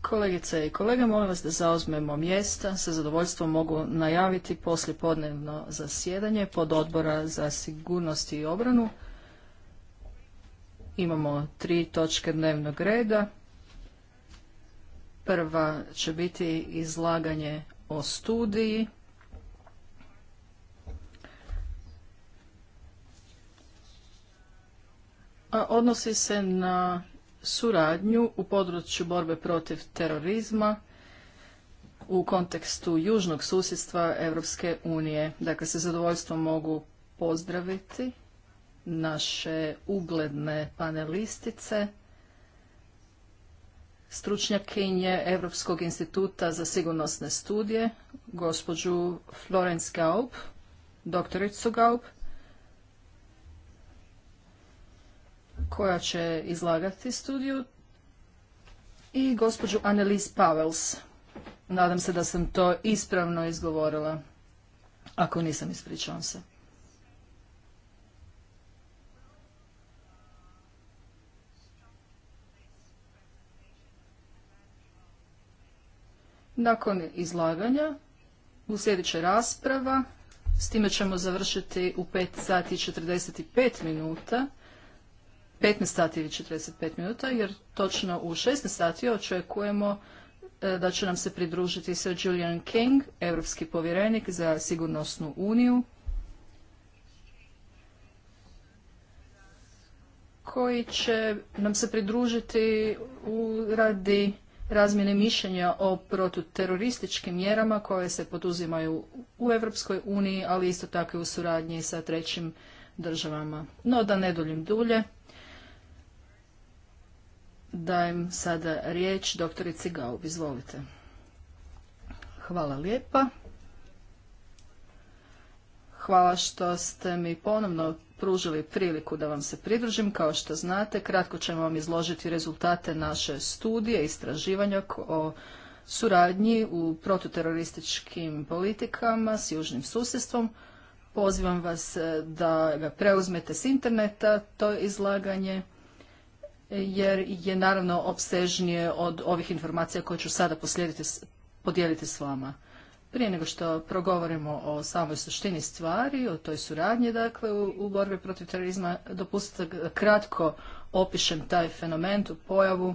Kolegice i kolege, molim vas da zauzmemo mjesta. Sa zadovoljstvom mogu najaviti poslijepodnevno zasjedanje pod odbora za sigurnost i obranu. Imamo tri točke dnevnog reda. Prva će biti izlaganje o studiji odnosi se na suradnju u području borbe protiv terorizma u kontekstu južnog susjedstva Europske unije. Dakle, sa zadovoljstvom mogu pozdraviti naše ugledne panelistice, stručnjakinje Europskog instituta za sigurnosne studije, gospođu Florence Gaup, doktoricu Gaup, koja će izlagati studiju i gospođu Annelies Pavels. Nadam se da sam to ispravno izgovorila. Ako nisam, ispričavam se. Nakon izlaganja u rasprava. S time ćemo završiti u 5 sati i 45 minuta. 15 sati ili 45 minuta jer točno u 16 sati očekujemo e, da će nam se pridružiti Sir Julian King, europski povjerenik za sigurnosnu uniju, koji će nam se pridružiti u radi razmjene mišljenja o protuterorističkim mjerama koje se poduzimaju u Europskoj uniji, ali isto tako i u suradnji sa trećim državama. No da ne duljim dulje, Dajem sada riječ doktorici Gaub. Izvolite. Hvala lijepa. Hvala što ste mi ponovno pružili priliku da vam se pridružim. Kao što znate, kratko ćemo vam izložiti rezultate naše studije, istraživanja o suradnji u prototerorističkim politikama s južnim susjedstvom. Pozivam vas eh, da ga preuzmete s interneta, to izlaganje jer je naravno obsežnije od ovih informacija koje ću sada podijeliti s vama. Prije nego što progovorimo o samoj suštini stvari, o toj suradnji dakle, u, u borbi protiv terorizma, dopustite kratko opišem taj fenomen, tu pojavu,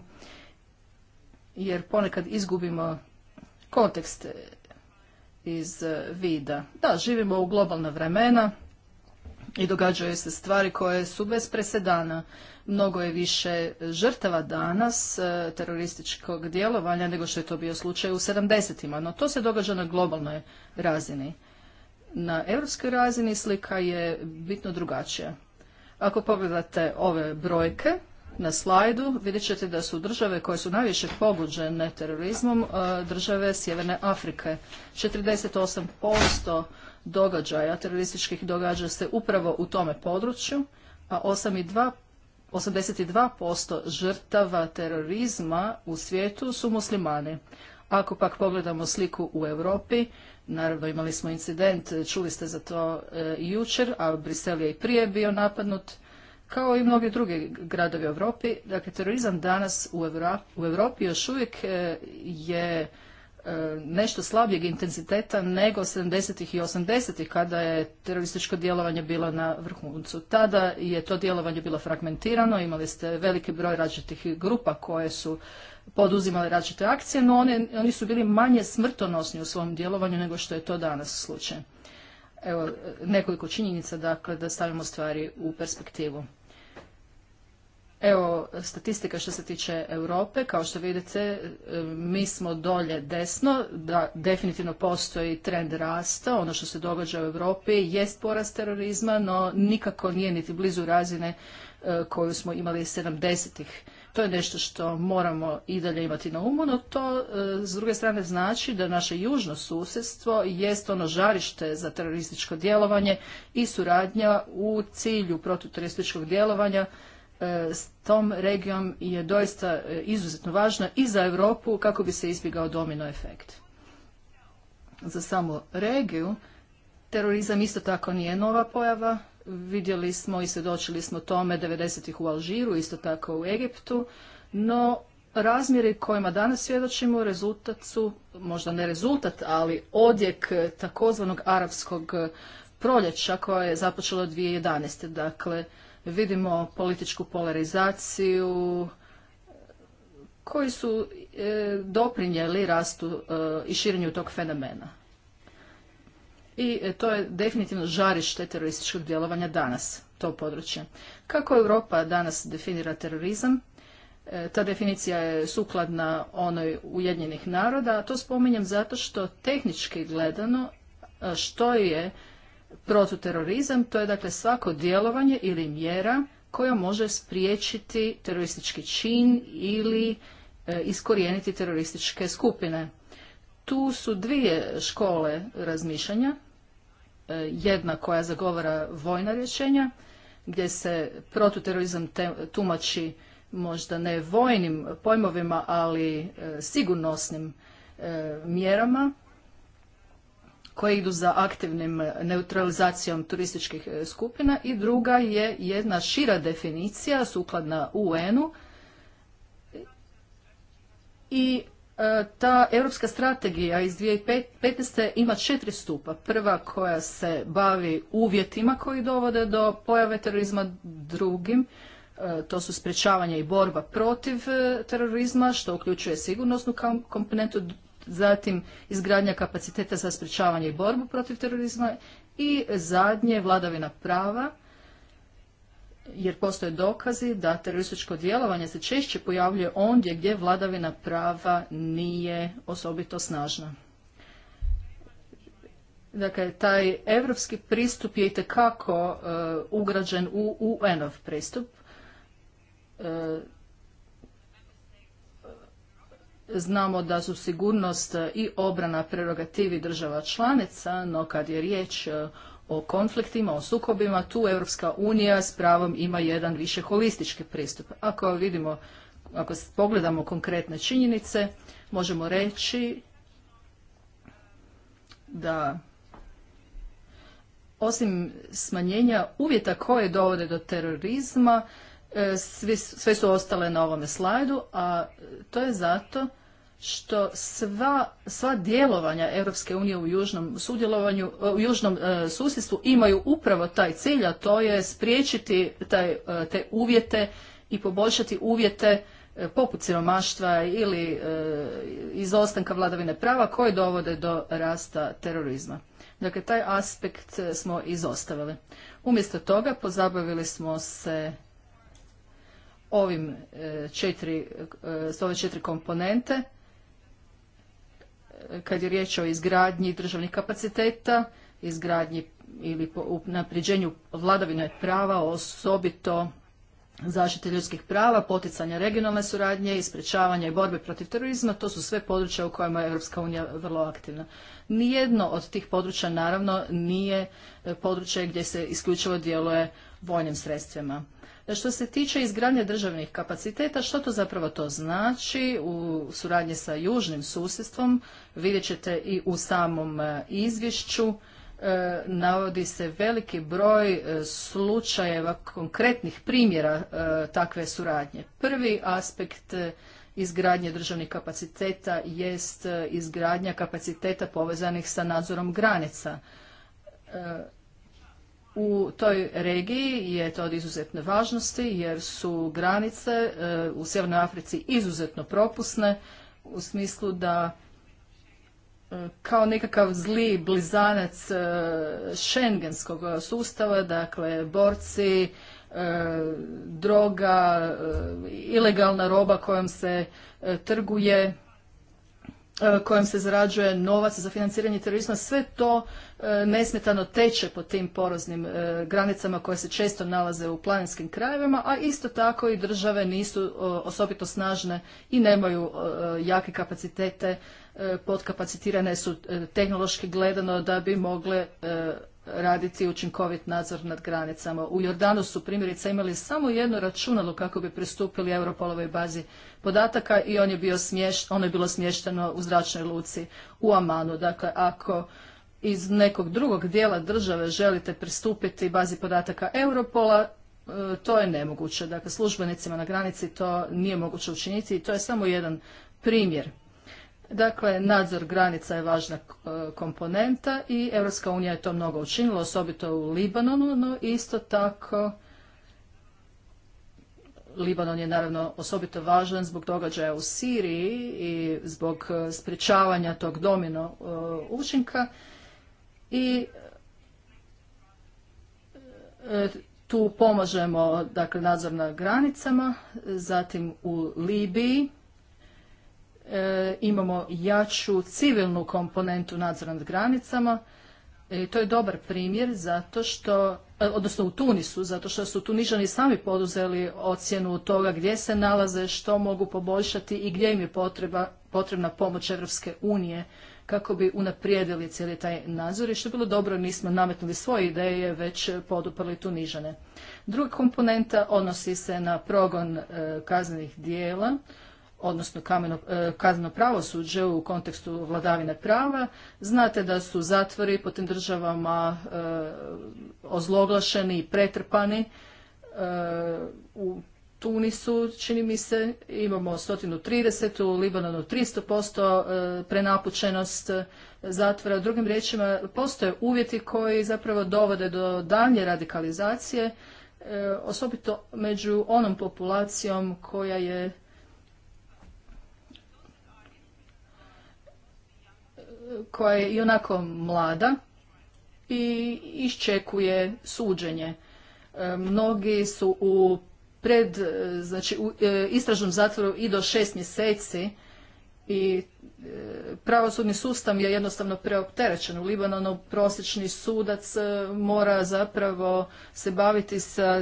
jer ponekad izgubimo kontekst iz vida. Da, živimo u globalna vremena, i događaju se stvari koje su bez presedana. Mnogo je više žrtava danas e, terorističkog djelovanja nego što je to bio slučaj u 70-ima, no to se događa na globalnoj razini. Na europskoj razini slika je bitno drugačija. Ako pogledate ove brojke na slajdu, vidjet ćete da su države koje su najviše pogođene terorizmom e, države Sjeverne Afrike. 48% događaja, terorističkih događaja se upravo u tome području, a 8,2 žrtava terorizma u svijetu su muslimani. Ako pak pogledamo sliku u Europi, naravno imali smo incident, čuli ste za to i e, jučer, a Brisel je i prije bio napadnut, kao i mnogi drugi gradovi u Europi. Dakle, terorizam danas u, Europi još uvijek e, je E, nešto slabijeg intenziteta nego 70. i 80. kada je terorističko djelovanje bilo na vrhuncu. Tada je to djelovanje bilo fragmentirano, imali ste veliki broj različitih grupa koje su poduzimale različite akcije, no one, oni su bili manje smrtonosni u svom djelovanju nego što je to danas slučaj. Evo nekoliko činjenica dakle da stavimo stvari u perspektivu. Evo, statistika što se tiče Europe, kao što vidite, e, mi smo dolje desno, da definitivno postoji trend rasta, ono što se događa u Europi jest porast terorizma, no nikako nije niti blizu razine e, koju smo imali 70-ih. To je nešto što moramo i dalje imati na umu, no to e, s druge strane znači da naše južno susjedstvo jest ono žarište za terorističko djelovanje i suradnja u cilju protuturističkog djelovanja E, s tom regijom je doista e, izuzetno važna i za Europu kako bi se izbjegao domino efekt. Za samu regiju terorizam isto tako nije nova pojava. Vidjeli smo i svjedočili smo tome 90-ih u Alžiru, isto tako u Egiptu, no razmjeri kojima danas svjedočimo rezultat su, možda ne rezultat, ali odjek takozvanog arapskog proljeća koje je započelo 2011. Dakle, vidimo političku polarizaciju koji su e, doprinijeli rastu e, i širenju tog fenomena. I e, to je definitivno žarište terorističkog djelovanja danas, to područje. Kako Europa danas definira terorizam? ta definicija je sukladna onoj Ujedinjenih naroda, a to spominjem zato što tehnički gledano što je protuterorizam, to je dakle svako djelovanje ili mjera koja može spriječiti teroristički čin ili e, iskorijeniti terorističke skupine. Tu su dvije škole razmišljanja, e, jedna koja zagovara vojna rješenja, gdje se protuterorizam tumači možda ne vojnim pojmovima, ali e, sigurnosnim e, mjerama koje idu za aktivnim e, neutralizacijom turističkih e, skupina i druga je jedna šira definicija sukladna UN-u i e, ta europska strategija iz 2015. ima četiri stupa. Prva koja se bavi uvjetima koji dovode do pojave terorizma, drugim to su sprečavanje i borba protiv terorizma, što uključuje sigurnosnu komponentu zatim izgradnja kapaciteta za sprečavanje i borbu protiv terorizma i zadnje vladavina prava jer postoje dokazi da terorističko djelovanje se češće pojavljuje ondje gdje vladavina prava nije osobito snažna. Dakle, taj europski pristup je itekako e, ugrađen u UN-ov pristup. E, Znamo da su sigurnost i obrana prerogativi država članica, no kad je riječ e, o konfliktima, o sukobima, tu Europska unija s pravom ima jedan više holistički pristup. Ako vidimo, ako pogledamo konkretne činjenice, možemo reći da osim smanjenja uvjeta koje dovode do terorizma, E, sve su ostale na ovome slajdu, a to je zato što sva, sva djelovanja Europske unije u južnom sudjelovanju, e, u južnom e, susjedstvu imaju upravo taj cilj, a to je spriječiti taj, te uvjete i poboljšati uvjete poput siromaštva ili izostanka vladavine prava koje dovode do rasta terorizma. Dakle, taj aspekt smo izostavili. Umjesto toga pozabavili smo se ovim e, četiri, e, s ove četiri komponente e, kad je riječ o izgradnji državnih kapaciteta, izgradnji ili napređenju vladavine prava, osobito zaštite ljudskih prava, poticanja regionalne suradnje, isprečavanja i borbe protiv terorizma, to su sve područja u kojima je Europska unija vrlo aktivna. Nijedno od tih područja naravno nije područje gdje se isključivo djeluje vojnim sredstvima. Što se tiče izgradnje državnih kapaciteta, što to zapravo to znači u suradnji sa južnim susjedstvom, vidjet ćete i u samom e, izvješću, e, navodi se veliki broj e, slučajeva, konkretnih primjera takve suradnje. Prvi aspekt izgradnje državnih kapaciteta jest izgradnja kapaciteta povezanih sa nadzorom granica. U toj regiji je to od izuzetne važnosti jer su granice e, u Sjevernoj Africi izuzetno propusne u smislu da e, kao nekakav zli blizanac e, šengenskog sustava, dakle borci, droga, ilegalna roba kojom se trguje, E, kojom se zarađuje novac za financiranje terorizma, sve to e, nesmetano teče po tim poroznim e, granicama koje se često nalaze u planinskim krajevima, a isto tako i države nisu osobito snažne i nemaju jake kapacitete, podkapacitirane su tehnološki gledano da bi mogle raditi učinkovit nadzor nad granicama. U Jordanu su primjerice imali samo jedno računalo kako bi pristupili Europolovoj bazi podataka i on je bio ono je bilo smješteno u zračnoj luci u Amanu. Dakle, ako iz nekog drugog dijela države želite pristupiti bazi podataka Europola, e, to je nemoguće. Dakle, službenicima na granici to nije moguće učiniti i to je samo jedan primjer Dakle, nadzor granica je važna eh, komponenta i Europska unija je to mnogo učinila, osobito u Libanonu, no isto tako Libanon je naravno osobito važan zbog događaja u Siriji i zbog eh, sprječavanja tog domino eh, učinka i tu pomažemo dakle nadzor na granicama, zatim u Libiji E, imamo jaču civilnu komponentu nadzora nad granicama. i e, to je dobar primjer zato što, e, odnosno u Tunisu, zato što su Tunižani sami poduzeli ocjenu toga gdje se nalaze, što mogu poboljšati i gdje im je potrebna pomoć Europske unije kako bi unaprijedili cijeli taj nadzor i što je bilo dobro, nismo nametnuli svoje ideje, već poduprli Tunižane. Druga komponenta odnosi se na progon kaznenih dijela odnosno kameno, e, kazno pravosuđe u kontekstu vladavine prava. Znate da su zatvori po tim državama e, ozloglašeni i pretrpani. E, u Tunisu, čini mi se, imamo 130, u Libanonu 300% prenapučenost zatvora. Drugim riječima, postoje uvjeti koji zapravo dovode do daljnje radikalizacije, osobito među onom populacijom koja je koja je ionako mlada i iščekuje suđenje. E, mnogi su u pred, e, znači u e, istražnom zatvoru i do šest mjeseci i pravosudni sustav je jednostavno preopterećen. U Libanonu prosječni sudac e, mora zapravo se baviti sa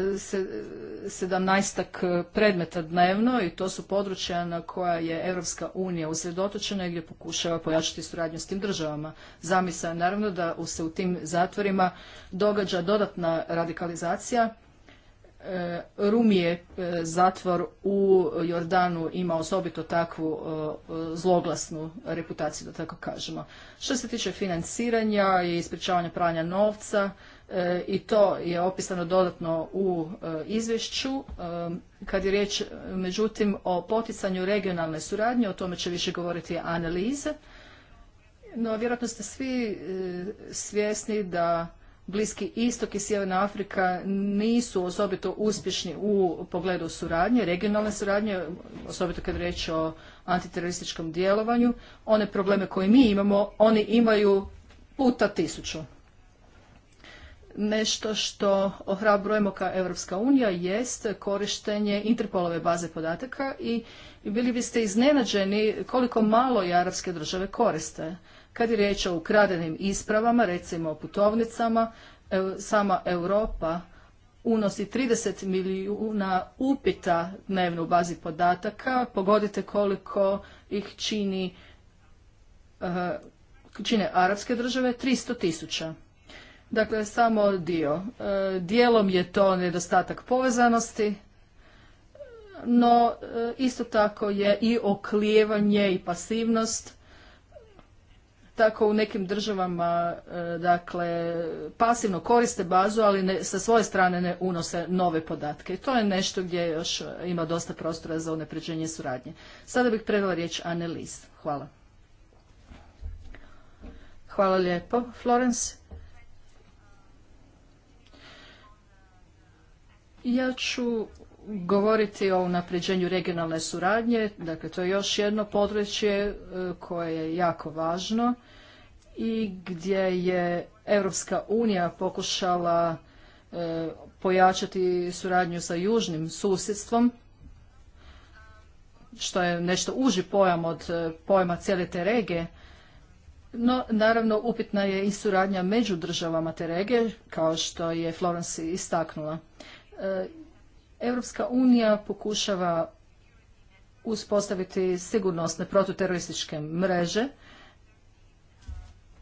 sedamnaestak predmeta dnevno i to su područja na koja je Europska unija usredotočena i gdje pokušava pojačati suradnju s tim državama. Zamisao je naravno da se u tim zatvorima događa dodatna radikalizacija E, Rumije e, zatvor u Jordanu ima osobito takvu e, zloglasnu reputaciju, da tako kažemo. Što se tiče financiranja i ispričavanja pranja novca, i to je opisano dodatno u izvješću. Kad je riječ, međutim, o poticanju regionalne suradnje, o tome će više govoriti analize, no vjerojatno ste svi svjesni da Bliski istok i Sjeverna Afrika nisu osobito uspješni u pogledu suradnje, regionalne suradnje, osobito kad riječ o antiterorističkom djelovanju. One probleme koje mi imamo, oni imaju puta tisuću. Nešto što ohrabrujemo kao Europska unija jest korištenje Interpolove baze podataka i bili biste iznenađeni koliko malo je arapske države koriste. Kad je riječ o ukradenim ispravama, recimo o putovnicama, sama Europa unosi 30 milijuna upita dnevno u bazi podataka. Pogodite koliko ih čini, eh, čine arapske države, 300 tisuća. Dakle, samo dio. Eh, dijelom je to nedostatak povezanosti, no eh, isto tako je i oklijevanje i pasivnost tako u nekim državama e, dakle pasivno koriste bazu, ali ne, sa svoje strane ne unose nove podatke. I to je nešto gdje još ima dosta prostora za unapređenje suradnje. Sada bih predala riječ Annelies. Hvala. Hvala lijepo. Florence? Ja ću govoriti o unapređenju regionalne suradnje. Dakle, to je još jedno područje e, koje je jako važno i gdje je Europska unija pokušala e, pojačati suradnju sa južnim susjedstvom, što je nešto uži pojam od e, pojma cijele te regije, no, naravno, upitna je i suradnja među državama te regije, kao što je Florence istaknula. E, Europska unija pokušava uspostaviti sigurnosne protuterorističke mreže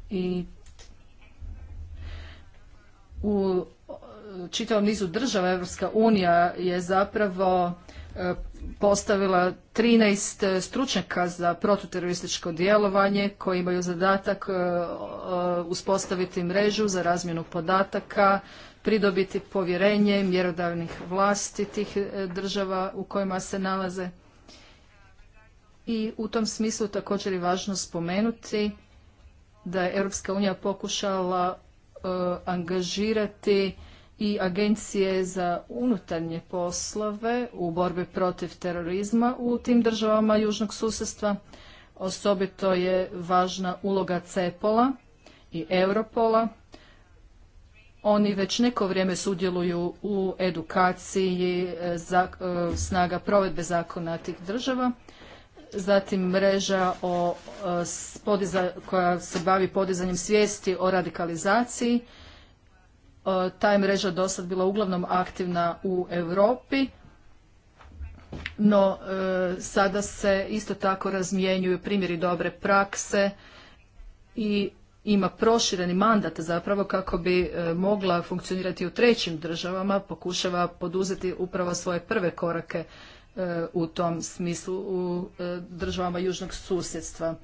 i u čitavom nizu država Europska unija je zapravo e, postavila 13 e, stručnjaka za protuterorističko djelovanje koji imaju zadatak e, uspostaviti mrežu za razmjenu podataka, pridobiti povjerenje mjerodavnih vlasti tih država u kojima se nalaze. I u tom smislu također je važno spomenuti da je Europska unija pokušala e, angažirati i agencije za unutarnje poslove u borbi protiv terorizma u tim državama južnog susjedstva. Osobito je važna uloga Cepola i Europola. Oni već neko vrijeme sudjeluju u edukaciji e, za, e, snaga provedbe zakona tih država zatim mreža o, e, koja se bavi podizanjem svijesti o radikalizaciji. E, ta je mreža dosad bila uglavnom aktivna u Europi, no e, sada se isto tako razmjenjuju primjeri dobre prakse i ima prošireni mandat zapravo kako bi mogla funkcionirati u trećim državama, pokušava poduzeti upravo svoje prve korake E, u tom smislu u e, državama južnog susjedstva.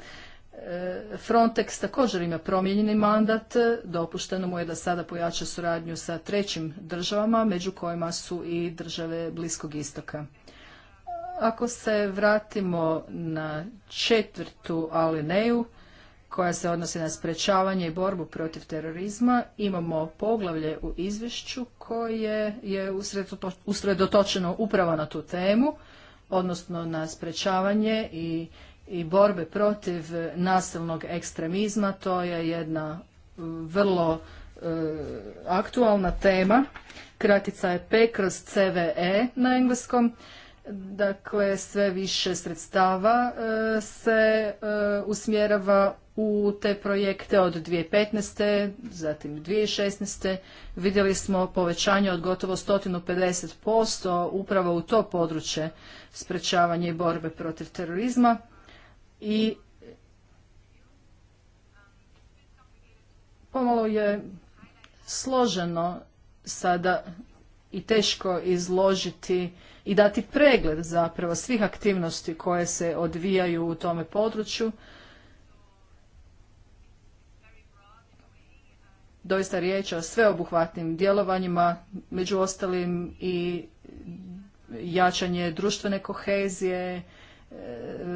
E, Frontex također ima promijenjeni mandat, dopušteno mu je da sada pojača suradnju sa trećim državama, među kojima su i države Bliskog istoka. Ako se vratimo na četvrtu alineju, koja se odnose na sprečavanje i borbu protiv terorizma. Imamo poglavlje u izvješću koje je usredotočeno upravo na tu temu, odnosno na sprečavanje i, i borbe protiv nasilnog ekstremizma. To je jedna mm, vrlo eh, aktualna tema. Kratica je P kroz CVE na engleskom. Dakle, sve više sredstava eh, se eh, usmjerava u te projekte od 2015. zatim 2016. vidjeli smo povećanje od gotovo 150% upravo u to područje sprečavanje i borbe protiv terorizma i pomalo je složeno sada i teško izložiti i dati pregled zapravo svih aktivnosti koje se odvijaju u tome području doista riječ o sveobuhvatnim djelovanjima, među ostalim i jačanje društvene kohezije, e,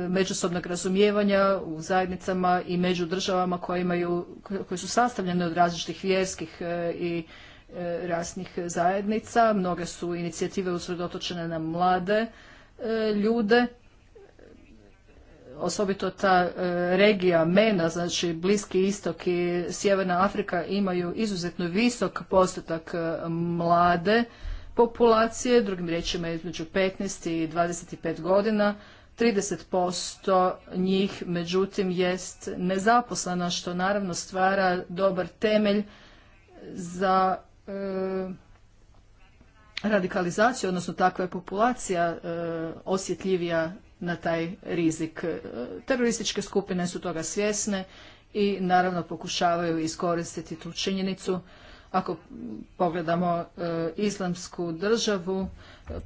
međusobnog razumijevanja u zajednicama i među državama koje, imaju, koje su sastavljene od različitih vjerskih e, i e, rasnih zajednica. Mnoge su inicijative usredotočene na mlade ljude osobito ta e, regija MENA, znači Bliski istok i Sjeverna Afrika imaju izuzetno visok postotak e, mlade populacije, drugim riječima između 15 i 25 godina. 30% njih međutim jest nezaposlena što naravno stvara dobar temelj za e, radikalizaciju, odnosno takva je populacija osjetljivija na taj rizik. E, terorističke skupine su toga svjesne i naravno pokušavaju iskoristiti tu činjenicu. Ako pogledamo e, islamsku državu,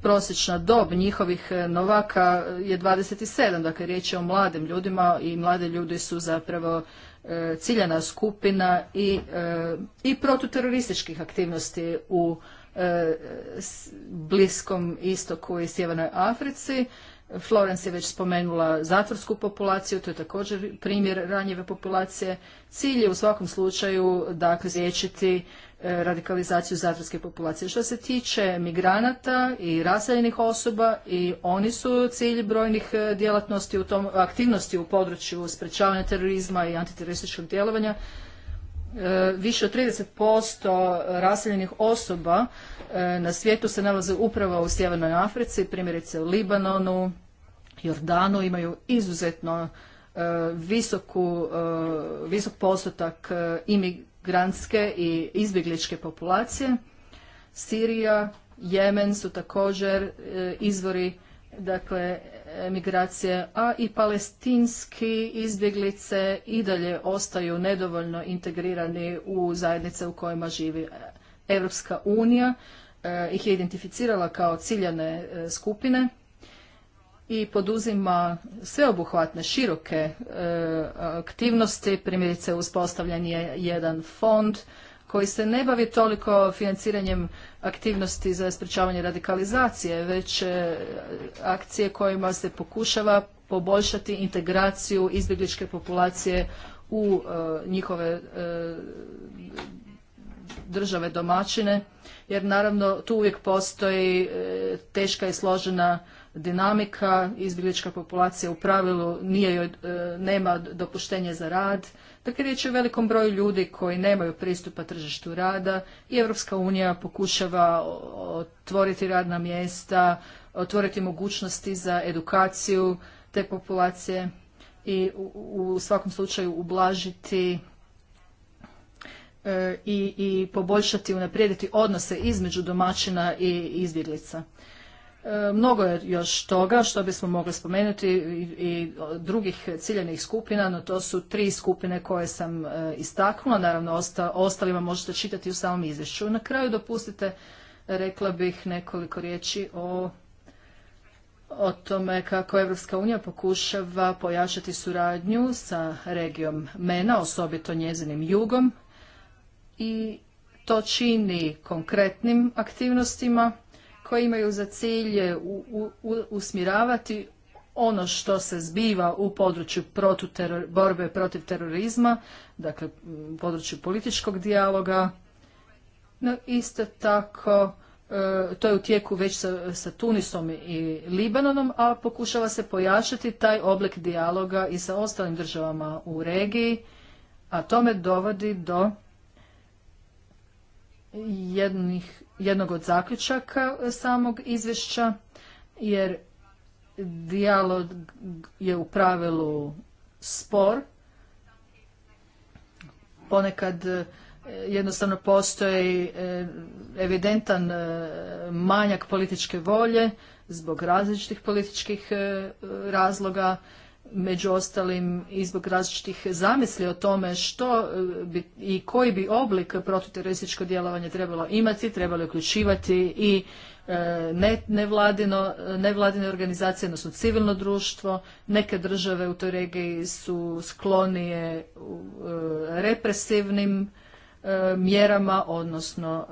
prosječna dob njihovih e, novaka je 27, dakle riječ je o mladim ljudima i mlade ljudi su zapravo ciljana skupina i, i protuterorističkih aktivnosti u Bliskom istoku i Sjevernoj Africi. Florence je već spomenula zatvorsku populaciju, to je također primjer ranjive populacije. Cilj je u svakom slučaju dakle zriječiti e, radikalizaciju zatvorske populacije. Što se tiče migranata i raseljenih osoba i oni su cilj brojnih e, djelatnosti u tom aktivnosti u području sprečavanja terorizma i antiterorističkog djelovanja. E, više od 30% raseljenih osoba na svijetu se nalaze upravo u Sjevernoj Africi, primjerice u Libanonu, Jordanu imaju izuzetno e, visoku, e, visok postotak e, imigrantske i izbjegličke populacije. Sirija, Jemen su također izvori dakle migracije, a i palestinski izbjeglice i dalje ostaju nedovoljno integrirani u zajednice u kojima živi Europska unija ih je identificirala kao ciljane skupine i poduzima sveobuhvatne široke e, aktivnosti, primjerice uspostavljen je jedan fond koji se ne bavi toliko financiranjem aktivnosti za sprečavanje radikalizacije, već e, akcije kojima se pokušava poboljšati integraciju izbjegličke populacije u e, njihove države domaćine, jer naravno tu uvijek postoji teška i složena dinamika, izbjeglička populacija u pravilu nije, e, nema dopuštenje za rad. Dakle, riječ je o velikom broju ljudi koji nemaju pristupa tržištu rada i Europska unija pokušava otvoriti radna mjesta, otvoriti mogućnosti za edukaciju te populacije i u, svakom slučaju ublažiti e, i, i poboljšati, unaprijediti odnose između domaćina i izbjeglica. E, mnogo je još toga što bismo mogli spomenuti i drugih ciljenih skupina, no to su tri skupine koje sam e, istaknula. Naravno, ostalima možete čitati u samom izvješću. Na kraju dopustite, rekla bih nekoliko riječi o o tome kako Evropska unija pokušava pojačati suradnju sa regijom MENA, osobito njezinim jugom, i to čini konkretnim aktivnostima koji imaju za cilj e, usmjeravati ono što se zbiva u području borbe protiv terorizma, dakle u području političkog dijaloga. No isto tako e, to je u tijeku već sa, Tunisom i Libanonom, a pokušava se pojačati taj oblik dijaloga i sa ostalim državama u regiji, a tome dovodi do jednih jednog od zaključaka e, samog izvješća, jer dijalog je u pravilu spor. Ponekad e, jednostavno postoji e, evidentan manjak političke volje zbog različitih političkih razloga među ostalim i zbog različitih zamisli o tome što e, bi i koji bi oblik protuterorističko djelovanje trebalo imati, trebalo uključivati i e, nevladine organizacije, odnosno civilno društvo. Neke države u toj regiji su sklonije e, represivnim mjerama, odnosno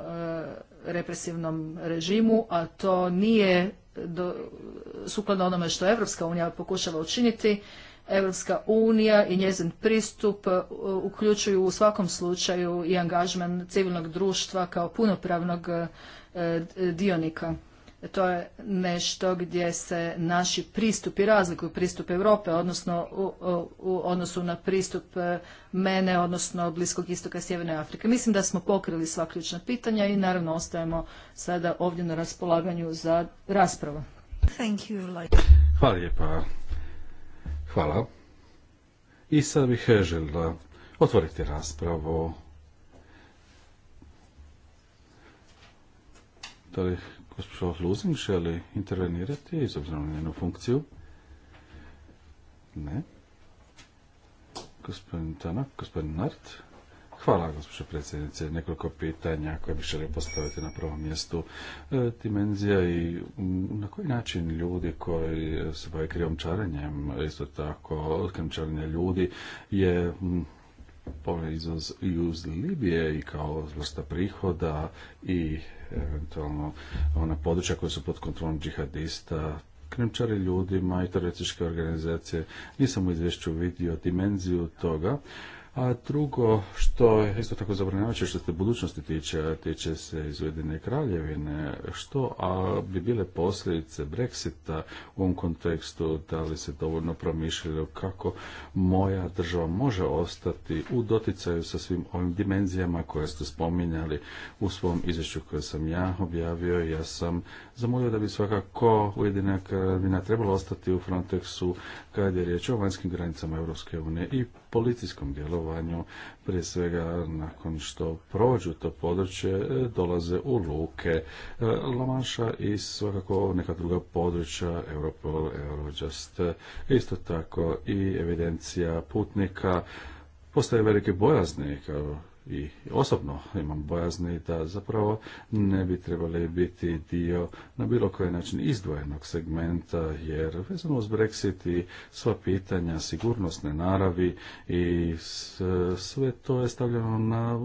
represivnom režimu, a to nije do, sukladno onome što Evropska unija pokušava učiniti, Evropska unija i njezin pristup e, uključuju u svakom slučaju i angažman civilnog društva kao punopravnog e, dionika. To je nešto gdje se naši pristupi razlikuju, pristup Europe, odnosno u, u odnosu na pristup e, mene, odnosno Bliskog istoka Sjeverne Afrike. Mislim da smo pokrili sva ključna pitanja i naravno ostajemo sada ovdje na raspolaganju za raspravu. Hvala lijepa. Hvala. I sad bih e, otvoriti raspravu. Da li Gospođo Luzing želi intervenirati s obzirom na njenu funkciju? Ne. Gospodin Tanak, gospodin Nart. Hvala, gospođo predsjednice. Nekoliko pitanja koje bi želio postaviti na prvom mjestu. E, dimenzija i na koji način ljudi koji se bave čaranjem, isto tako krijomčarenje ljudi je i iz Libije i kao vrsta prihoda i eventualno ona područja koja su pod kontrolom džihadista, krimčari ljudima i terorističke organizacije. Nisam u izvješću vidio dimenziju toga, a drugo, što je isto tako zabranjavajuće što se budućnosti tiče, tiče se izvedene kraljevine, što a bi bile posljedice Brexita u ovom kontekstu, da li se dovoljno promišljaju kako moja država može ostati u doticaju sa svim ovim dimenzijama koje ste spominjali u svom izvješću koje sam ja objavio, ja sam zamolio da bi svakako ujedinak Kraljevina trebalo ostati u Frontexu kad je riječ o vanjskim granicama Europske unije i policijskom djelovanju, prije svega nakon što prođu to područje, e, dolaze u luke e, Lamanša i svakako neka druga područja Europol, Eurojust, isto tako i evidencija putnika postaje velike bojazni kao i osobno imam bojazni da zapravo ne bi trebali biti dio na bilo koji način izdvojenog segmenta jer vezano uz Brexit i sva pitanja sigurnosne naravi i sve to je stavljeno na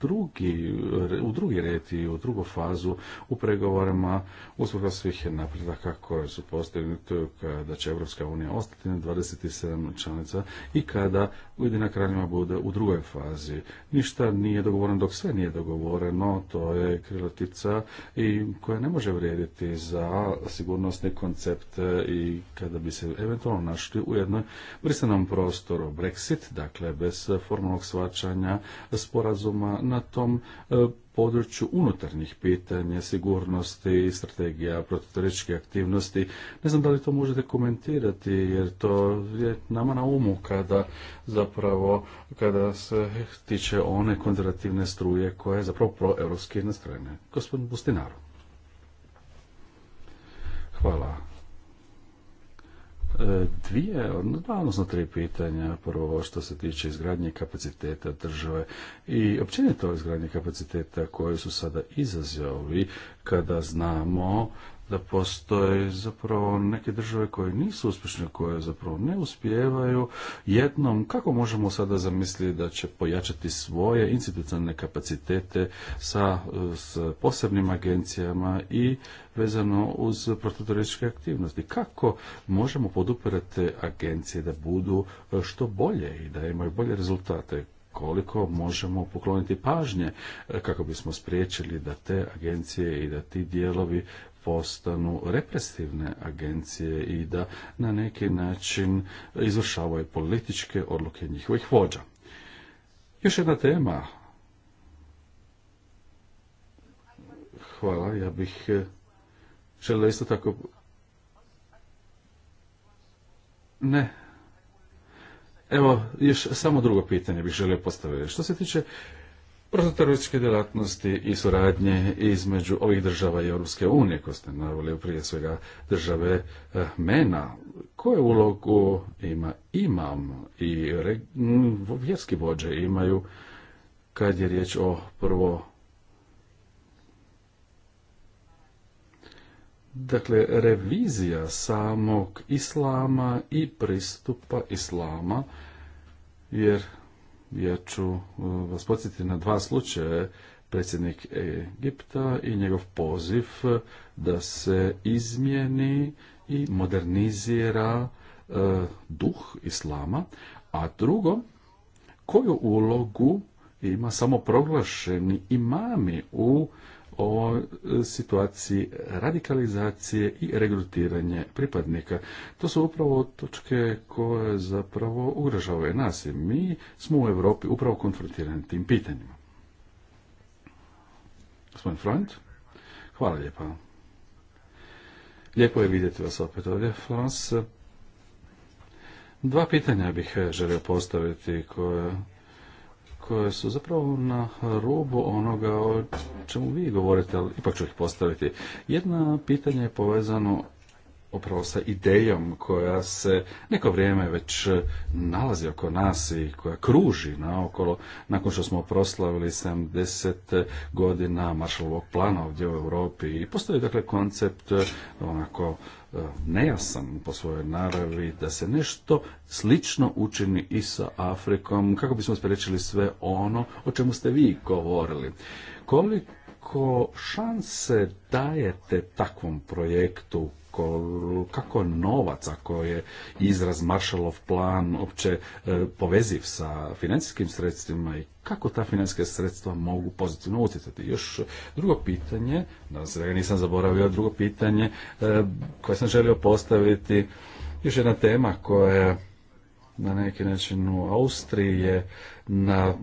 drugi, u drugi red i u drugu fazu u pregovorima usprkos svih napredaka koje su postignute da će Evropska unija ostati na 27 članica i kada Ujedina kraljima bude u drugoj fazi. Niš ništa nije dogovoreno dok sve nije dogovoreno, to je krilatica i koja ne može vrijediti za sigurnosni koncept i kada bi se eventualno našli u jednoj brisanom prostoru Brexit, dakle bez formalnog svačanja sporazuma na tom e, području unutarnjih pitanja, sigurnosti, strategija, protitoričke aktivnosti. Ne znam da li to možete komentirati, jer to je nama na umu kada zapravo, kada se tiče one konzervativne struje koje je zapravo proeuropske nastrojene. Gospodin Bustinaru. Hvala dvije, odnosno tri pitanja. Prvo što se tiče izgradnje kapaciteta države i općenito izgradnje kapaciteta koje su sada izazovi kada znamo da postoje zapravo neke države koje nisu uspješne, koje zapravo ne uspijevaju jednom, kako možemo sada zamisliti da će pojačati svoje institucionalne kapacitete sa, s posebnim agencijama i vezano uz prototoričke aktivnosti. Kako možemo podupirati agencije da budu što bolje i da imaju bolje rezultate? koliko možemo pokloniti pažnje e, kako bismo spriječili da te agencije i da ti dijelovi postanu represivne agencije i da na neki način izvršavaju političke odluke njihovih vođa. Još jedna tema. Hvala, ja bih eh, želio isto tako... Ne, Evo, još samo drugo pitanje bih želio postaviti. Što se tiče protiterorističke djelatnosti i suradnje između ovih država i Europske unije, koje ste naveli prije svega države eh, MENA, koju ulogu ima imam i vjerski vođe imaju kad je riječ o prvo dakle revizija samog islama i pristupa islama jer ja ću uh, vas podsjetiti na dva slučaja predsjednik Egipta i njegov poziv da se izmijeni i modernizira uh, duh islama, a drugo, koju ulogu ima samo proglašeni imami u o e, situaciji radikalizacije i regrutiranje pripadnika. To su upravo točke koje zapravo ugrožavaju nas i mi smo u Europi upravo konfrontirani tim pitanjima. Gospodin Freund, hvala lijepa. Lijepo je vidjeti vas opet ovdje, Florence. Dva pitanja bih e, želio postaviti koje koje su zapravo na rubu onoga o čemu vi govorite, ali ipak ću ih postaviti. Jedno pitanje je povezano upravo sa idejom koja se neko vrijeme već nalazi oko nas i koja kruži naokolo nakon što smo proslavili 70 godina Marshallovog plana ovdje u Europi i postoji dakle koncept onako E, nejasan po svojoj naravi da se nešto slično učini i sa Afrikom kako bismo spriječili sve ono o čemu ste vi govorili. Koliko šanse dajete takvom projektu kako, kako novac, ako je izraz Marshallov plan opće e, poveziv sa financijskim sredstvima i kako ta financijska sredstva mogu pozitivno utjecati. Još drugo pitanje, da se nisam zaboravio, drugo pitanje e, koje sam želio postaviti, još jedna tema koja je na neki način u Austriji je na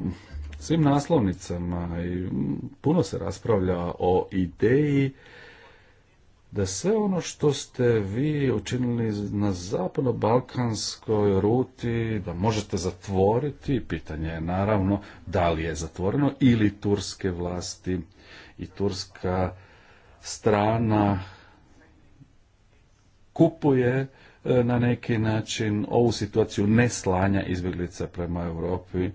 svim naslovnicama i puno se raspravlja o ideji da sve ono što ste vi učinili na zapadno-balkanskoj ruti, da možete zatvoriti, pitanje je naravno da li je zatvoreno ili turske vlasti i turska strana kupuje e, na neki način ovu situaciju neslanja izbjeglica prema Europi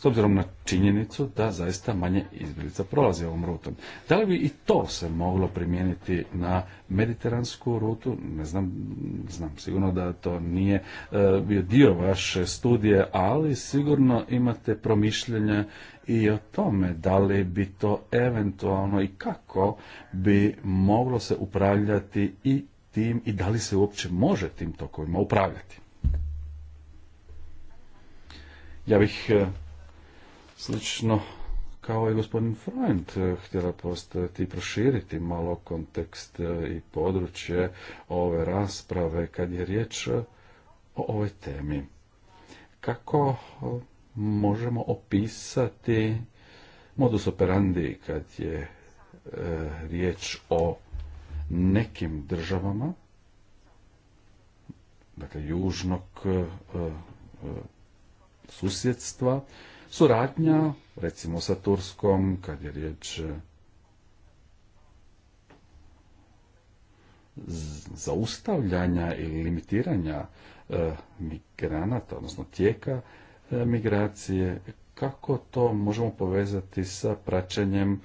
s obzirom na činjenicu da zaista manje izbjeglica prolazi ovom rutom. Da li bi i to se moglo primijeniti na mediteransku rutu? Ne znam, znam sigurno da to nije e, bio dio vaše studije, ali sigurno imate promišljenja i o tome da li bi to eventualno i kako bi moglo se upravljati i tim i da li se uopće može tim tokovima upravljati. Ja bih e, Slično kao i gospodin Freund eh, htjela postaviti i proširiti malo kontekst eh, i područje ove rasprave kad je riječ eh, o ovoj temi. Kako možemo opisati modus operandi kad je riječ o nekim državama, dakle južnog susjedstva, Suradnja, recimo sa Turskom, kad je riječ e, zaustavljanja ili limitiranja e, migranata, odnosno tijeka e, migracije, kako to možemo povezati sa praćenjem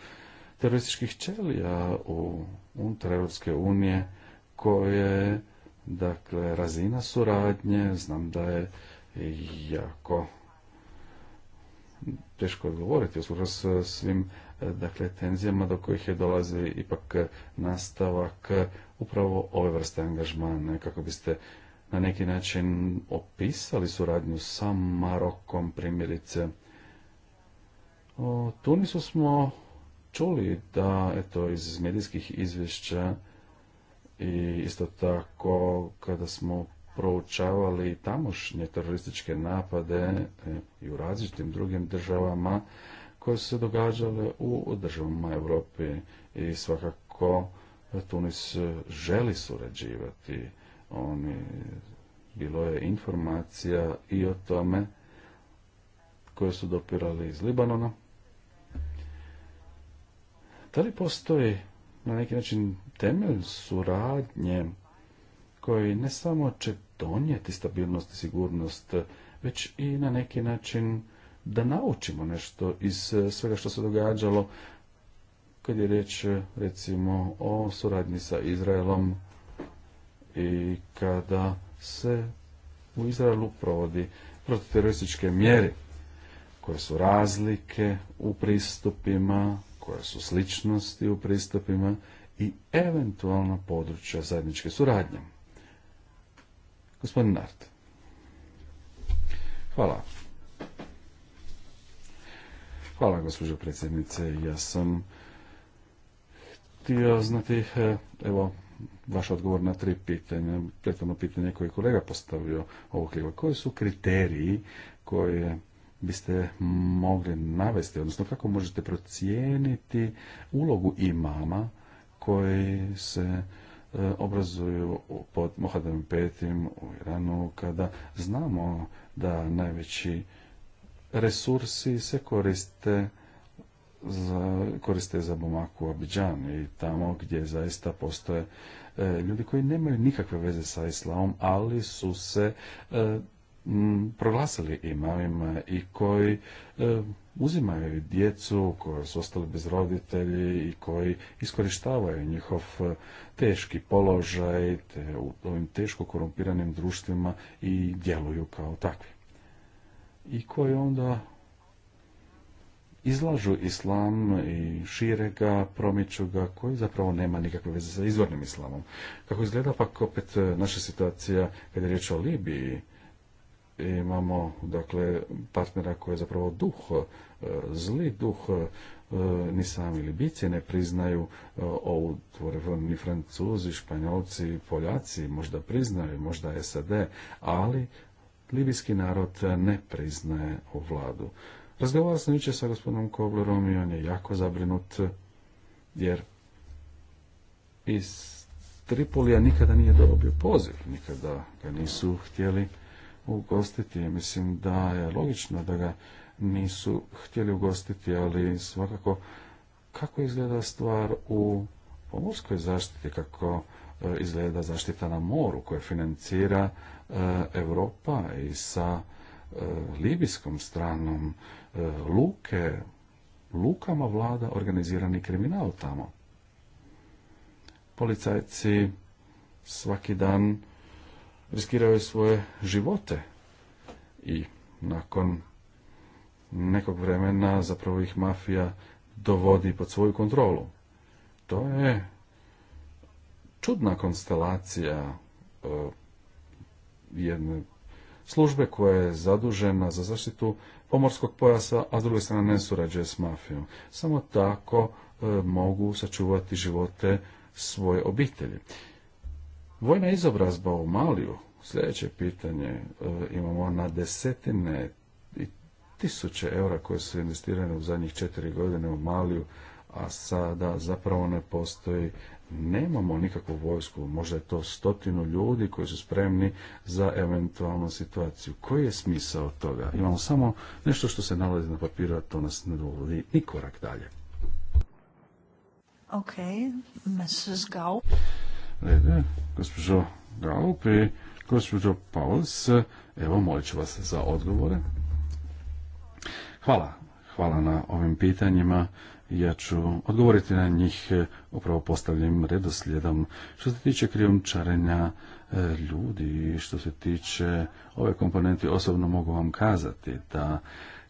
terorističkih ćelija u unutar Europske unije koje dakle razina suradnje znam da je jako teško je govoriti s svim e, dakle, tenzijama do kojih je dolazi ipak nastavak e, upravo ove vrste angažmana kako biste na neki način opisali suradnju sa Marokom primjerice. O Tunisu smo čuli da eto iz medijskih izvješća i isto tako kada smo proučavali tamošnje terorističke napade e, i u različitim drugim državama koje su se događale u državama Europe i svakako e, Tunis želi surađivati. Oni, bilo je informacija i o tome koje su dopirali iz Libanona. Da li postoji na neki način temelj suradnje koji ne samo će donijeti stabilnost i sigurnost, već i na neki način da naučimo nešto iz eh, svega što se događalo kad je riječ eh, recimo o suradnji sa Izraelom i kada se u Izraelu provodi protiterorističke mjere koje su razlike u pristupima, koje su sličnosti u pristupima i eventualna područja zajedničke suradnje. Gospodin Nart. Hvala. Hvala, gospođo predsjednice. Ja sam htio znati, e, evo, vaš odgovor na tri pitanja. Prethodno pitanje koje je kolega postavio ovog Koji su kriteriji koje biste mogli navesti, odnosno kako možete procijeniti ulogu imama koji se obrazuju pod Mohadem Petim u Iranu kada znamo da najveći resursi se koriste za, koriste za bomaku Abidjan i tamo gdje zaista postoje e, ljudi koji nemaju nikakve veze sa islamom, ali su se e, m, proglasili imamima i koji e, uzimaju djecu koje su ostali bez roditelji i koji iskorištavaju njihov e, teški položaj u ovim teško korumpiranim društvima i djeluju kao takvi. I koji onda izlažu islam i šire ga, promiču ga, koji zapravo nema nikakve veze sa izvornim islamom. Kako izgleda pak opet e, naša situacija kada je riječ o Libiji, imamo dakle partnera koji je zapravo duh, e, zli duh, e, ni sami Libici ne priznaju e, ovu tvorni ni Francuzi, Španjolci, Poljaci možda priznaju, možda SAD, ali libijski narod ne priznaje u vladu. Razgovarao sam jučer sa gospodinom Koblerom i on je jako zabrinut jer iz Tripolija nikada nije dobio poziv, nikada ga nisu htjeli ugostiti. Mislim da je logično da ga nisu htjeli ugostiti, ali svakako kako izgleda stvar u pomorskoj zaštiti, kako e, izgleda zaštita na moru koje financira e, Europa i sa e, libijskom stranom luke, lukama vlada organizirani kriminal tamo. Policajci svaki dan riskiraju svoje živote i nakon nekog vremena zapravo ih mafija dovodi pod svoju kontrolu. To je čudna konstelacija e, jedne službe koja je zadužena za zaštitu pomorskog pojasa, a s druge strane ne surađuje s mafijom. Samo tako e, mogu sačuvati živote svoje obitelji. Vojna izobrazba u Maliju, sljedeće pitanje, e, imamo na desetine i tisuće eura koje su investirane u zadnjih četiri godine u Maliju, a sada zapravo ne postoji nemamo nikakvu vojsku, možda je to stotinu ljudi koji su spremni za eventualnu situaciju. Koji je smisao toga? Imamo samo nešto što se nalazi na papiru, a to nas ne dovodi ni korak dalje. Ok, Mrs. Gaup gospođo gospođo Pauls. Evo, molit ću vas za odgovore. Hvala. Hvala na ovim pitanjima. Ja ću odgovoriti na njih e, upravo postavljenim redoslijedom. Što se tiče krijumčarenja e, ljudi, što se tiče ove komponenti. osobno mogu vam kazati da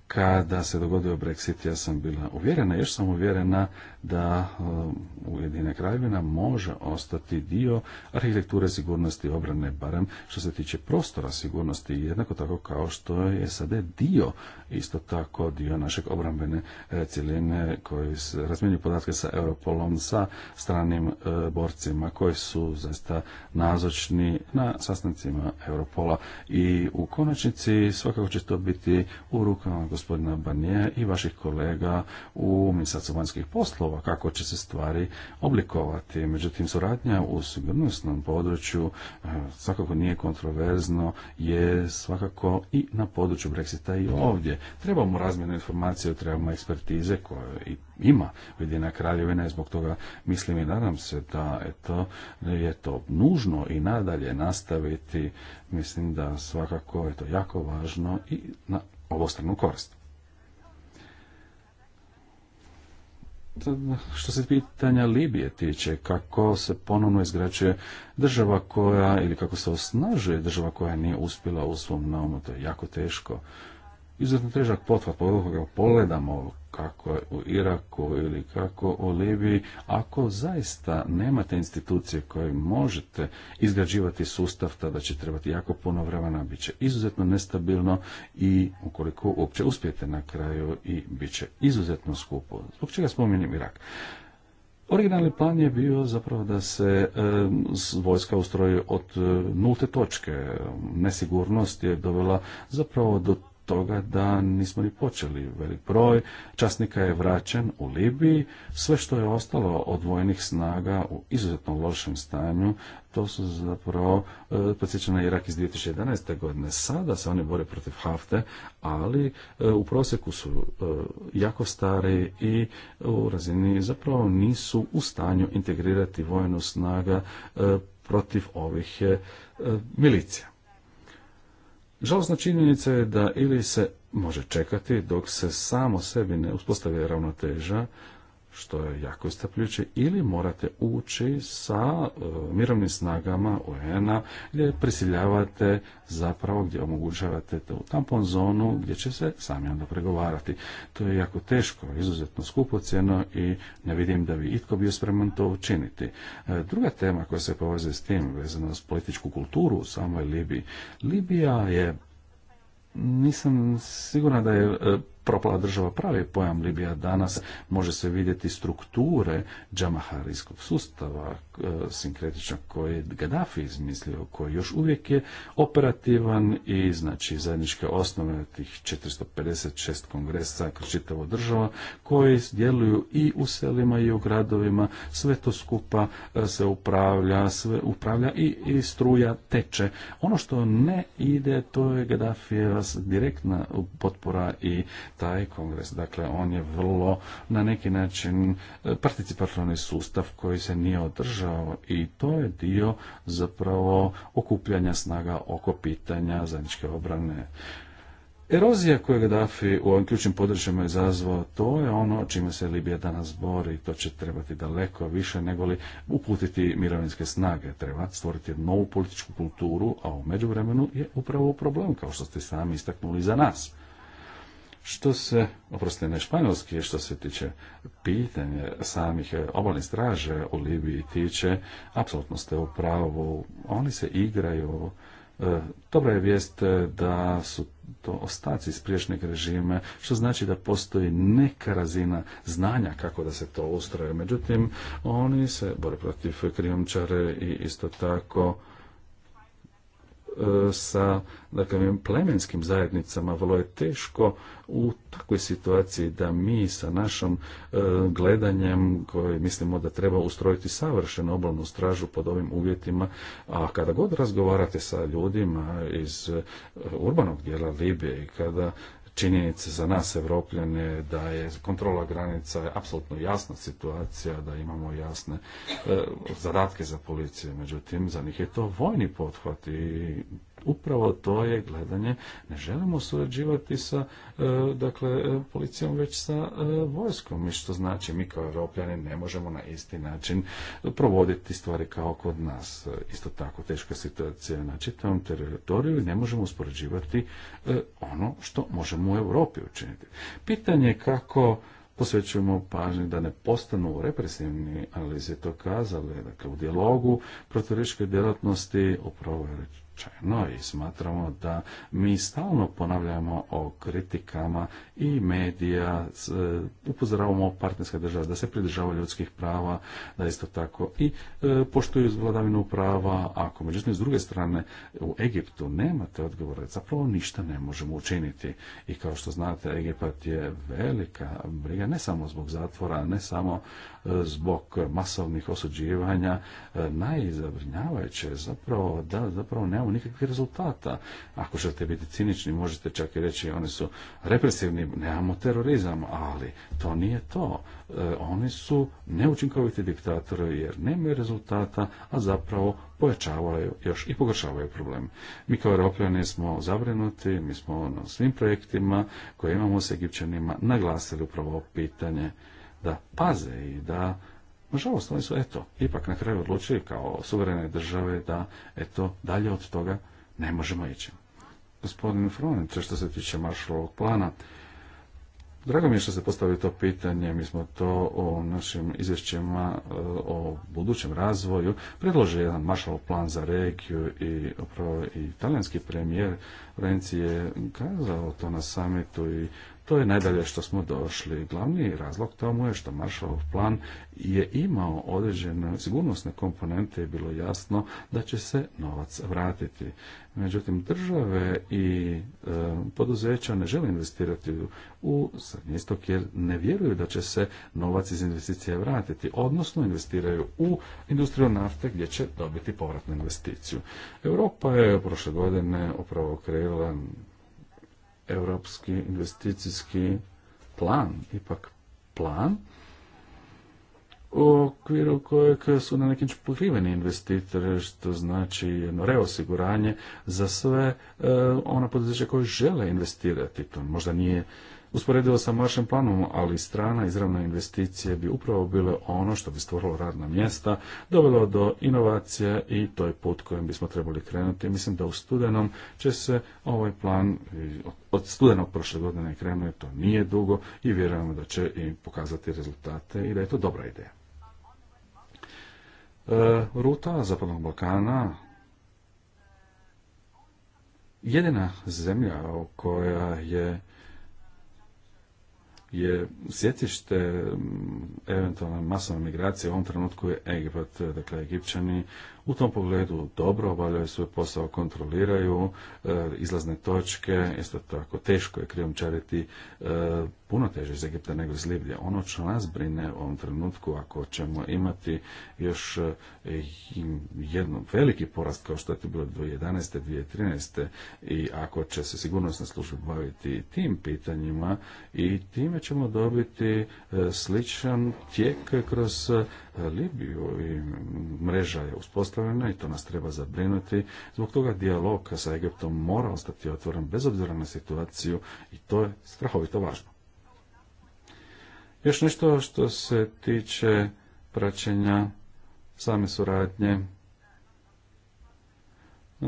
kada se dogodio Brexit, ja sam bila uvjerena, još sam uvjerena da e, Ujedine kraljevina može ostati dio arhitekture sigurnosti obrane, barem što se tiče prostora sigurnosti, jednako tako kao što je SAD dio, isto tako dio našeg obrambene e, cijeline koji razmjenjuju podatke sa Europolom, sa stranim e, borcima koji su zaista nazočni na sastancima Europola i u konačnici svakako će to biti u rukama gospodina Barnije i vaših kolega u Ministarstvu vanjskih poslova kako će se stvari oblikovati. Međutim, suradnja u sigurnosnom području e, svakako nije kontroverzno, je svakako i na području Brexita i ovdje. Trebamo razmjenu informacije, trebamo ekspertize koje i ima Ujedinjena kraljevina i zbog toga mislim i nadam se da eto, je to nužno i nadalje nastaviti. Mislim da svakako je to jako važno i na ovostranu korist. što se pitanja Libije tiče, kako se ponovno izgrađuje država koja, ili kako se osnažuje država koja nije uspjela u svom naumu, to je jako teško izuzetno težak pothvat, pogledamo kako je u Iraku ili kako u Libiji, ako zaista nemate institucije koje možete izgrađivati sustav, tada će trebati jako puno vremena, bit će izuzetno nestabilno i ukoliko uopće uspijete na kraju i bit će izuzetno skupo. Zbog čega spominjem Irak? Originalni plan je bio zapravo da se vojska ustroji od e, nulte točke. Nesigurnost je dovela zapravo do toga da nismo ni počeli. Velik broj časnika je vraćen u Libiji. Sve što je ostalo od vojnih snaga u izuzetno lošem stanju, to su zapravo e, na Irak iz 2011. godine. Sada se oni bore protiv Hafte, ali e, u prosjeku su e, jako stari i u razini zapravo nisu u stanju integrirati vojnu snaga e, protiv ovih milicija. Žalosna činjenica je da ili se može čekati dok se samo sebi ne uspostavi ravnoteža što je jako istrpljujuće, ili morate ući sa e, mirovnim snagama UN-a gdje prisiljavate zapravo gdje omogućavate u tampon zonu gdje će se sami onda pregovarati. To je jako teško, izuzetno skupocjeno i ne vidim da bi itko bio spreman to učiniti. E, druga tema koja se povezuje s tim, vezana s političku kulturu u samoj Libiji. Libija je nisam siguran da je e, propala država pravi pojam Libija danas, može se vidjeti strukture džamaharijskog sustava e, sinkretičnog koji je Gaddafi izmislio, koji još uvijek je operativan i znači zajedničke osnove tih 456 kongresa kroz čitavo država koji djeluju i u selima i u gradovima, sve to skupa e, se upravlja, sve upravlja i, i struja teče. Ono što ne ide to je Gaddafijeva direktna potpora i taj kongres. Dakle, on je vrlo na neki način e, participatorni sustav koji se nije održao i to je dio zapravo okupljanja snaga oko pitanja zajedničke obrane. Erozija koju Gaddafi u ovim ključnim područjima izazvao, to je ono čime se Libija danas bori. i To će trebati daleko više nego li uputiti mirovinske snage. Treba stvoriti novu političku kulturu, a u međuvremenu je upravo problem, kao što ste sami istaknuli za nas. Što se, oprosti, ne španjolski, što se tiče pitanja samih eh, obalnih straže u Libiji tiče, apsolutno ste u pravu, oni se igraju. Eh, dobra je vijest eh, da su to ostaci iz priješnjeg režime, što znači da postoji neka razina znanja kako da se to ustroje. Međutim, oni se bore protiv krijomčare i isto tako E, sa dakle, plemenskim zajednicama vrlo je teško u takvoj situaciji da mi sa našom e, gledanjem koje mislimo da treba ustrojiti savršenu obalnu stražu pod ovim uvjetima, a kada god razgovarate sa ljudima iz e, urbanog dijela Libije i kada činjenice za nas Evropljane da je kontrola granica apsolutno jasna situacija, da imamo jasne e, zadatke za policiju. Međutim, za njih je to vojni pothvat i upravo to je gledanje. Ne želimo surađivati sa e, dakle, e, policijom, već sa e, vojskom. što znači mi kao europljani ne možemo na isti način provoditi stvari kao kod nas. Isto tako teška situacija na čitavom teritoriju i ne možemo uspoređivati ono što možemo u Europi učiniti. Pitanje je kako posvećujemo pažnju da ne postanu represivni, ali to kazali, dakle u dijalogu protiv djelatnosti upravo je značajno i smatramo da mi stalno ponavljamo o kritikama i medija, e, upozoravamo partnerske države da se pridržavaju ljudskih prava, da isto tako i e, poštuju vladavinu prava, ako međutim s druge strane u Egiptu nemate odgovore, zapravo ništa ne možemo učiniti. I kao što znate, Egipat je velika briga, ne samo zbog zatvora, ne samo zbog masovnih osuđivanja e, najzabrinjavajuće je zapravo da zapravo nemamo nikakvih rezultata. Ako želite biti cinični, možete čak i reći oni su represivni, nemamo terorizam, ali to nije to. E, oni su neučinkoviti diktatori jer nemaju rezultata, a zapravo pojačavaju još i pogoršavaju problem. Mi kao Europljani smo zabrinuti, mi smo na svim projektima koje imamo s Egipćanima naglasili upravo pitanje da paze i da Nažalost, oni su, eto, ipak na kraju odlučili kao suverene države da, eto, dalje od toga ne možemo ići. Gospodin Fronić, što se tiče maršalovog plana, drago mi je što se postavili to pitanje, mi smo to o našim izvješćima e, o budućem razvoju predložili jedan maršalov plan za regiju i upravo i talijanski premijer Renzi je kazao to na samitu i to je najdalje što smo došli. Glavni razlog tomu je što Maršalov plan je imao određene sigurnosne komponente i bilo jasno da će se novac vratiti. Međutim, države i e, poduzeća ne žele investirati u Srednji istok jer ne vjeruju da će se novac iz investicije vratiti, odnosno investiraju u industriju nafte gdje će dobiti povratnu investiciju. Europa je prošle godine upravo kreirala europski investicijski plan, ipak plan, u okviru kojeg su na nekim pokriveni investitori, što znači jedno reosiguranje za sve e, ona poduzeća koje žele investirati. To možda nije usporedivo sam vašem planom, ali strana izravna investicije bi upravo bile ono što bi stvorilo radna mjesta, dovelo do inovacije i to je put kojim bismo trebali krenuti. Mislim da u studenom će se ovaj plan od studenog prošle godine krenuti. to nije dugo i vjerujemo da će i pokazati rezultate i da je to dobra ideja. E, ruta Zapadnog Balkana jedina zemlja koja je je sjetište eventualna masovne migracija u ovom trenutku je Egipat. Dakle, Egipćani u tom pogledu dobro obavljaju svoj posao, kontroliraju e, izlazne točke, isto tako teško je krijomčariti e, puno teže iz Egipta nego iz Libije. Ono što nas brine u ovom trenutku, ako ćemo imati još e, veliki porast kao što je to bilo 2011. 2013. i ako će se sigurnosna služba baviti tim pitanjima i time ćemo dobiti e, sličan tijek kroz Libiju i mreža je uspostavljena i to nas treba zabrinuti. Zbog toga dijalog sa Egiptom mora ostati otvoren bez obzira na situaciju i to je strahovito važno. Još nešto što se tiče praćenja same suradnje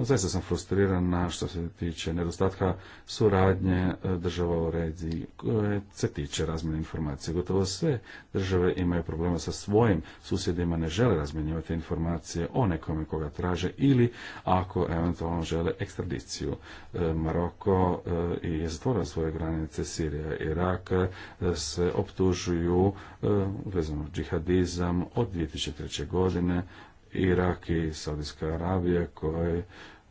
Zaista sam na što se tiče nedostatka suradnje e, država u regiji koje se tiče razmjene informacije. Gotovo sve države imaju problema sa svojim susjedima, ne žele razmjenjivati informacije o nekome koga traže ili ako eventualno žele ekstradiciju. E, Maroko e, je zatvorila svoje granice, Sirija i Irak se optužuju vezano džihadizam od 2003. godine Irak i Saudijska Arabija koje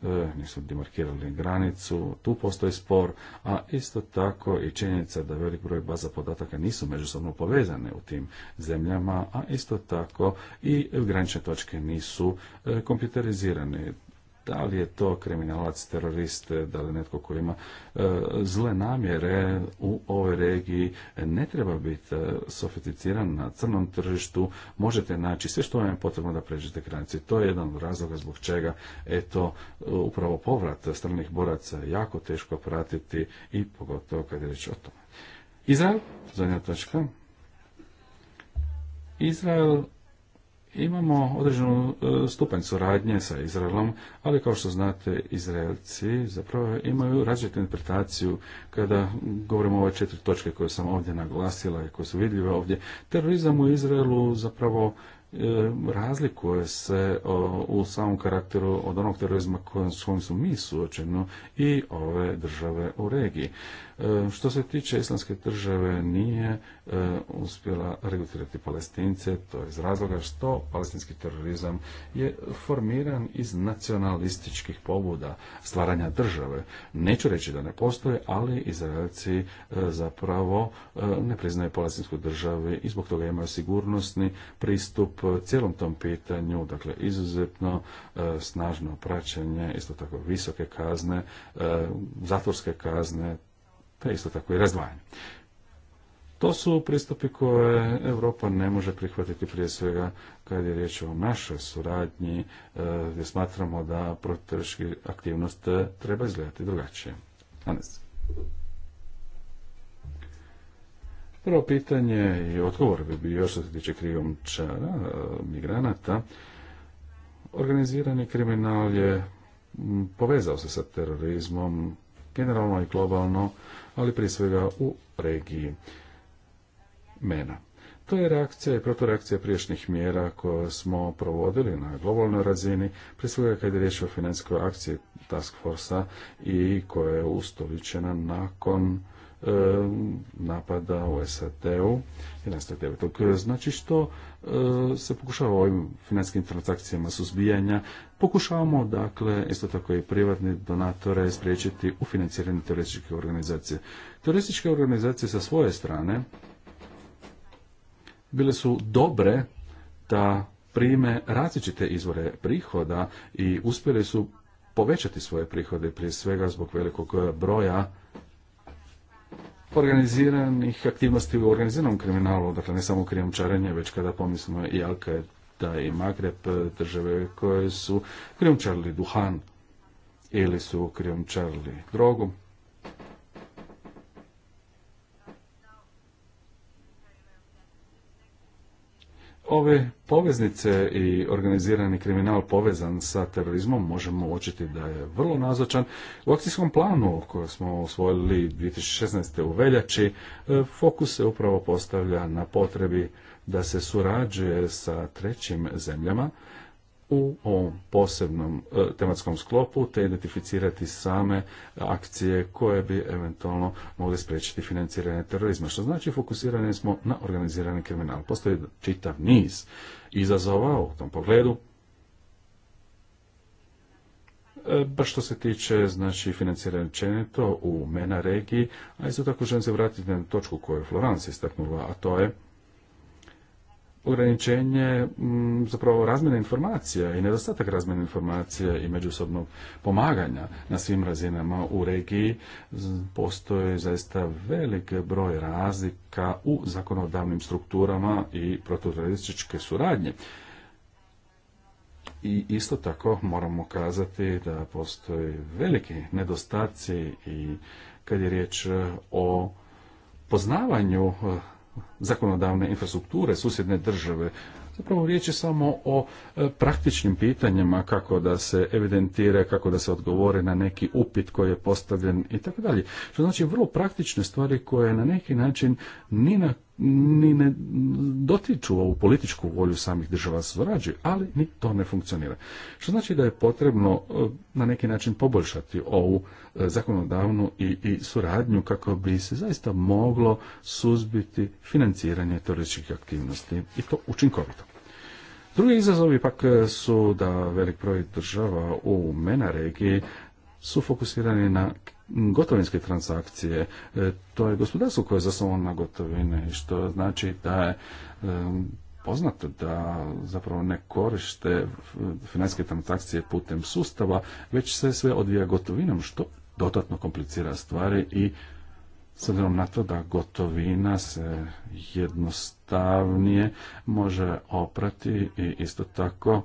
e, nisu demarkirali granicu, tu postoji spor, a isto tako i činjenica da velik broj baza podataka nisu međusobno povezane u tim zemljama, a isto tako i granične točke nisu e, kompjuterizirane da li je to kriminalac, terorist, da li netko koji ima e, zle namjere u ovoj regiji, ne treba biti e, sofisticiran na crnom tržištu, možete naći sve što vam je potrebno da pređete granice. To je jedan od razloga zbog čega to upravo povrat stranih boraca jako teško pratiti i pogotovo kad je riječ o tome. Izrael, zadnja točka. Izrael Imamo određenu e, stupanj suradnje sa Izraelom, ali kao što znate, Izraelci zapravo imaju različitu interpretaciju kada govorimo o ove četiri točke koje sam ovdje naglasila i koje su vidljive ovdje. Terorizam u Izraelu zapravo e, razlikuje se u samom karakteru od onog terorizma s kojim su mi suočeni i ove države u regiji. E, što se tiče islamske države, nije e, uspjela regulirati palestince, to je iz razloga što palestinski terorizam je formiran iz nacionalističkih pobuda stvaranja države. Neću reći da ne postoje, ali Izraelci e, zapravo ne priznaju palestinsku državu i zbog toga imaju sigurnosni pristup cijelom tom pitanju, dakle izuzetno snažno praćenje, isto tako visoke kazne, zatvorske kazne, je isto tako i razdvajanje. To su pristupi koje Europa ne može prihvatiti prije svega kad je riječ o našoj suradnji, e, gdje smatramo da protivrški aktivnost e, treba izgledati drugačije. Anes. Prvo pitanje i odgovor bi bio što se tiče čara, e, migranata. Organizirani kriminal je povezao se sa terorizmom, generalno i globalno, ali prije svega u regiji MENA. To je reakcija i protoreakcija priješnjih mjera koje smo provodili na globalnoj razini, prije svega kad je riječ o financijskoj akciji Task Force-a i koja je ustoličena nakon eh, napada u SAD-u 11.9. Znači što eh, se pokušava ovim financijskim transakcijama suzbijanja Pokušavamo, dakle, isto tako i privatne donatore spriječiti u financiranju turističke organizacije. Turističke organizacije sa svoje strane bile su dobre da prime različite izvore prihoda i uspjeli su povećati svoje prihode prije svega zbog velikog broja organiziranih aktivnosti u organiziranom kriminalu, dakle ne samo krijumčarenje, već kada pomislimo i je da i Magreb e, države koje su krijumčarili duhan ili su krijumčarili drogu. Ove poveznice i organizirani kriminal povezan sa terorizmom možemo uočiti da je vrlo nazočan. U akcijskom planu koje smo osvojili 2016. u veljači, e, fokus se upravo postavlja na potrebi da se surađuje sa trećim zemljama u ovom posebnom e, tematskom sklopu te identificirati same akcije koje bi eventualno mogle spriječiti financiranje terorizma. Što znači fokusirani smo na organizirani kriminal. Postoji čitav niz izazova u tom pogledu. E, baš što se tiče znači, financiranja čenito u MENA regiji, a isto tako želim se vratiti na točku koju je Florence istaknula, a to je ograničenje mm, zapravo razmjene informacija i nedostatak razmjene informacija i međusobnog pomaganja na svim razinama u regiji postoji zaista velik broj razlika u zakonodavnim strukturama i protuterorističke suradnje. I isto tako moramo kazati da postoji veliki nedostaci i kad je riječ o poznavanju zakonodavne infrastrukture susjedne države. Zapravo riječ je samo o e, praktičnim pitanjima kako da se evidentira, kako da se odgovore na neki upit koji je postavljen i tako dalje. Što znači vrlo praktične stvari koje na neki način ni na ni ne dotiču ovu političku volju samih država surađuju, ali ni to ne funkcionira. Što znači da je potrebno e, na neki način poboljšati ovu e, zakonodavnu i, i suradnju kako bi se zaista moglo suzbiti financiranje terorističkih aktivnosti i to učinkovito. Drugi izazovi pak e, su da velik broj država u MENA regiji su fokusirani na gotovinske transakcije. E, to je gospodarstvo koje je zasnovano na gotovine, što znači da je e, poznato da zapravo ne korište financijske transakcije putem sustava, već se sve odvija gotovinom, što dodatno komplicira stvari i s obzirom na to da gotovina se jednostavnije može oprati i isto tako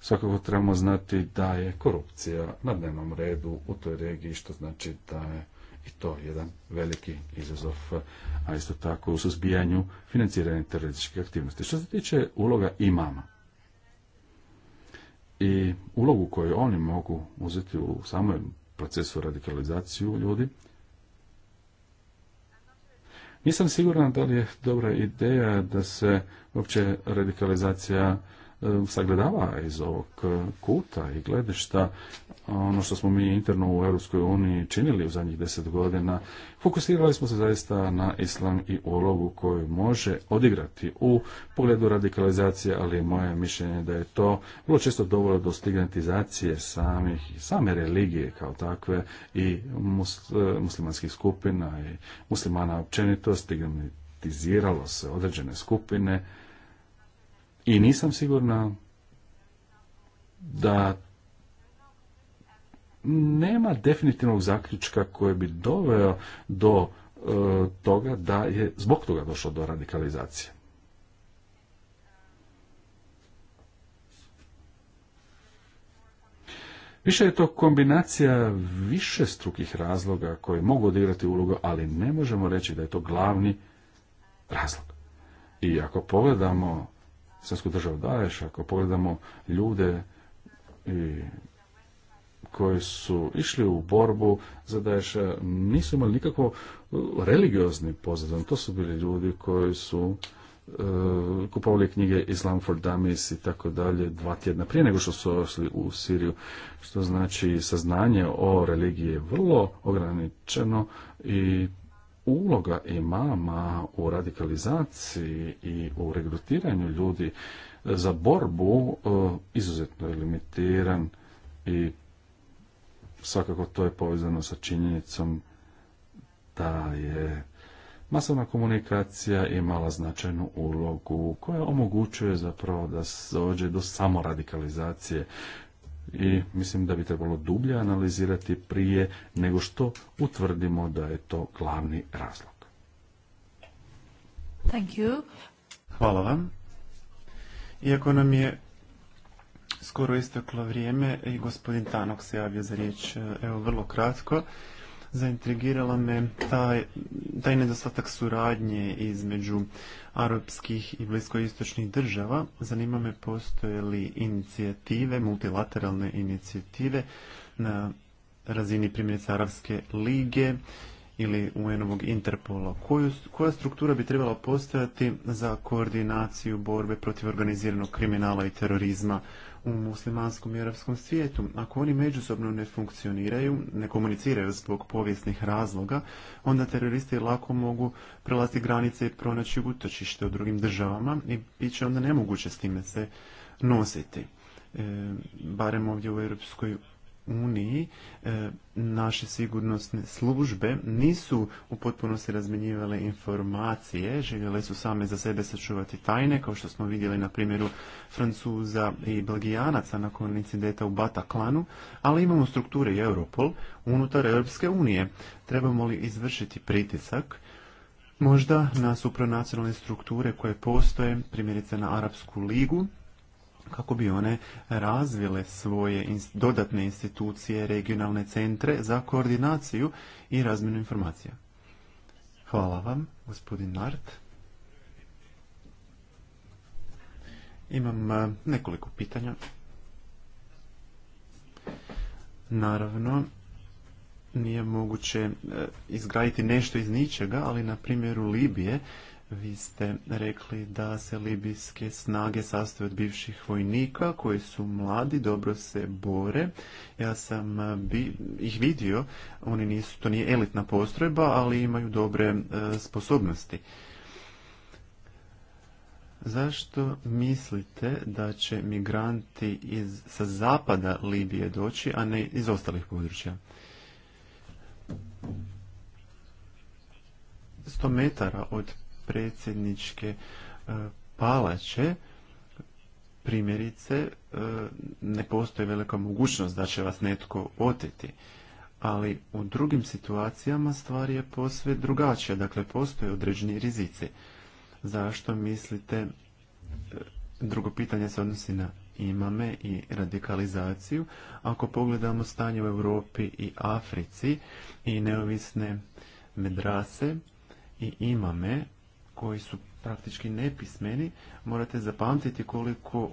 Svakako trebamo znati da je korupcija na dnevnom redu u toj regiji, što znači da je i to jedan veliki izazov, a isto tako u suzbijanju financiranja terorističke aktivnosti. Što se tiče uloga imama i ulogu koju oni mogu uzeti u samom procesu radikalizaciju ljudi, nisam siguran da li je dobra ideja da se uopće radikalizacija Eh, sagledava iz ovog eh, kuta i gledišta ono što smo mi interno u Europskoj uniji činili u zadnjih deset godina, fokusirali smo se zaista na islam i ulogu koju može odigrati u pogledu radikalizacije, ali moje mišljenje da je to vrlo često dovoljno do stigmatizacije samih, same religije kao takve i eh, muslimanskih skupina i muslimana općenito stigmatiziralo se određene skupine, i nisam sigurna da nema definitivnog zaključka koji bi doveo do e, toga da je zbog toga došlo do radikalizacije. Više je to kombinacija više strukih razloga koje mogu odigrati ulogu, ali ne možemo reći da je to glavni razlog. I ako pogledamo islamsku državu daješ, ako pogledamo ljude i koji su išli u borbu za Daesha nisu imali nikako uh, religiozni pozadan. To su bili ljudi koji su uh, kupovali knjige Islam for Dummies i tako dalje dva tjedna prije nego što su ošli u Siriju, što znači saznanje o religiji je vrlo ograničeno i uloga imama u radikalizaciji i u regrutiranju ljudi za borbu e, izuzetno je limitiran i svakako to je povezano sa činjenicom da je masovna komunikacija imala značajnu ulogu koja omogućuje zapravo da dođe do samoradikalizacije i mislim da bi trebalo dublje analizirati prije nego što utvrdimo da je to glavni razlog. Thank you. Hvala vam. Iako nam je skoro isteklo vrijeme i gospodin Tanok se javio za riječ, evo vrlo kratko zaintrigirala me taj, nedostatak suradnje između arapskih i bliskoistočnih država. Zanima me postoje li inicijative, multilateralne inicijative na razini primjerice Arapske lige ili UN-ovog Interpola. Koju, koja struktura bi trebala postojati za koordinaciju borbe protiv organiziranog kriminala i terorizma u muslimanskom i europskom svijetu. Ako oni međusobno ne funkcioniraju, ne komuniciraju zbog povijesnih razloga, onda teroristi lako mogu prelaziti granice i pronaći utočište u drugim državama i bit će onda nemoguće s time se nositi. E, barem ovdje u Europskoj uniji e, naše sigurnosne službe nisu u potpunosti razmenjivale informacije, željele su same za sebe sačuvati tajne, kao što smo vidjeli na primjeru Francuza i Belgijanaca nakon incidenta u Bataklanu, ali imamo strukture i Europol unutar Europske unije. Trebamo li izvršiti pritisak možda na supranacionalne strukture koje postoje, primjerice na Arapsku ligu, kako bi one razvile svoje dodatne institucije, regionalne centre za koordinaciju i razmjenu informacija. Hvala vam, gospodin Nart. Imam eh, nekoliko pitanja. Naravno, nije moguće eh, izgraditi nešto iz ničega, ali na primjeru Libije vi ste rekli da se libijske snage sastoje od bivših vojnika koji su mladi, dobro se bore. Ja sam eh, ih vidio, oni nisu, to nije elitna postrojba, ali imaju dobre eh, sposobnosti. Zašto mislite da će migranti iz, sa zapada Libije doći, a ne iz ostalih područja? 100 metara od predsjedničke e, palače, primjerice, e, ne postoji velika mogućnost da će vas netko oteti. Ali u drugim situacijama stvar je posve drugačija, dakle postoje određeni rizici. Zašto mislite, e, drugo pitanje se odnosi na imame i radikalizaciju. Ako pogledamo stanje u Europi i Africi i neovisne medrase i imame, koji su praktički nepismeni, morate zapamtiti koliko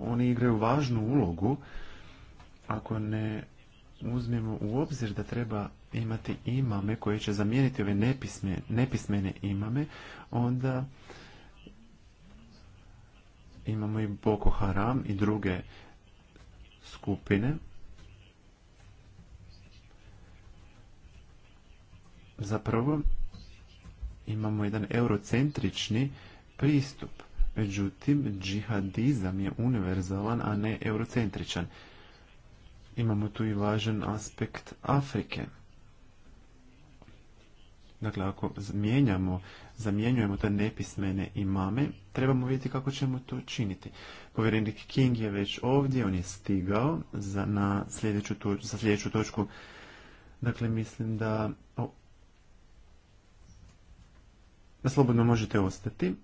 oni igraju važnu ulogu ako ne uzmemo u obzir da treba imati imame koje će zamijeniti ove nepisme, nepismene imame, onda imamo i Boko Haram i druge skupine. Zapravo, imamo jedan eurocentrični pristup. Međutim, džihadizam je univerzalan, a ne eurocentričan. Imamo tu i važan aspekt Afrike. Dakle, ako zamjenjujemo te nepismene imame, trebamo vidjeti kako ćemo to činiti. Povjerenik King je već ovdje, on je stigao za, na sljedeću, za sljedeću točku. Dakle, mislim da o slobodno možete ostati.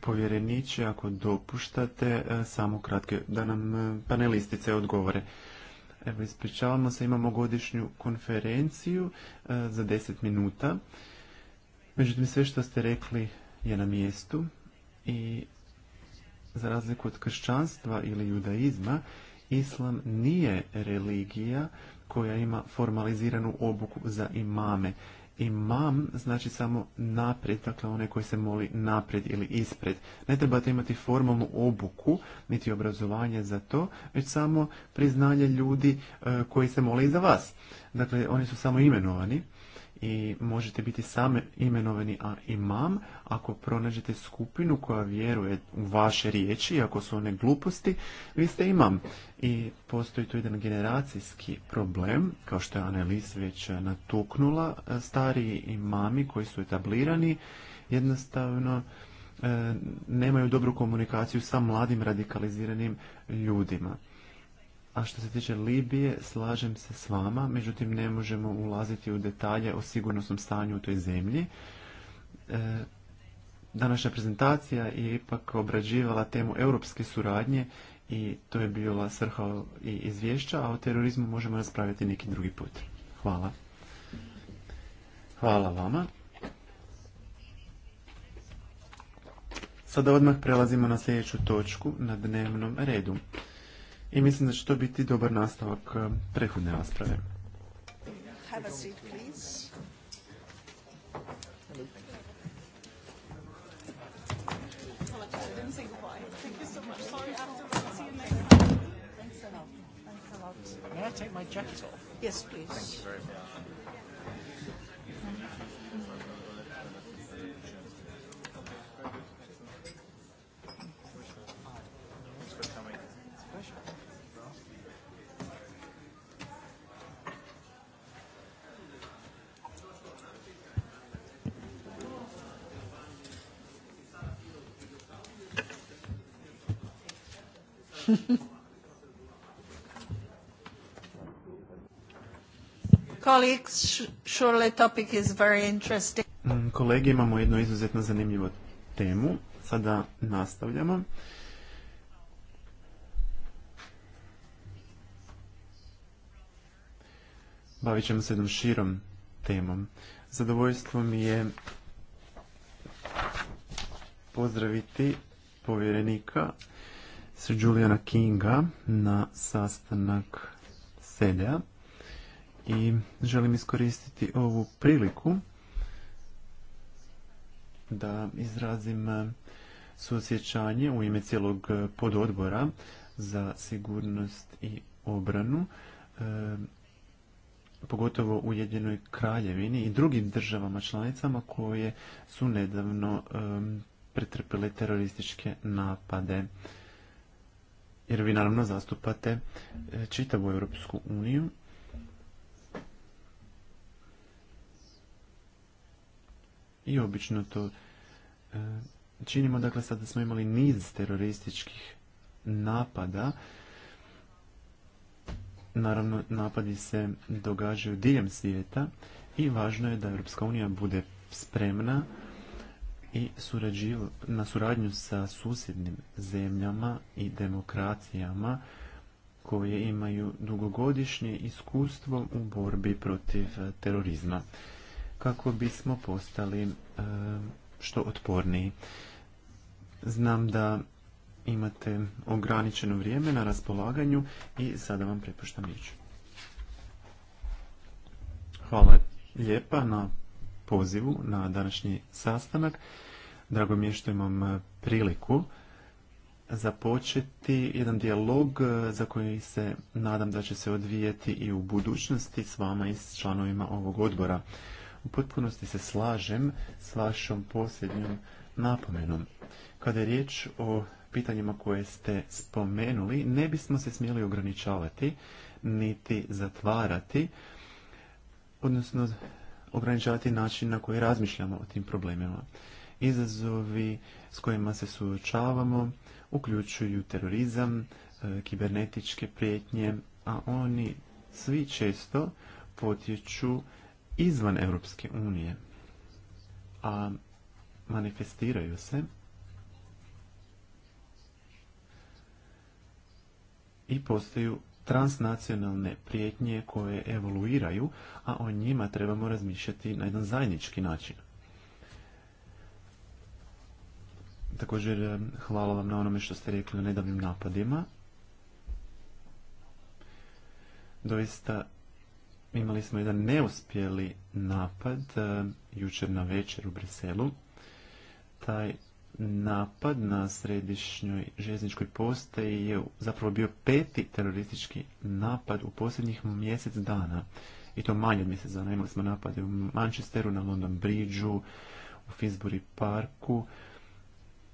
Povjereniče, ako dopuštate, e, samo kratke, da nam e, panelistice odgovore. Evo, ispričavamo se, imamo godišnju konferenciju e, za 10 minuta. Međutim, sve što ste rekli je na mjestu i za razliku od kršćanstva ili judaizma, islam nije religija koja ima formaliziranu obuku za imame imam znači samo naprijed, dakle onaj koji se moli naprijed ili ispred. Ne trebate imati formalnu obuku, niti obrazovanje za to, već samo priznanje ljudi e, koji se mole za vas. Dakle, oni su samo imenovani i možete biti same imenovani a imam ako pronađete skupinu koja vjeruje u vaše riječi, ako su one gluposti, vi ste imam. I postoji tu jedan generacijski problem, kao što je Annelies već e, natuknula, e, stariji imami koji su etablirani jednostavno e, nemaju dobru komunikaciju sa mladim radikaliziranim ljudima. A što se tiče Libije, slažem se s vama, međutim ne možemo ulaziti u detalje o sigurnosnom stanju u toj zemlji. E, današnja prezentacija je ipak obrađivala temu europske suradnje i to je bila svrha i izvješća, a o terorizmu možemo raspraviti neki drugi put. Hvala. Hvala vama. Sada odmah prelazimo na sljedeću točku na dnevnom redu i mislim da će to biti dobar nastavak eh, prethodne rasprave. Have a Yes, please. Mm, kolege, imamo jednu izuzetno zanimljivu temu. Sada nastavljamo. Bavit ćemo se jednom širom temom. Zadovoljstvo mi je pozdraviti povjerenika Sir Juliana Kinga na sastanak Selja i želim iskoristiti ovu priliku da izrazim suosjećanje u ime cijelog pododbora za sigurnost i obranu, e, pogotovo u Jedinoj kraljevini i drugim državama članicama koje su nedavno e, pretrpile terorističke napade jer vi naravno zastupate e, čitavu Europsku uniju. I obično to e, činimo, dakle sada smo imali niz terorističkih napada. Naravno, napadi se događaju diljem svijeta i važno je da Europska unija bude spremna i na suradnju sa susjednim zemljama i demokracijama koje imaju dugogodišnje iskustvo u borbi protiv e, terorizma kako bismo postali e, što otporniji. Znam da imate ograničeno vrijeme na raspolaganju i sada vam prepuštam riječ. Hvala lijepa na pozivu na današnji sastanak. Drago mi je što imam e, priliku započeti jedan dijalog e, za koji se nadam da će se odvijeti i u budućnosti s vama i s članovima ovog odbora. U potpunosti se slažem s vašom posljednjom napomenom. Kada je riječ o pitanjima koje ste spomenuli, ne bismo se smjeli ograničavati niti zatvarati, odnosno ograničavati način na koji razmišljamo o tim problemima. Izazovi s kojima se suočavamo uključuju terorizam, e, kibernetičke prijetnje, a oni svi često potječu izvan Europske unije, a manifestiraju se i postaju transnacionalne prijetnje koje evoluiraju, a o njima trebamo razmišljati na jedan zajednički način. Također e, hvala vam na onome što ste rekli o nedavnim napadima. Doista imali smo jedan neuspjeli napad e, jučer na večer u Briselu. Taj napad na središnjoj željezničkoj postaji je zapravo bio peti teroristički napad u posljednjih mjesec dana. I to manje od mjesec dana. Imali smo napade u Manchesteru, na London Bridgeu, u Finsbury Parku,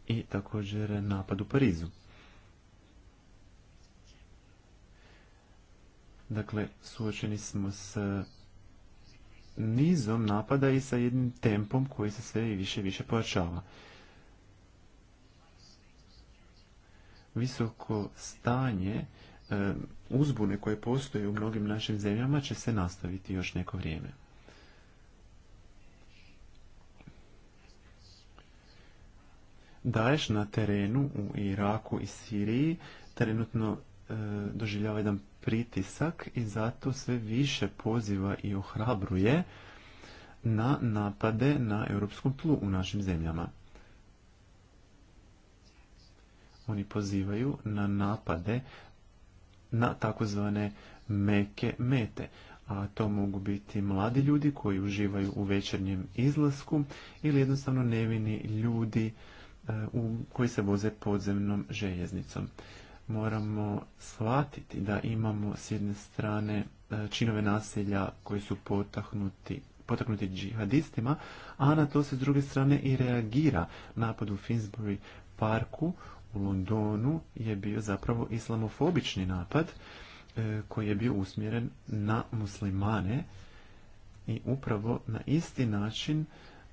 i također napad u Parizu. Dakle, suočeni smo s nizom napada i sa jednim tempom koji se sve i više i više pojačava. Visoko stanje e, uzbune koje postoje u mnogim našim zemljama će se nastaviti još neko vrijeme. Daješ na terenu u Iraku i Siriji trenutno e, doživljava jedan pritisak i zato sve više poziva i ohrabruje na napade na europskom tlu u našim zemljama. Oni pozivaju na napade na takozvane meke mete, a to mogu biti mladi ljudi koji uživaju u večernjem izlasku ili jednostavno nevini ljudi koji se voze podzemnom željeznicom. Moramo shvatiti da imamo s jedne strane e, činove naselja koji su potahnuti potaknuti džihadistima, a na to se s druge strane i reagira. Napad u Finsbury parku u Londonu je bio zapravo islamofobični napad e, koji je bio usmjeren na muslimane i upravo na isti način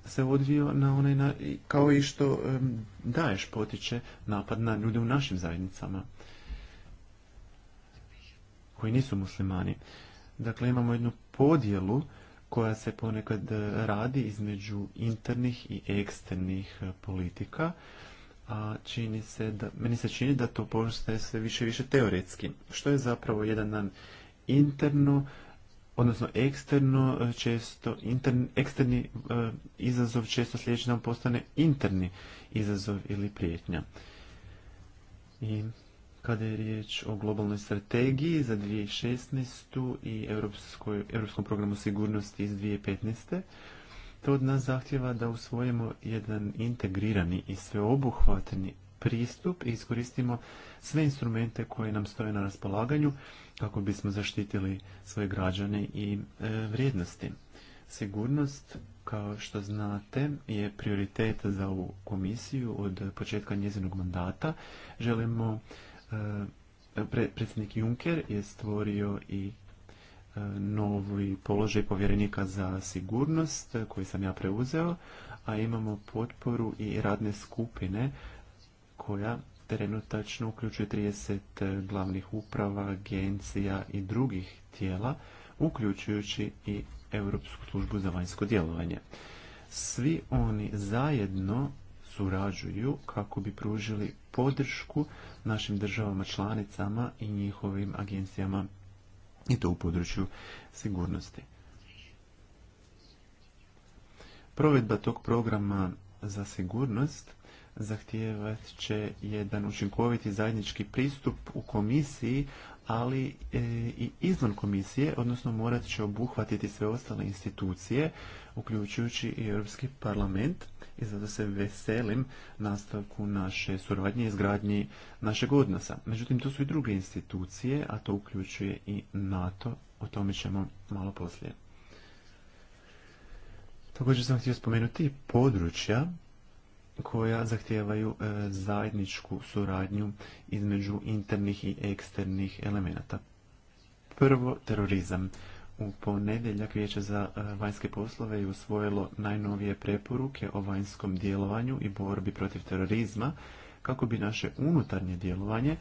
se odvio na onaj na, kao i što daješ potiče napad na ljude u našim zajednicama koji nisu muslimani. Dakle, imamo jednu podjelu koja se ponekad radi između internih i eksternih e, politika, a čini se da, meni se čini da to postaje sve više i više teoretski. Što je zapravo jedan dan interno odnosno eksterno e, često, intern, eksterni e, izazov često sljedeći nam postane interni izazov ili prijetnja. I kada je riječ o globalnoj strategiji za 2016. i Europskoj, Europskom programu sigurnosti iz 2015. To od nas zahtjeva da usvojimo jedan integrirani i sveobuhvatni pristup i iskoristimo sve instrumente koje nam stoje na raspolaganju kako bismo zaštitili svoje građane i e, vrijednosti. Sigurnost, kao što znate, je prioritet za ovu komisiju od početka njezinog mandata. Želimo, e, predsjednik Juncker je stvorio i e, novi položaj povjerenika za sigurnost koji sam ja preuzeo, a imamo potporu i radne skupine koja trenutačno uključuje 30 e, glavnih uprava, agencija i drugih tijela, uključujući i Europsku službu za vanjsko djelovanje. Svi oni zajedno surađuju kako bi pružili podršku našim državama članicama i njihovim agencijama i to u području sigurnosti. Provedba tog programa za sigurnost zahtijevat će jedan učinkoviti zajednički pristup u komisiji, ali e, i izvan komisije, odnosno morat će obuhvatiti sve ostale institucije, uključujući i Europski parlament. I zato se veselim nastavku naše suradnje i izgradnji našeg odnosa. Međutim, tu su i druge institucije, a to uključuje i NATO. O tome ćemo malo poslije. Također sam htio spomenuti područja koja zahtijevaju e, zajedničku suradnju između internih i eksternih elemenata. Prvo, terorizam. U ponedjeljak Vijeće za e, vanjske poslove je usvojilo najnovije preporuke o vanjskom djelovanju i borbi protiv terorizma kako bi naše unutarnje djelovanje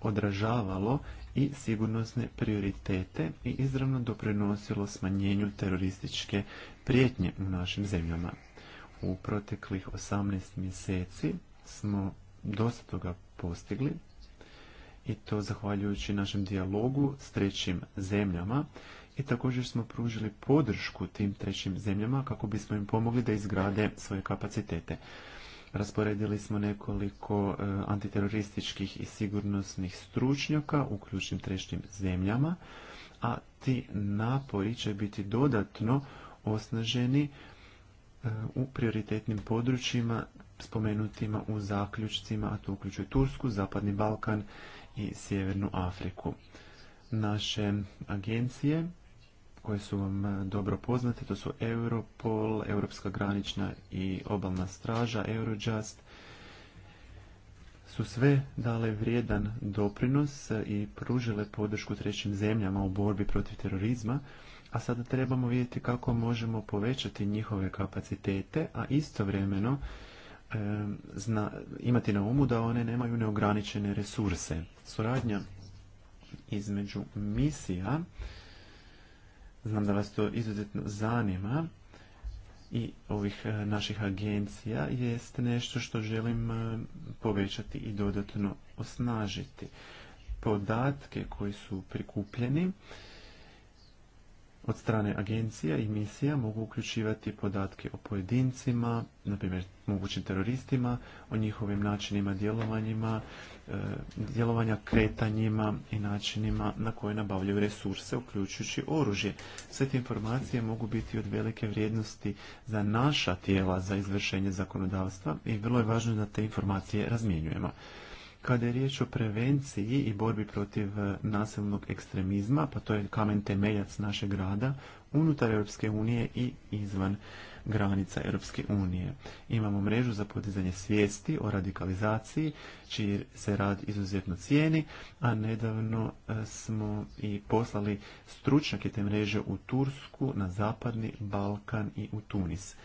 odražavalo i sigurnosne prioritete i izravno doprinosilo smanjenju terorističke prijetnje u našim zemljama u proteklih 18 mjeseci smo dosta toga postigli i to zahvaljujući našem dijalogu s trećim zemljama i također smo pružili podršku tim trećim zemljama kako bismo im pomogli da izgrade svoje kapacitete. Rasporedili smo nekoliko e, antiterorističkih i sigurnosnih stručnjaka u ključnim trećim zemljama, a ti napori će biti dodatno osnaženi E, u prioritetnim područjima spomenutima u zaključcima, a to uključuje Tursku, Zapadni Balkan i Sjevernu Afriku. Naše agencije koje su vam e, dobro poznate, to su Europol, Europska granična i obalna straža, Eurojust, su sve dale vrijedan doprinos i pružile podršku trećim zemljama u borbi protiv terorizma, a sada trebamo vidjeti kako možemo povećati njihove kapacitete, a istovremeno imati na umu da one nemaju neograničene resurse. Suradnja između misija, znam da vas to izuzetno zanima, i ovih e, naših agencija jest nešto što želim e, povećati i dodatno osnažiti. Podatke koji su prikupljeni od strane agencija i misija mogu uključivati podatke o pojedincima, na primjer mogućim teroristima, o njihovim načinima djelovanjima, e, djelovanja kretanjima i načinima na koje nabavljaju resurse, uključujući oružje. Sve te informacije mogu biti od velike vrijednosti za naša tijela za izvršenje zakonodavstva i vrlo je važno da te informacije razmjenjujemo. Kada je riječ o prevenciji i borbi protiv e, nasilnog ekstremizma, pa to je kamen temeljac našeg grada, unutar Europske unije i izvan granica Europske unije. Imamo mrežu za podizanje svijesti o radikalizaciji, čiji se rad izuzetno cijeni, a nedavno e, smo i poslali stručnjake te mreže u Tursku, na Zapadni Balkan i u Tunis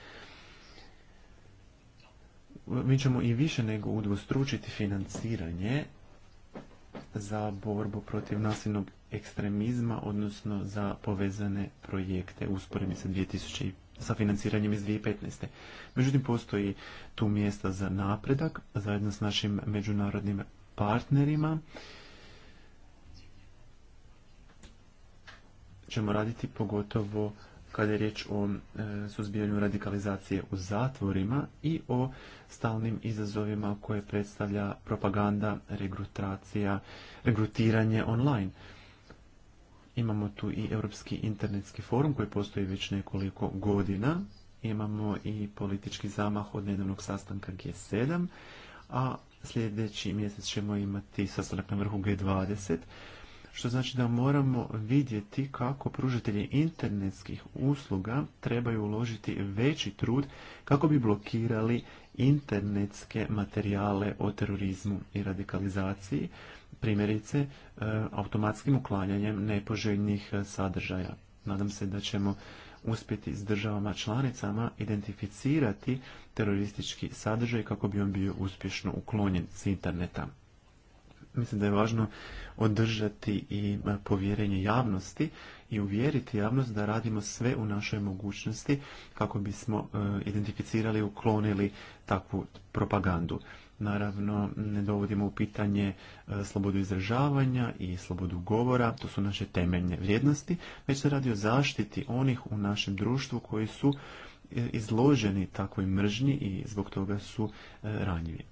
mi ćemo i više nego udvostručiti financiranje za borbu protiv nasilnog ekstremizma, odnosno za povezane projekte usporedni sa 2000 sa financiranjem iz 2015. Međutim, postoji tu mjesta za napredak zajedno s našim međunarodnim partnerima. ćemo raditi pogotovo kada je riječ o e, suzbijanju radikalizacije u zatvorima i o stalnim izazovima koje predstavlja propaganda, regrutacija, regrutiranje online. Imamo tu i Europski internetski forum koji postoji već nekoliko godina. Imamo i politički zamah od nedavnog sastanka G7, a sljedeći mjesec ćemo imati sastanak na vrhu G20 što znači da moramo vidjeti kako pružatelji internetskih usluga trebaju uložiti veći trud kako bi blokirali internetske materijale o terorizmu i radikalizaciji, primjerice e, automatskim uklanjanjem nepoželjnih sadržaja. Nadam se da ćemo uspjeti s državama članicama identificirati teroristički sadržaj kako bi on bio uspješno uklonjen s interneta mislim da je važno održati i e, povjerenje javnosti i uvjeriti javnost da radimo sve u našoj mogućnosti kako bismo e, identificirali i uklonili takvu propagandu. Naravno, ne dovodimo u pitanje e, slobodu izražavanja i slobodu govora, to su naše temeljne vrijednosti, već se radi o zaštiti onih u našem društvu koji su izloženi takvoj mržnji i zbog toga su ranjivi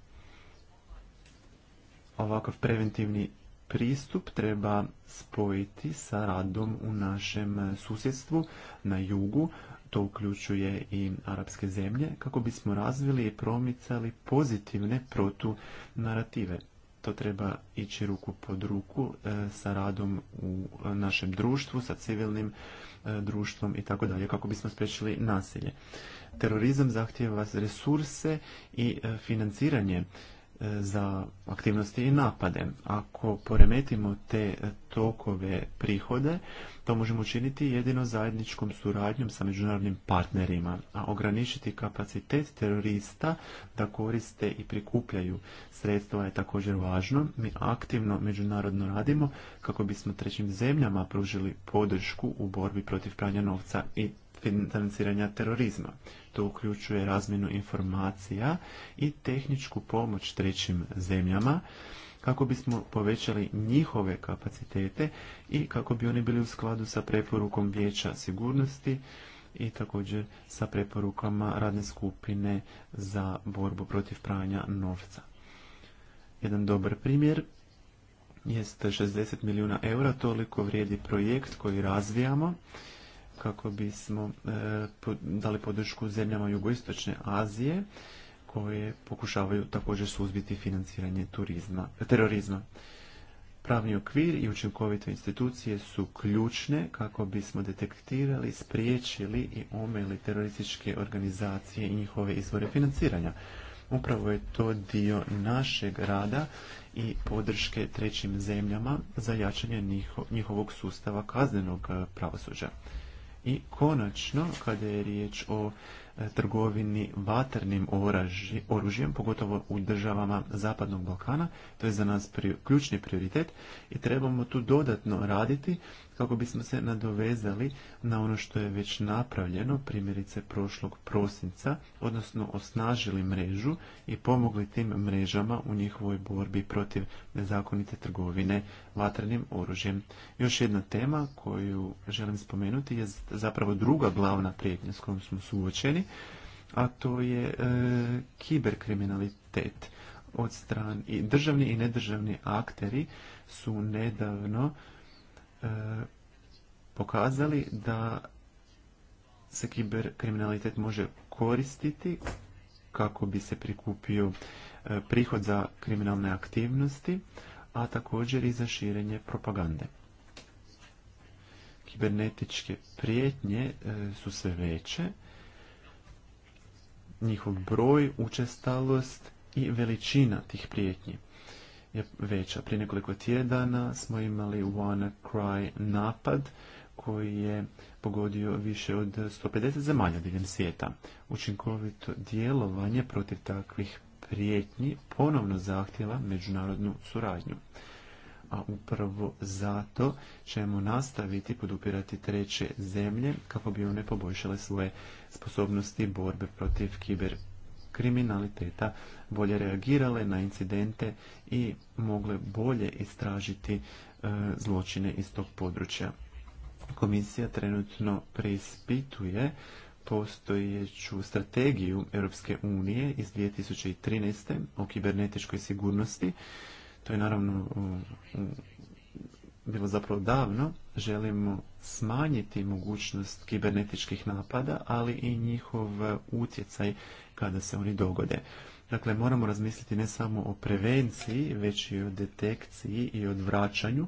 ovakav preventivni pristup treba spojiti sa radom u našem susjedstvu na jugu, to uključuje i arapske zemlje, kako bismo razvili i promicali pozitivne protunarative. To treba ići ruku pod ruku e, sa radom u našem društvu, sa civilnim e, društvom i tako dalje, kako bismo spriječili nasilje. Terorizam zahtijeva resurse i e, financiranje za aktivnosti i napade. Ako poremetimo te tokove prihode, to možemo učiniti jedino zajedničkom suradnjom sa međunarodnim partnerima, a ograničiti kapacitet terorista da koriste i prikupljaju sredstva je također važno. Mi aktivno međunarodno radimo kako bismo trećim zemljama pružili podršku u borbi protiv pranja novca i financiranja terorizma. To uključuje razmjenu informacija i tehničku pomoć trećim zemljama kako bismo povećali njihove kapacitete i kako bi oni bili u skladu sa preporukom vijeća sigurnosti i također sa preporukama radne skupine za borbu protiv pranja novca. Jedan dobar primjer jest 60 milijuna eura, toliko vrijedi projekt koji razvijamo kako bismo e, dali podršku zemljama jugoistočne Azije koje pokušavaju također suzbiti financiranje turizma, terorizma. Pravni okvir i učinkovite institucije su ključne kako bismo detektirali, spriječili i omeli terorističke organizacije i njihove izvore financiranja. Upravo je to dio našeg rada i podrške trećim zemljama za jačanje njihovog sustava kaznenog e, pravosuđa. I konačno, kada je riječ o e, trgovini vaternim oružjem, pogotovo u državama Zapadnog Balkana, to je za nas ključni prioritet i trebamo tu dodatno raditi kako bismo se nadovezali na ono što je već napravljeno, primjerice prošlog prosinca, odnosno osnažili mrežu i pomogli tim mrežama u njihovoj borbi protiv nezakonite trgovine vatrenim oružjem. Još jedna tema koju želim spomenuti je zapravo druga glavna prijetnja s kojom smo suočeni, a to je e, kiberkriminalitet od strane i državni i nedržavni akteri su nedavno E, pokazali da se kiberkriminalitet može koristiti kako bi se prikupio e, prihod za kriminalne aktivnosti, a također i za širenje propagande. Kibernetičke prijetnje e, su sve veće, njihov broj, učestalost i veličina tih prijetnji je veća. Prije nekoliko tjedana smo imali WannaCry napad koji je pogodio više od 150 zemalja diljem svijeta. Učinkovito djelovanje protiv takvih prijetnji ponovno zahtjeva međunarodnu suradnju. A upravo zato ćemo nastaviti podupirati treće zemlje kako bi one poboljšale svoje sposobnosti borbe protiv kiber kriminaliteta bolje reagirale na incidente i mogle bolje istražiti e, zločine iz tog područja. Komisija trenutno preispituje postojeću strategiju Europske unije iz 2013. o kibernetičkoj sigurnosti. To je naravno bilo zapravo davno, želimo smanjiti mogućnost kibernetičkih napada, ali i njihov utjecaj kada se oni dogode. Dakle, moramo razmisliti ne samo o prevenciji, već i o detekciji i odvraćanju,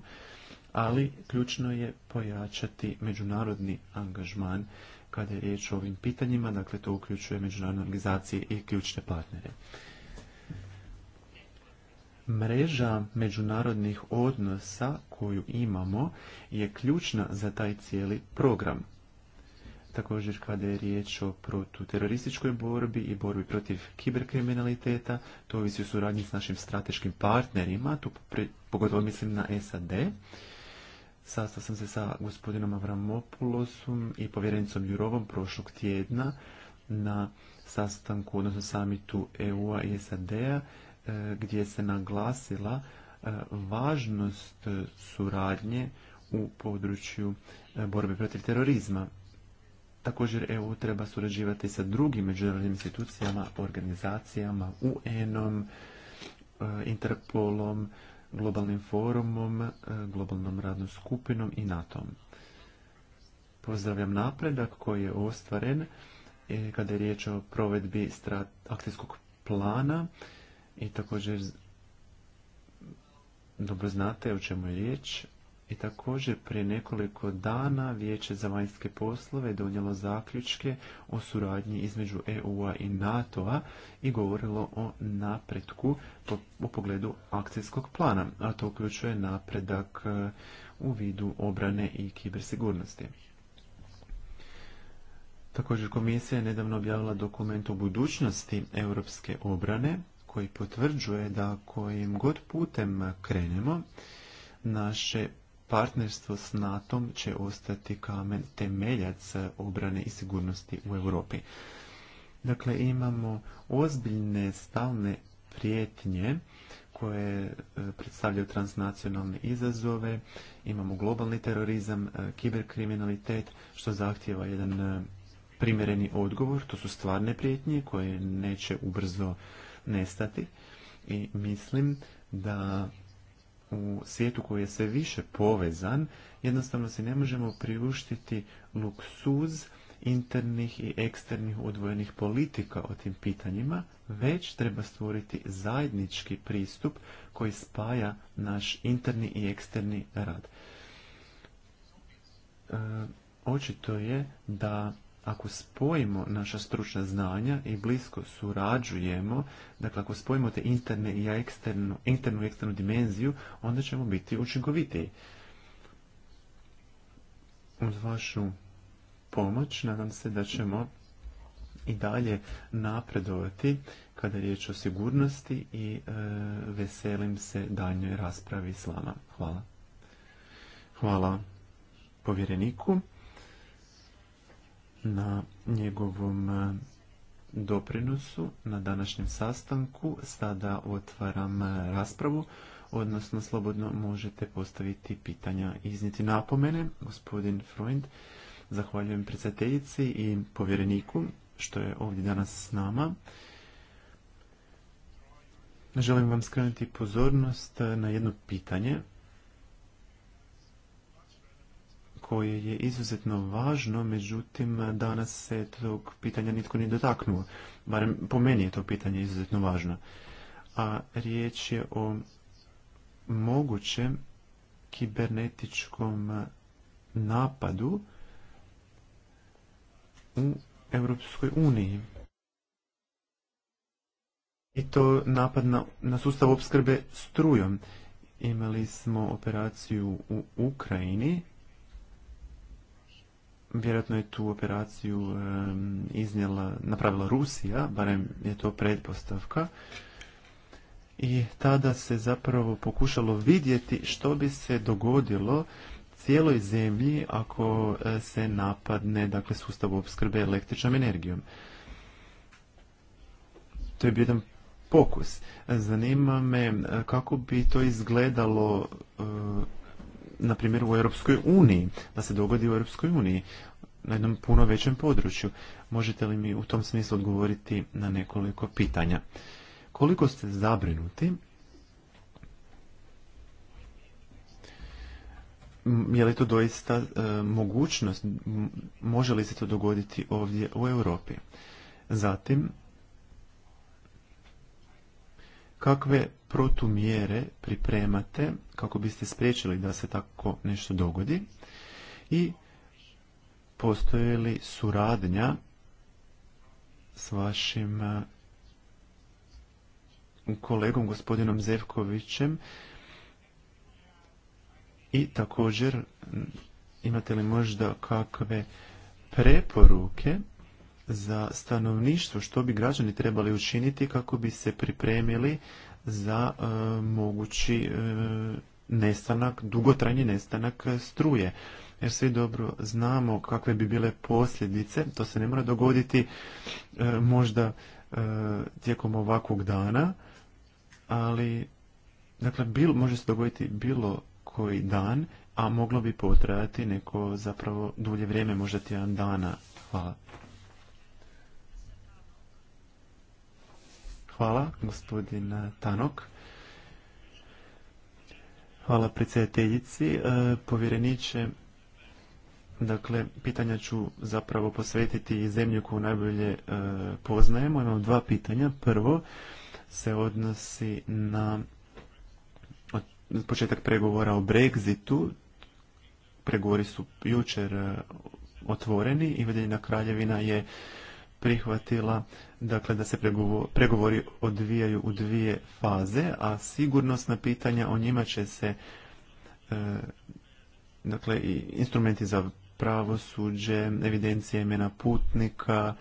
ali ključno je pojačati međunarodni angažman kada je riječ o ovim pitanjima, dakle to uključuje međunarodne organizacije i ključne partnere mreža međunarodnih odnosa koju imamo je ključna za taj cijeli program. Također kada je riječ o protuterorističkoj borbi i borbi protiv kiberkriminaliteta, to ovisi o suradnji s našim strateškim partnerima, tu pogotovo mislim na SAD. Sastao sam se sa gospodinom Avramopulosom i povjerenicom Jurovom prošlog tjedna na sastanku, odnosno samitu EU-a i SAD-a E, gdje se naglasila e, važnost suradnje u području e, borbe protiv terorizma. Također EU treba surađivati sa drugim međunarodnim institucijama, organizacijama, UN-om, Interpolom, globalnim forumom, globalnom radnom skupinom i NATO-om. Pozdravljam napredak koji je ostvaren kada je riječ o provedbi akcijskog plana i također dobro znate o čemu je riječ. I također prije nekoliko dana Vijeće za vanjske poslove donijelo zaključke o suradnji između EU-a i NATO-a i govorilo o napretku u pogledu akcijskog plana, a to uključuje napredak e, u vidu obrane i kibersigurnosti. Također komisija je nedavno objavila dokument o budućnosti europske obrane koji potvrđuje da kojim god putem krenemo, naše partnerstvo s NATO će ostati kamen temeljac obrane i sigurnosti u Europi. Dakle, imamo ozbiljne stalne prijetnje koje e, predstavljaju transnacionalne izazove, imamo globalni terorizam, e, kiberkriminalitet, što zahtjeva jedan e, primjereni odgovor, to su stvarne prijetnje koje neće ubrzo nestati i mislim da u svijetu koji je sve više povezan, jednostavno si ne možemo priuštiti luksuz internih i eksternih odvojenih politika o tim pitanjima, već treba stvoriti zajednički pristup koji spaja naš interni i eksterni rad. E, očito je da ako spojimo naša stručna znanja i blisko surađujemo, dakle ako spojimo te interne i eksternu, internu i eksternu dimenziju, onda ćemo biti učinkovitiji. Uz vašu pomoć nadam se da ćemo i dalje napredovati kada je riječ o sigurnosti i e, veselim se daljnjoj raspravi s vama. Hvala. Hvala povjereniku na njegovom e, doprinosu na današnjem sastanku. Sada otvaram e, raspravu, odnosno slobodno možete postaviti pitanja i izniti napomene. Gospodin Freund, zahvaljujem predsjedateljici i povjereniku što je ovdje danas s nama. Želim vam skrenuti pozornost e, na jedno pitanje koje je izuzetno važno, međutim danas se tog pitanja nitko nije dotaknuo. Barem po meni je to pitanje izuzetno važno. A riječ je o mogućem kibernetičkom napadu u Europskoj uniji. I to napad na, na sustav opskrbe strujom. Imali smo operaciju u Ukrajini Vjerojatno je tu operaciju iznijela, napravila Rusija, barem je to predpostavka. I tada se zapravo pokušalo vidjeti što bi se dogodilo cijeloj zemlji ako e, se napadne dakle, sustav opskrbe električnom energijom. To je bio jedan pokus. Zanima me e, kako bi to izgledalo e, na primjer u Europskoj uniji, da se dogodi u Europskoj uniji na jednom puno većem području. Možete li mi u tom smislu odgovoriti na nekoliko pitanja? Koliko ste zabrinuti? Je li to doista e, mogućnost? Može li se to dogoditi ovdje u Europi? Zatim, kakve protumjere pripremate kako biste spriječili da se tako nešto dogodi i postoje li suradnja s vašim e, kolegom gospodinom Zevkovićem i također imate li možda kakve preporuke za stanovništvo što bi građani trebali učiniti kako bi se pripremili za e, mogući e, nestanak, dugotrajni nestanak e, struje. Jer svi dobro znamo kakve bi bile posljedice, to se ne mora dogoditi možda tijekom ovakvog dana, ali dakle, bil, može se dogoditi bilo koji dan, a moglo bi potrajati neko zapravo dulje vrijeme, možda tjedan dana. Hvala. Hvala, gospodin Tanok. Hvala predsjedateljici. E, povjereniče, dakle, pitanja ću zapravo posvetiti zemlju koju najbolje e, poznajemo. Imam dva pitanja. Prvo se odnosi na početak pregovora o Brexitu. Pregovori su jučer e, otvoreni i Vedeljina kraljevina je prihvatila dakle da se pregovori odvijaju u dvije faze, a sigurnosna pitanja o njima će se e, dakle i instrumenti za pravosuđe, evidencije imena putnika,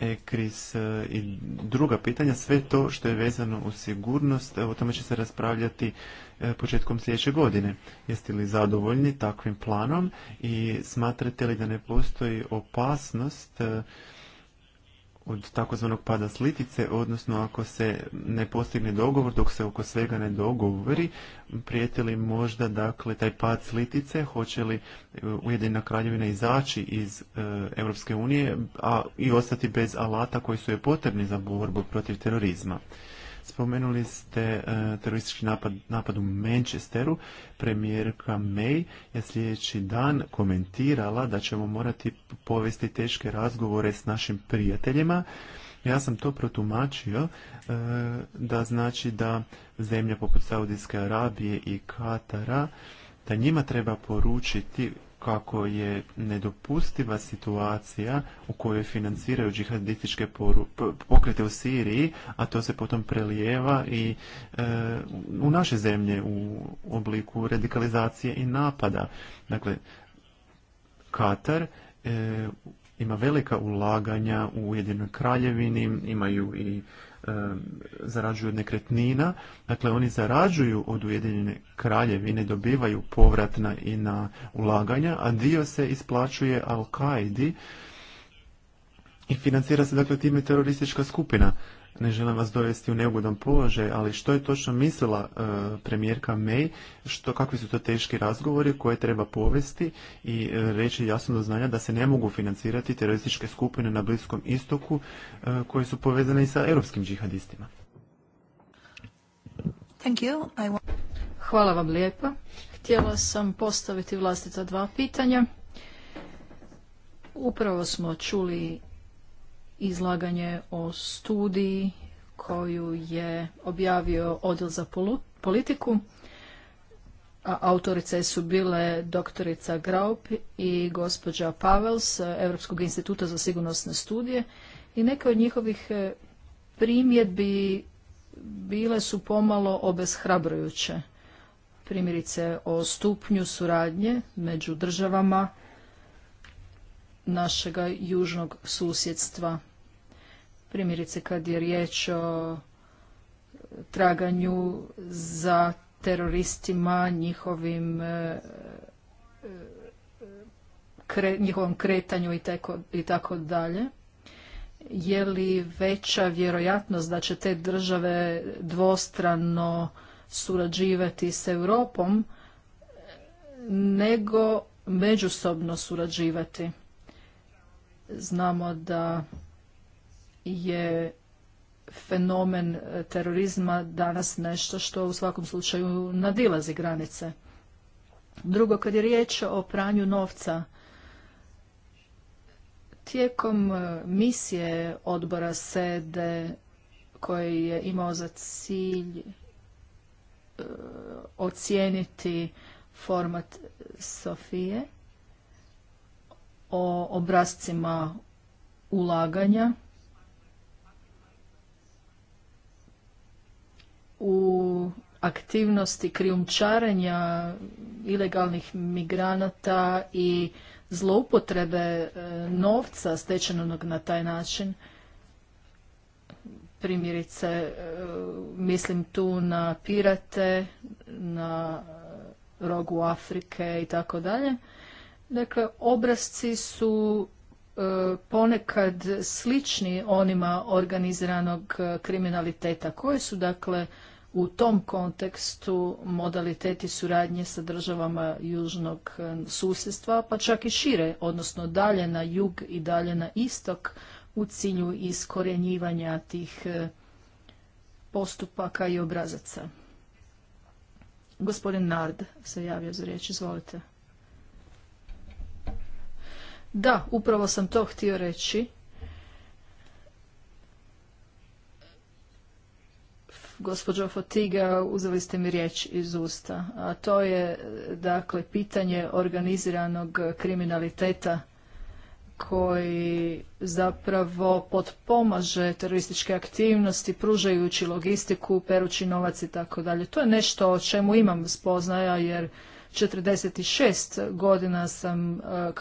ECRIS e, i druga pitanja, sve to što je vezano u sigurnost, e, o tome će se raspravljati e, početkom sljedeće godine. Jeste li zadovoljni takvim planom i smatrate li da ne postoji opasnost od takozvanog pada slitice, odnosno ako se ne postigne dogovor, dok se oko svega ne dogovori, prijeti li možda dakle, taj pad slitice, hoće li e, Ujedina kraljevina izaći iz EU, Europske unije a, i ostati bez alata koji su je potrebni za borbu protiv terorizma. Spomenuli ste e, teroristički napad, u Manchesteru. Premijerka May je sljedeći dan komentirala da ćemo morati povesti teške razgovore s našim prijateljima. Ja sam to protumačio e, da znači da zemlja poput Saudijske Arabije i Katara da njima treba poručiti kako je nedopustiva situacija u kojoj financiraju džihadističke pokrete u Siriji, a to se potom prelijeva i e, u naše zemlje u obliku radikalizacije i napada. Dakle, Katar e, ima velika ulaganja u Ujedinoj kraljevini, imaju i zarađuju od nekretnina, dakle oni zarađuju od Ujedinjene kraljevine, dobivaju povratna i na ulaganja, a dio se isplaćuje al kaidi i financira se dakle time teroristička skupina ne želim vas dovesti u neugodan položaj, ali što je točno mislila e, premijerka May, kakvi su to teški razgovori koje treba povesti i e, reći jasno do znanja da se ne mogu financirati terorističke skupine na Bliskom istoku e, koje su povezane i sa europskim džihadistima. Hvala vam lijepo Htjela sam postaviti vlastita dva pitanja. Upravo smo čuli izlaganje o studiji koju je objavio Odjel za politiku. A autorice su bile doktorica Graup i gospođa Pavels Europskog instituta za sigurnosne studije i neke od njihovih e, primjedbi bile su pomalo obeshrabrujuće. Primjerice o stupnju suradnje među državama našega južnog susjedstva primjerice kad je riječ o traganju za teroristima, njihovim e, e, njihovom kretanju i tako, i tako dalje. Je li veća vjerojatnost da će te države dvostrano surađivati s Europom e, nego međusobno surađivati? Znamo da je fenomen e, terorizma danas nešto što u svakom slučaju nadilazi granice. Drugo, kad je riječ o pranju novca, tijekom e, misije odbora SEDE koji je imao za cilj e, ocijeniti format Sofije o obrazcima ulaganja u aktivnosti krijumčarenja ilegalnih migranata i zloupotrebe e, novca stečenog na taj način. Primjerice, e, mislim tu na pirate, na rogu Afrike i tako dalje. Dakle, obrazci su E, ponekad slični onima organiziranog e, kriminaliteta. Koje su dakle u tom kontekstu modaliteti suradnje sa državama južnog e, susjedstva, pa čak i šire, odnosno dalje na jug i dalje na istok u cilju iskorjenjivanja tih postupaka i obrazaca. Gospodin Nard se javio za riječ, izvolite. Da, upravo sam to htio reći. Gospođo Fotiga, uzeli ste mi riječ iz usta. A to je, dakle, pitanje organiziranog kriminaliteta koji zapravo potpomaže terorističke aktivnosti, pružajući logistiku, perući novac i tako dalje. To je nešto o čemu imam spoznaja jer 46 godina sam e,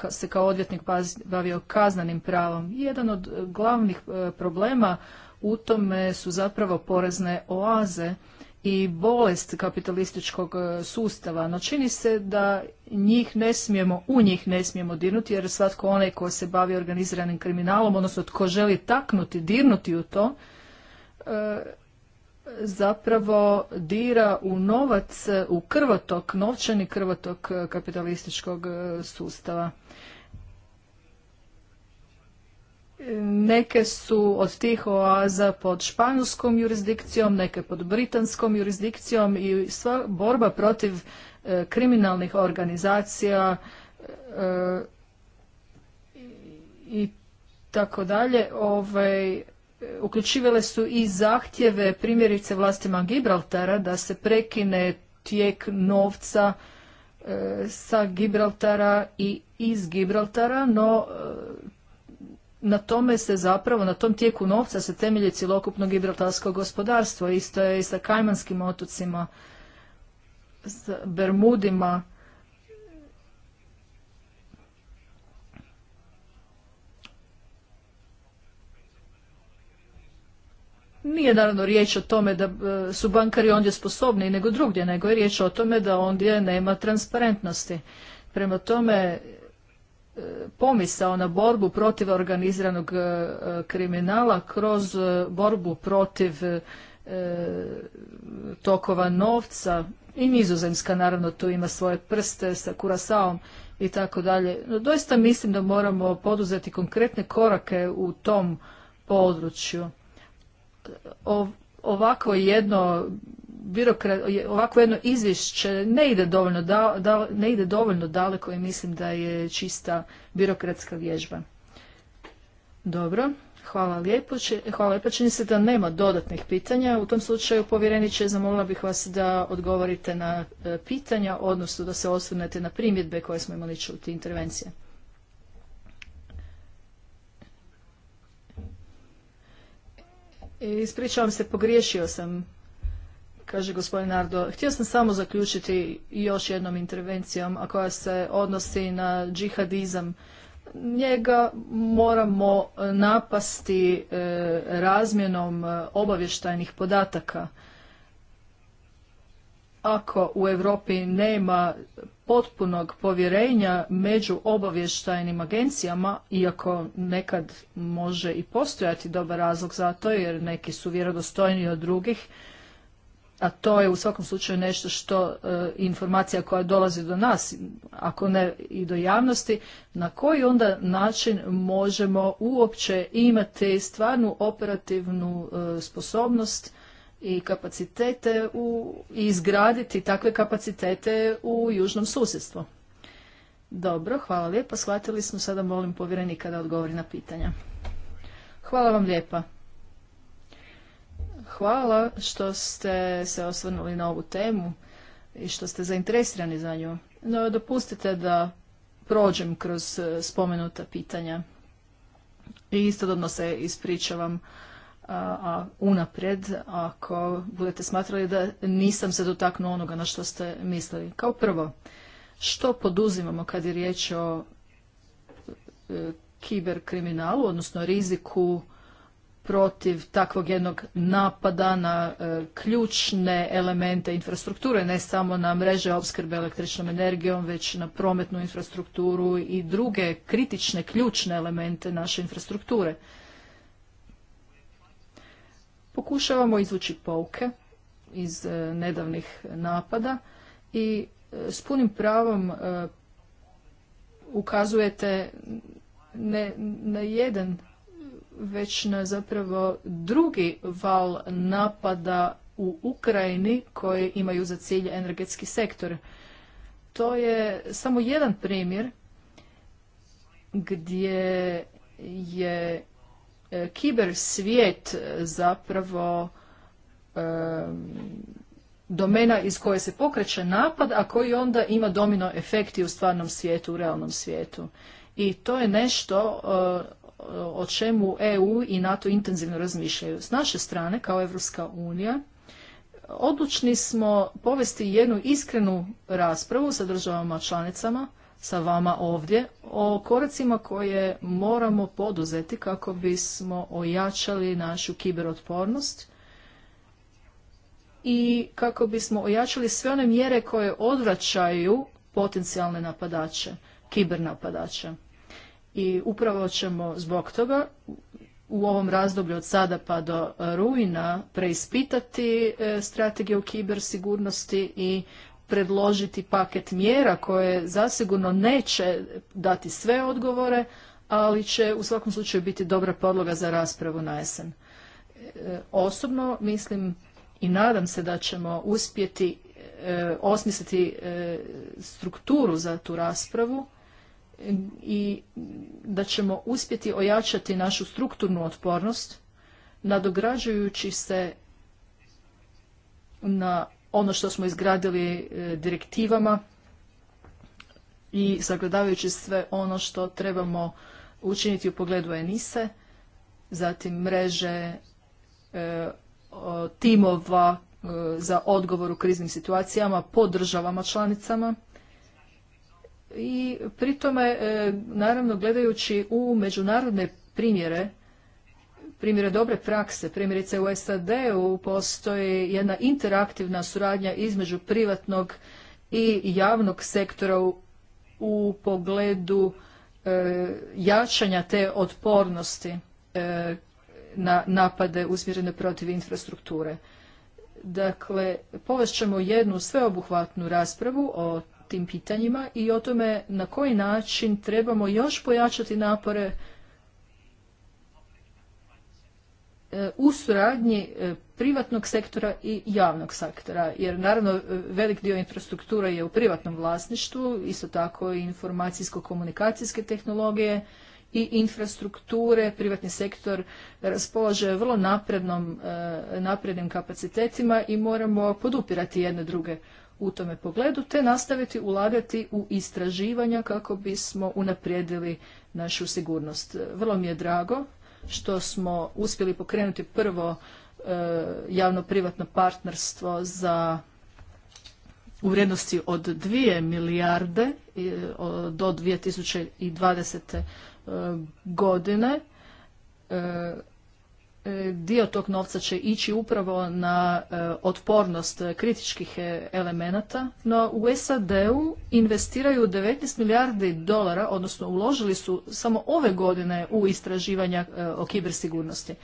se kao odvjetnik bavio kaznanim pravom. Jedan od glavnih e, problema u tome su zapravo porezne oaze i bolest kapitalističkog e, sustava, no čini se da njih ne smijemo, u njih ne smijemo dirnuti, jer svatko onaj ko se bavi organiziranim kriminalom, odnosno tko želi taknuti, dirnuti u to, zapravo dira u novac, u krvotok, novčani krvotok e, kapitalističkog e, sustava. E, neke su od tih oaza pod španjolskom jurisdikcijom, neke pod britanskom jurisdikcijom i sva borba protiv kriminalnih organizacija i tako dalje. Ovaj, uključivale su i zahtjeve primjerice vlastima Gibraltara da se prekine tijek novca e, sa Gibraltara i iz Gibraltara, no e, na tome se zapravo, na tom tijeku novca se temelje cjelokupno gibraltarsko gospodarstvo. Isto je i sa Kajmanskim otocima, s Bermudima, Nije naravno riječ o tome da e, su bankari ondje sposobni nego drugdje, nego je riječ o tome da ondje nema transparentnosti. Prema tome, e, pomisao na borbu protiv organiziranog e, kriminala kroz borbu protiv tokova novca i nizozemska naravno tu ima svoje prste sa kurasaom i tako dalje. No doista mislim da moramo poduzeti konkretne korake u tom području ovako jedno ovako jedno izvješće ne ide dovoljno da, da, ne ide dovoljno daleko i mislim da je čista birokratska vježba. Dobro, hvala lijepo. Hvala lijepo. Čini se da nema dodatnih pitanja. U tom slučaju, povjereniče, zamolila bih vas da odgovorite na e, pitanja, odnosno da se osvrnete na primjedbe koje smo imali čuti intervencije. Ispričavam se, pogriješio sam, kaže gospodin Ardo. Htio sam samo zaključiti još jednom intervencijom, a koja se odnosi na džihadizam. Njega moramo napasti e, razmjenom e, obavještajnih podataka. Ako u Europi nema potpunog povjerenja među obavještajnim agencijama, iako nekad može i postojati dobar razlog za to, jer neki su vjerodostojniji od drugih, a to je u svakom slučaju nešto što e, informacija koja dolazi do nas, ako ne i do javnosti, na koji onda način možemo uopće imati stvarnu operativnu e, sposobnost i kapacitete u, i izgraditi takve kapacitete u južnom susjedstvu. Dobro, hvala lijepa. Shvatili smo sada, molim povjerenika da odgovori na pitanja. Hvala vam lijepa. Hvala što ste se osvrnuli na ovu temu i što ste zainteresirani za nju. No, dopustite da prođem kroz eh, spomenuta pitanja. I istodobno se ispričavam a, unaprijed ako budete smatrali da nisam se dotaknuo onoga na što ste mislili. Kao prvo, što poduzimamo kad je riječ o e, kiberkriminalu, odnosno riziku protiv takvog jednog napada na e, ključne elemente infrastrukture, ne samo na mreže opskrbe električnom energijom, već na prometnu infrastrukturu i druge kritične ključne elemente naše infrastrukture. Pokušavamo izvući pouke iz e, nedavnih napada i e, s punim pravom e, ukazujete ne na jedan već na zapravo drugi val napada u Ukrajini koji imaju za cilj energetski sektor. To je samo jedan primjer gdje je E, kiber svijet zapravo e, domena iz koje se pokreće napad, a koji onda ima domino efekti u stvarnom svijetu, u realnom svijetu. I to je nešto e, o čemu EU i NATO intenzivno razmišljaju. S naše strane, kao Evropska unija, odlučni smo povesti jednu iskrenu raspravu sa državama članicama sa vama ovdje o koracima koje moramo poduzeti kako bismo ojačali našu kiberotpornost i kako bismo ojačali sve one mjere koje odvraćaju potencijalne napadače, kibernapadače. I upravo ćemo zbog toga u ovom razdoblju od sada pa do rujna preispitati e, strategiju kibersigurnosti i predložiti paket mjera koje zasigurno neće dati sve odgovore, ali će u svakom slučaju biti dobra podloga za raspravu na jesen. E, osobno mislim i nadam se da ćemo uspjeti e, osmisliti e, strukturu za tu raspravu i da ćemo uspjeti ojačati našu strukturnu otpornost nadograđujući se na ono što smo izgradili e, direktivama i sagledavajući sve ono što trebamo učiniti u pogledu Enise, zatim mreže e, timova e, za odgovor u kriznim situacijama po državama članicama i pri tome naravno gledajući u međunarodne primjere primjere dobre prakse. Primjerice u SAD-u postoji jedna interaktivna suradnja između privatnog i javnog sektora u, pogledu e, jačanja te otpornosti e, na napade usmjerene protiv infrastrukture. Dakle, povest ćemo jednu sveobuhvatnu raspravu o tim pitanjima i o tome na koji način trebamo još pojačati napore E, u suradnji e, privatnog sektora i javnog sektora, jer naravno e, velik dio infrastruktura je u privatnom vlasništvu, isto tako i informacijsko-komunikacijske tehnologije i infrastrukture, privatni sektor raspolaže vrlo naprednim kapacitetima i moramo podupirati jedne druge u tome pogledu, te nastaviti ulagati u istraživanja kako bismo unaprijedili našu sigurnost. Vrlo mi je drago što smo uspjeli pokrenuti prvo e, javno-privatno partnerstvo za u vrijednosti od 2 milijarde do 2020. E, godine e, E, dio tog novca će ići upravo na e, otpornost kritičkih e, elemenata, no u SAD-u investiraju 19 milijardi dolara, odnosno uložili su samo ove godine u istraživanja o kibersigurnosti.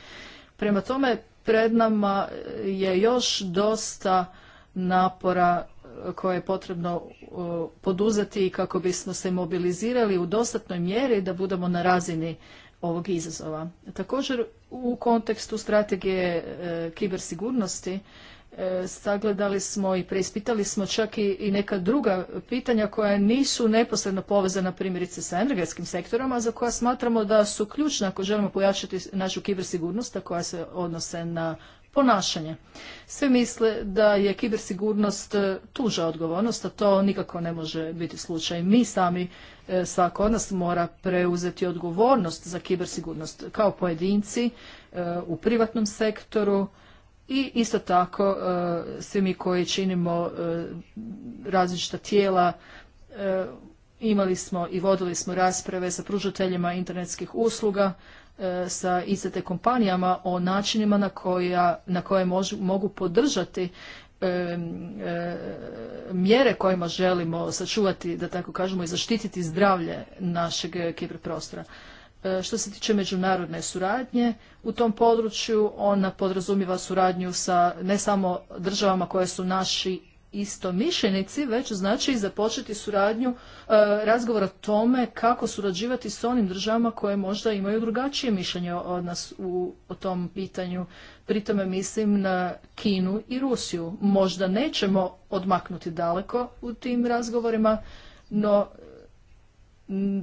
Prema tome, pred nama je još dosta napora koje je potrebno poduzeti kako bismo se mobilizirali u dostatnoj mjeri da budemo na razini ovog izazova. Također u kontekstu strategije e, kibersigurnosti e, sagledali smo i preispitali smo čak i, neka druga pitanja koja nisu neposredno povezana primjerice sa energetskim sektorom, a za koja smatramo da su ključna ako želimo pojačati našu kibersigurnost, a koja se odnose na ponašanje. Sve misle da je kibersigurnost e, tuža odgovornost, a to nikako ne može biti slučaj. Mi sami E, svako od nas mora preuzeti odgovornost za kibersigurnost kao pojedinci e, u privatnom sektoru i isto tako e, svi mi koji činimo različita tijela imali smo i vodili smo rasprave sa pružateljima internetskih usluga sa ICT kompanijama o načinima na, koje mogu podržati E, mjere kojima želimo sačuvati, da tako kažemo, i zaštititi zdravlje našeg kiberprostora. E, što se tiče međunarodne suradnje u tom području, ona podrazumiva suradnju sa ne samo državama koje su naši istomišljenici, već znači započeti suradnju, e, razgovora o tome kako surađivati s onim državama koje možda imaju drugačije mišljenje od nas u, o tom pitanju. Pritome mislim na Kinu i Rusiju. Možda nećemo odmaknuti daleko u tim razgovorima, no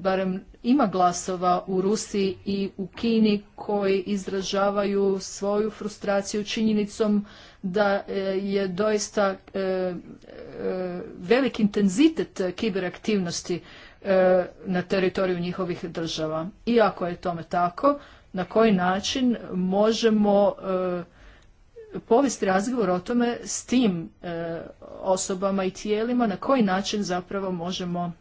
barem ima glasova u Rusiji i u Kini koji izražavaju svoju frustraciju činjenicom da e, je doista e, e, velik intenzitet kiberaktivnosti na teritoriju njihovih država. Iako je tome tako, na koji način možemo povesti razgovor o tome s tim osobama i tijelima, na koji način zapravo možemo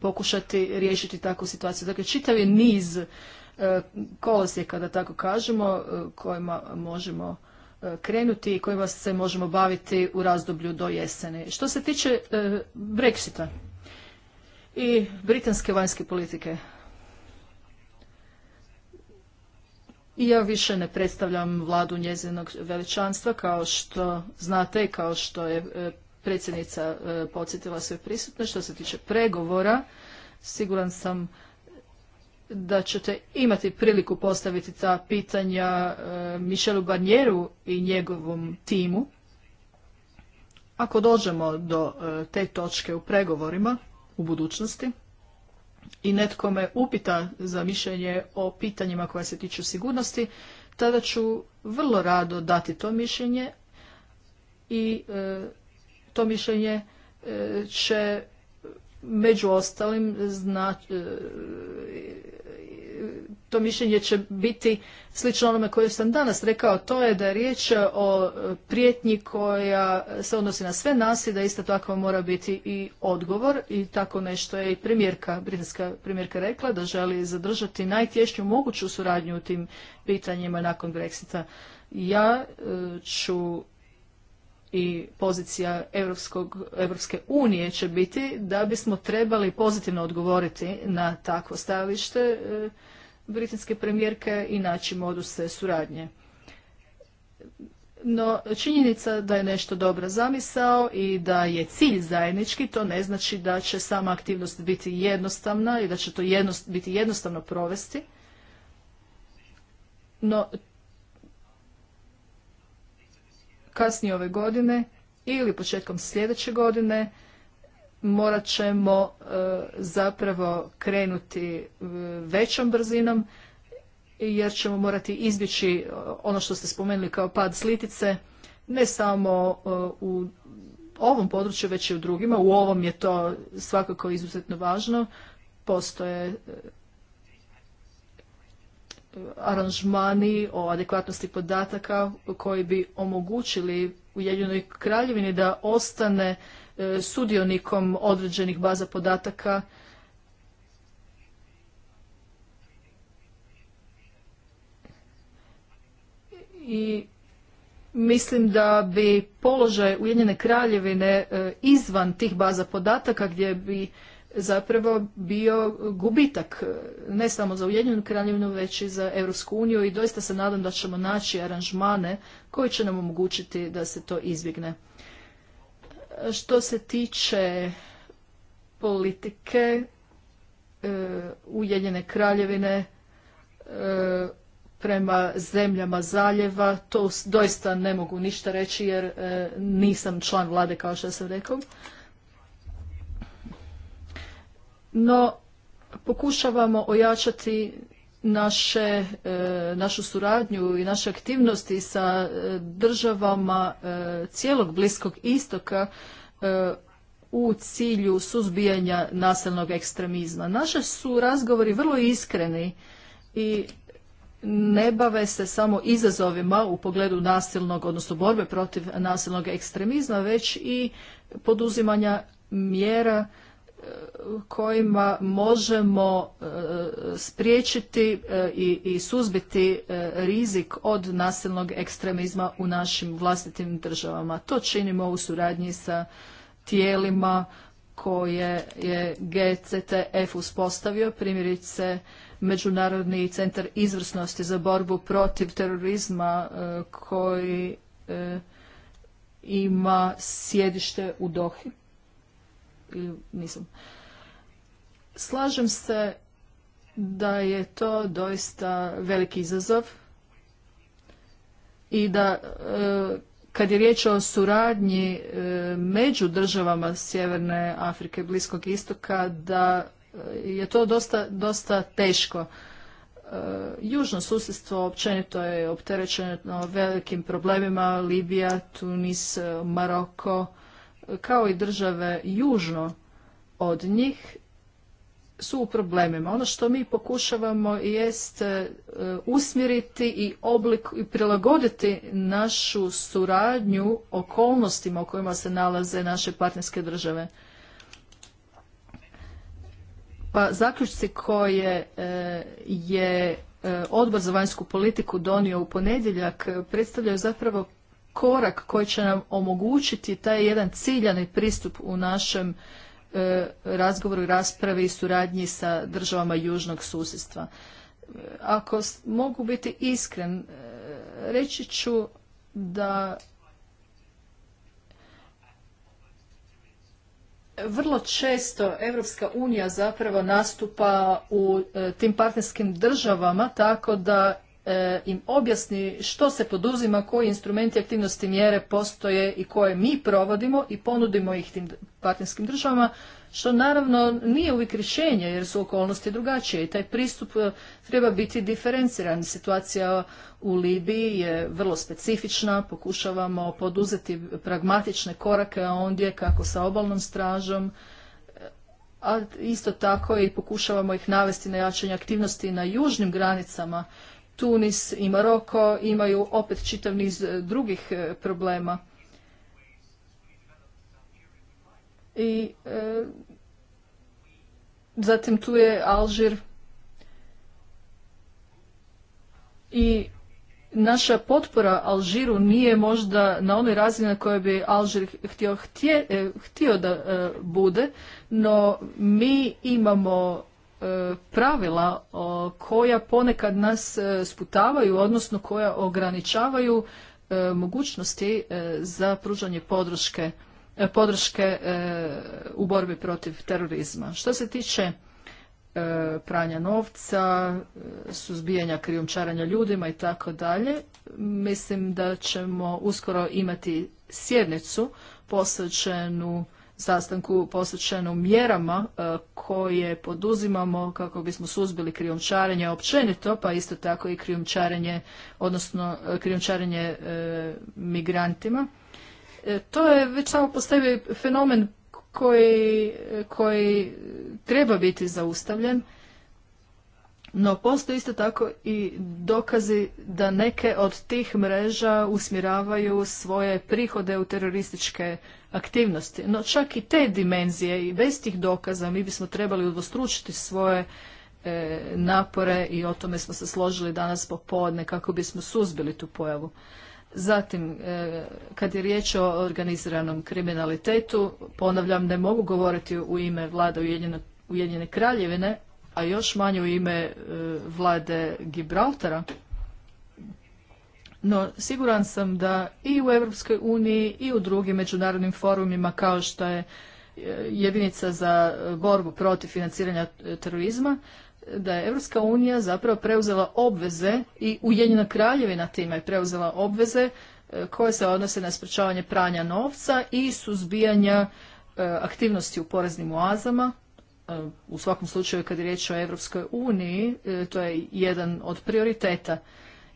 pokušati riješiti takvu situaciju. Dakle, čitav je niz E, kolosijeka, da tako kažemo, e, kojima možemo e, krenuti i kojima se možemo baviti u razdoblju do jesene. Što se tiče Brexita i britanske vanjske politike, Ja više ne predstavljam vladu njezinog veličanstva kao što znate i kao što je predsjednica podsjetila sve prisutne što se tiče pregovora. Siguran sam da ćete imati priliku postaviti ta pitanja eh, Michelu Barnjeru i njegovom timu. Ako dođemo do eh, te točke u pregovorima u budućnosti i netko me upita za mišljenje o pitanjima koja se tiču sigurnosti, tada ću vrlo rado dati to mišljenje i eh, to mišljenje će među ostalim zna, to mišljenje će biti slično onome koje sam danas rekao, to je da je riječ o prijetnji koja se odnosi na sve nas i da isto tako mora biti i odgovor i tako nešto je i primjerka, britanska premijerka rekla da želi zadržati najtješnju moguću suradnju u tim pitanjima nakon Brexita. Ja e, ću i pozicija Europskog, Europske unije će biti da bismo trebali pozitivno odgovoriti na takvo stajalište e, britanske premijerke i naći moduse suradnje. No činjenica da je nešto dobra zamisao i da je cilj zajednički, to ne znači da će sama aktivnost biti jednostavna i da će to biti jednostavno provesti. No kasnije ove godine ili početkom sljedeće godine morat ćemo e, zapravo krenuti e, većom brzinom jer ćemo morati izbjeći e, ono što ste spomenuli kao pad slitice ne samo u ovom području već i u drugima. U ovom je to svakako izuzetno važno. Postoje aranžmani o adekvatnosti podataka koji bi omogućili Ujedinjenoj kraljevini da ostane e, sudionikom određenih baza podataka i mislim da bi položaj Ujedinjene kraljevine e, izvan tih baza podataka gdje bi zapravo bio gubitak e, ne samo za Ujedinjenu kraljevinu već i za Europsku uniju i doista se nadam da ćemo naći aranžmane koji će nam omogućiti da se to izbjegne. E, što se tiče politike e, Ujedinjene kraljevine prema zemljama zaljeva, to doista ne mogu ništa reći jer nisam član vlade kao što sam rekao no pokušavamo ojačati naše, e, našu suradnju i naše aktivnosti sa e, državama e, cijelog Bliskog istoka u cilju suzbijanja nasilnog ekstremizma. Naše su razgovori vrlo iskreni i ne bave se samo izazovima u pogledu nasilnog, odnosno borbe protiv nasilnog ekstremizma, već i poduzimanja mjera kojima možemo e, spriječiti e, i suzbiti e, rizik od nasilnog ekstremizma u našim vlastitim državama. To činimo u suradnji sa tijelima koje je GCTF uspostavio, primjerice Međunarodni centar izvrsnosti za borbu protiv terorizma koji ima sjedište u Dohi ili nisam. Slažem se da je to doista veliki izazov i da e, kad je riječ o suradnji e, među državama Sjeverne Afrike i Bliskog istoka, da e, je to dosta, dosta teško. južno susjedstvo općenito je opterećeno velikim problemima, Libija, Tunis, Maroko, kao i države južno od njih su u problemima. Ono što mi pokušavamo jest e, usmjeriti i oblik i prilagoditi našu suradnju okolnostima u kojima se nalaze naše partnerske države. Pa zaključci koje e, je e, Odbor za vanjsku politiku donio u ponedjeljak predstavljaju zapravo korak koji će nam omogućiti taj jedan ciljani pristup u našem e, razgovoru i raspravi i suradnji sa državama južnog susjedstva. E, ako mogu biti iskren, e, reći ću da vrlo često Evropska unija zapravo nastupa u tim partnerskim državama tako da E, im objasni što se poduzima, koji instrumenti aktivnosti mjere postoje i koje mi provodimo i ponudimo ih tim partnerskim državama, što naravno nije uvijek rješenje jer su okolnosti drugačije i taj pristup e, treba biti diferenciran. Situacija u Libiji je vrlo specifična, pokušavamo poduzeti pragmatične korake ondje kako sa obalnom stražom, a isto tako i pokušavamo ih navesti na jačanje aktivnosti na južnim granicama Tunis i Maroko imaju opet čitav niz e, drugih e, problema. I e, zatim tu je Alžir i naša potpora Alžiru nije možda na onoj razini na kojoj bi Alžir htio, htio da bude, no mi imamo E, pravila koja ponekad nas e, sputavaju, odnosno koja ograničavaju e, mogućnosti za pružanje podrške, podrške u borbi protiv terorizma. Što se tiče pranja novca, suzbijanja krijumčaranja ljudima i tako dalje. Mislim da ćemo uskoro imati sjednicu posvećenu sastanku posvećenu mjerama e, koje poduzimamo kako bismo suzbili krijumčarenje općenito, pa isto tako i krijumčarenje, odnosno e, krijumčarenje e, migrantima. to je već samo po fenomen koji, koji treba biti zaustavljen, no postoje isto tako i dokazi da neke od tih mreža usmjeravaju svoje prihode u terorističke aktivnosti. No čak i te dimenzije i bez tih dokaza mi bismo trebali udvostručiti svoje e, napore i o tome smo se složili danas popodne kako bismo suzbili tu pojavu. Zatim, e, kad je riječ o organiziranom kriminalitetu, ponavljam, ne mogu govoriti u ime vlada Ujedinjene, Ujedinjene kraljevine, a još manje u ime e, vlade Gibraltara, no, siguran sam da i u Europskoj uniji i u drugim međunarodnim forumima kao što je e, jedinica za e, borbu protiv financiranja e, terorizma, da je Europska unija zapravo preuzela obveze i Ujedinjena kraljevina time je preuzela obveze koje se odnose na sprečavanje pranja novca i suzbijanja aktivnosti u poreznim oazama. U svakom slučaju kad je riječ o Europskoj uniji, to je jedan od prioriteta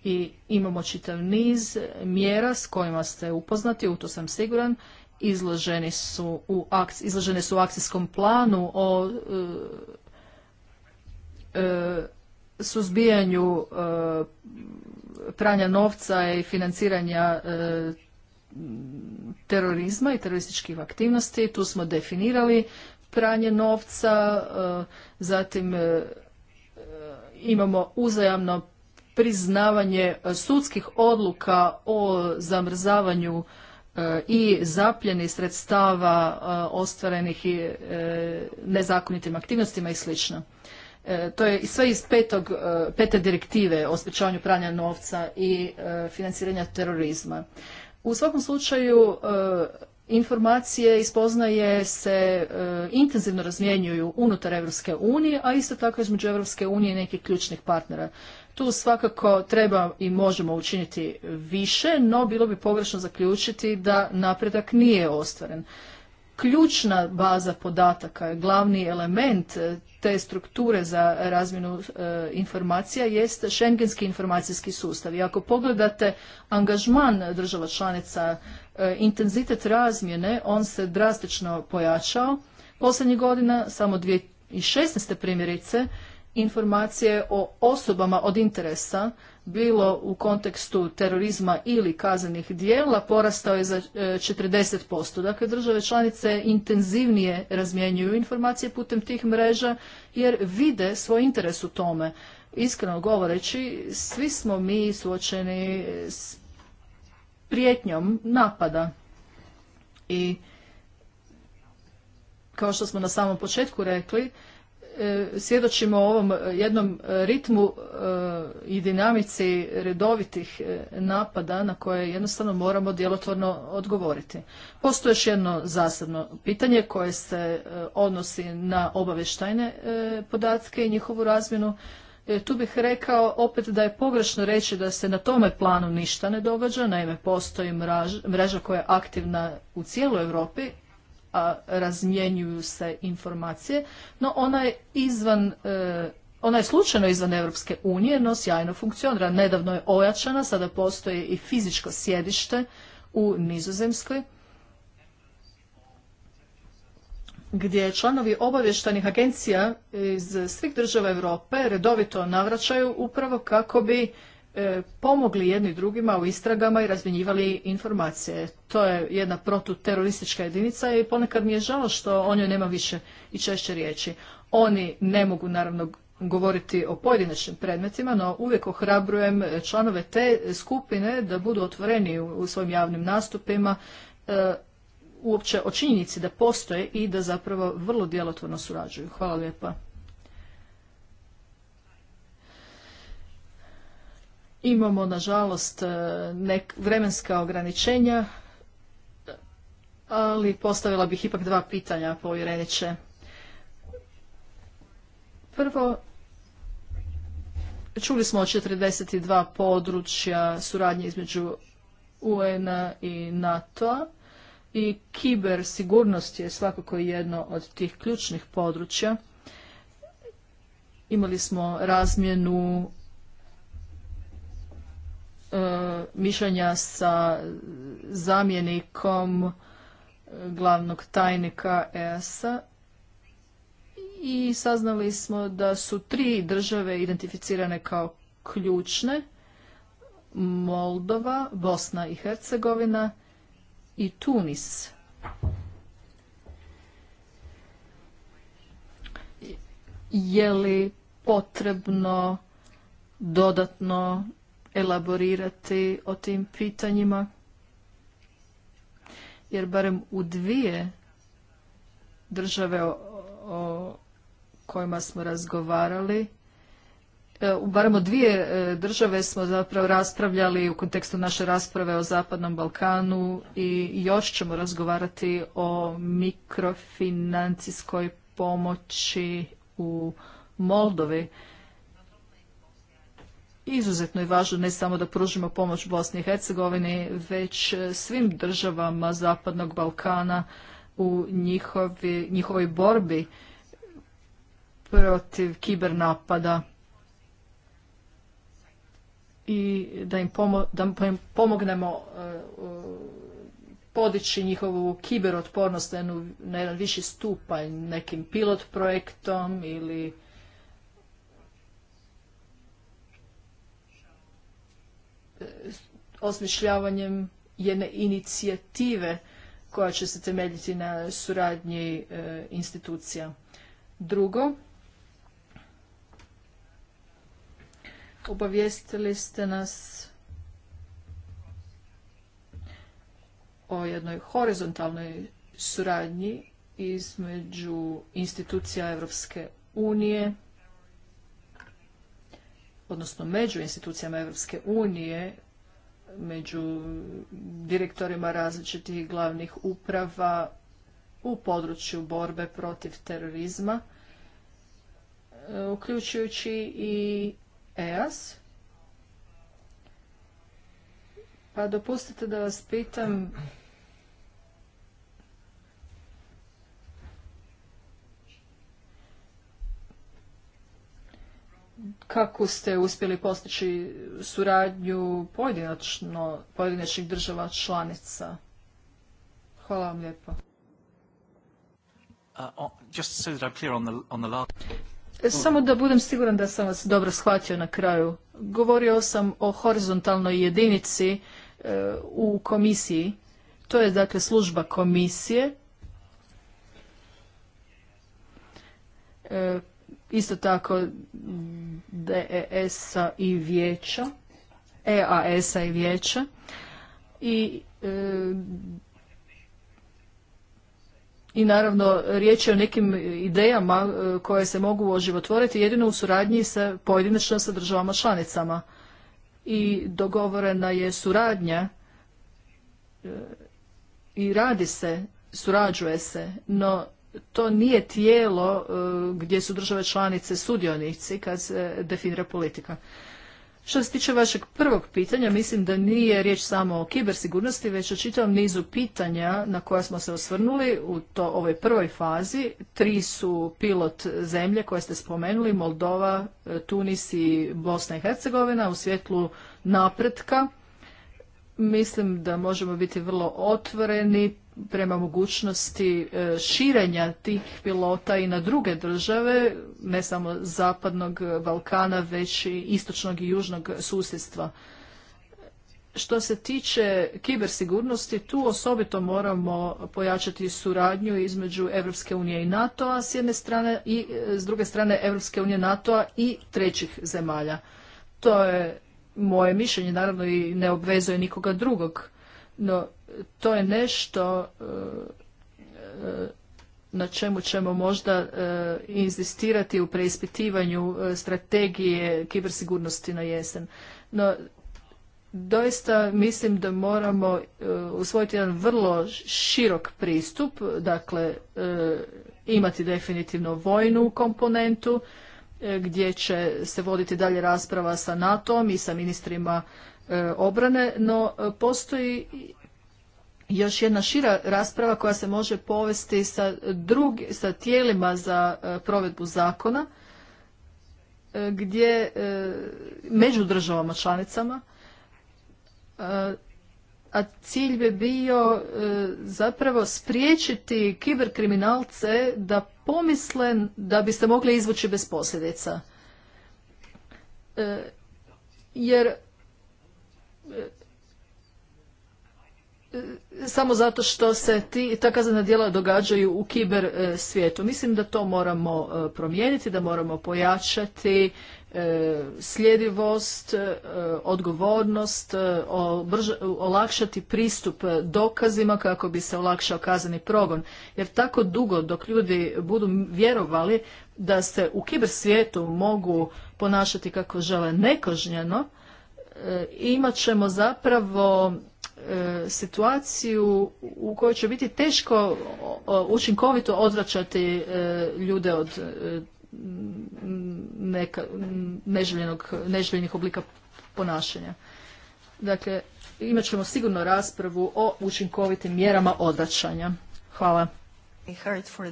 i imamo čitav niz mjera s kojima ste upoznati, u to sam siguran, izloženi su u izložene su u akcijskom planu o e, e, suzbijanju e, pranja novca i financiranja terorizma i terorističkih aktivnosti. Tu smo definirali pranje novca, zatim imamo uzajamno priznavanje e, sudskih odluka o zamrzavanju e, i zapljeni sredstava e, ostvarenih nezakonitim aktivnostima i sl. To je sve iz petog, pete direktive o sprečavanju pranja novca i financiranja terorizma. U svakom slučaju informacije i spoznaje se intenzivno razmjenjuju unutar EU, unije, a isto tako između EU unije i nekih ključnih partnera. Tu svakako treba i možemo učiniti više, no bilo bi pogrešno zaključiti da napredak nije ostvaren. Ključna baza podataka, glavni element eh, te strukture za razmjenu eh, informacija jest šengenski informacijski sustav. I ako pogledate angažman država članica, eh, intenzitet razmjene, on se drastično pojačao. Posljednjih godina, samo 2016. primjerice, informacije o osobama od interesa, bilo u kontekstu terorizma ili kaznenih dijela, porastao je za 40%. E, dakle, države članice intenzivnije razmjenjuju informacije putem tih mreža jer vide svoj interes u tome. Iskreno govoreći, svi smo mi suočeni s prijetnjom napada i kao što smo na samom početku rekli, E, svjedočimo ovom jednom ritmu e, i dinamici redovitih e, napada na koje jednostavno moramo djelotvorno odgovoriti. Postoje još jedno zasadno pitanje koje se odnosi na obavještajne podatke i njihovu razmjenu. Tu bih rekao opet da je pogrešno reći da se na tome planu ništa ne događa, naime postoji mreža koja je aktivna u cijeloj Europi a razmjenjuju se informacije, no ona je izvan e, ona je slučajno izvan Europske unije, no sjajno funkcionira. Nedavno je ojačana, sada postoji i fizičko sjedište u Nizozemskoj, gdje članovi obavještajnih agencija iz svih država Europe redovito navraćaju upravo kako bi E, pomogli jedni drugima u istragama i razmjenjivali informacije. To je jedna protuteroristička jedinica i ponekad mi je žao što o njoj nema više i češće riječi. Oni ne mogu naravno govoriti o pojedinačnim predmetima, no uvijek ohrabrujem članove te skupine da budu otvoreni u svojim javnim nastupima e, uopće o činjenici da postoje i da zapravo vrlo djelotvorno surađuju. Hvala lijepa. Imamo, nažalost, e, vremenska ograničenja, ali postavila bih ipak dva pitanja, povjereniče. Prvo, čuli smo o 42 područja suradnje između UN-a i NATO-a i sigurnost je svakako jedno od tih ključnih područja. Imali smo razmjenu E, mišljenja sa zamjenikom e, glavnog tajnika EAS-a i saznali smo da su tri države identificirane kao ključne, Moldova, Bosna i Hercegovina i Tunis. Je li potrebno dodatno elaborirati o tim pitanjima, jer barem u dvije države o, kojima smo razgovarali, e, u barem u dvije e, države smo zapravo raspravljali u kontekstu naše rasprave o Zapadnom Balkanu i još ćemo razgovarati o mikrofinancijskoj pomoći u Moldovi izuzetno je važno ne samo da pružimo pomoć Bosni i Hercegovini, već e, svim državama Zapadnog Balkana u njihovi, njihovoj borbi protiv kibernapada i da im, da pomognemo e, podići njihovu kiberotpornost na jedan viši stupanj nekim pilot projektom ili osmišljavanjem jedne inicijative koja će se temeljiti na suradnji e, institucija. Drugo, obavijestili ste nas o jednoj horizontalnoj suradnji između institucija Europske unije odnosno među institucijama Europske unije, među direktorima različitih glavnih uprava u području borbe protiv terorizma, e, uključujući i EAS. Pa dopustite da vas pitam kako ste uspjeli postići suradnju pojedinačno, pojedinačnih država članica? Hvala vam lijepo. Samo da budem siguran da sam vas dobro shvatio na kraju. Govorio sam o horizontalnoj jedinici e, u komisiji. To je dakle služba komisije e, isto tako DES-a i vijeća, EAS-a i vijeća i e, i naravno riječ je o nekim idejama e, koje se mogu oživotvoriti jedino u suradnji sa pojedinačno sa državama članicama. I dogovorena je suradnja e, i radi se, surađuje se, no to nije tijelo e, gdje su države članice sudionici kad se definira politika. Što se tiče vašeg prvog pitanja, mislim da nije riječ samo o kibersigurnosti, već o čitavom nizu pitanja na koja smo se osvrnuli u to ovoj prvoj fazi. Tri su pilot zemlje koje ste spomenuli, Moldova, e, Tunis i Bosna i Hercegovina u svjetlu napretka. Mislim da možemo biti vrlo otvoreni prema mogućnosti e, širenja tih pilota i na druge države, ne samo zapadnog Balkana, već i istočnog i južnog susjedstva. Što se tiče kibersigurnosti, tu osobito moramo pojačati suradnju između Europske unije i NATO-a s jedne strane i e, s druge strane Europske unije NATO-a i trećih zemalja. To je moje mišljenje, naravno i ne obvezuje nikoga drugog. No, to je nešto e, e, na čemu ćemo možda e, inzistirati u preispitivanju strategije kibersigurnosti na jesen. No, doista mislim da moramo usvojiti jedan vrlo širok pristup, dakle imati definitivno vojnu komponentu gdje će se voditi dalje rasprava sa NATO-om i sa ministrima obrane, no postoji još jedna šira rasprava koja se može povesti sa, drugi, sa tijelima za e, provedbu zakona e, gdje e, među državama članicama a cilj bi bio zapravo spriječiti kiberkriminalce da pomisle da bi se mogli izvući bez posljedica jer samo zato što se ti, ta kaznena djela događaju u kiber e, svijetu. Mislim da to moramo e, promijeniti, da moramo pojačati e, sljedivost, odgovornost, olakšati pristup dokazima kako bi se olakšao kazani progon. Jer tako dugo dok ljudi budu vjerovali da se u kiber svijetu mogu ponašati kako žele nekožnjeno, imat ćemo zapravo E, situaciju u kojoj će biti teško učinkovito odvraćati e, ljude od e, neželjenih oblika ponašanja. Dakle, imat ćemo sigurno raspravu o učinkovitim mjerama odvraćanja. Hvala heard for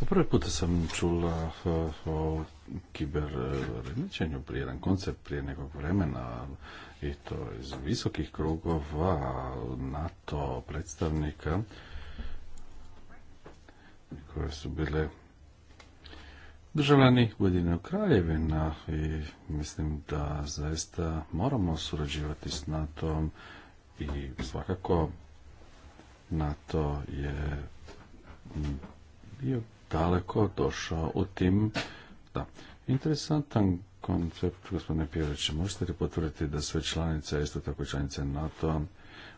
Po prvi put sam čula eh, o kiber eh, prije jedan koncept prije nekog vremena i to iz visokih krugova NATO predstavnika koje su bile državljani Ujedinog kraljevina i mislim da zaista moramo surađivati s nato i svakako NATO je bio daleko došao u tim. Da. Interesantan koncept, gospodine Pjerić, možete li potvrditi da sve članice, isto tako članice nato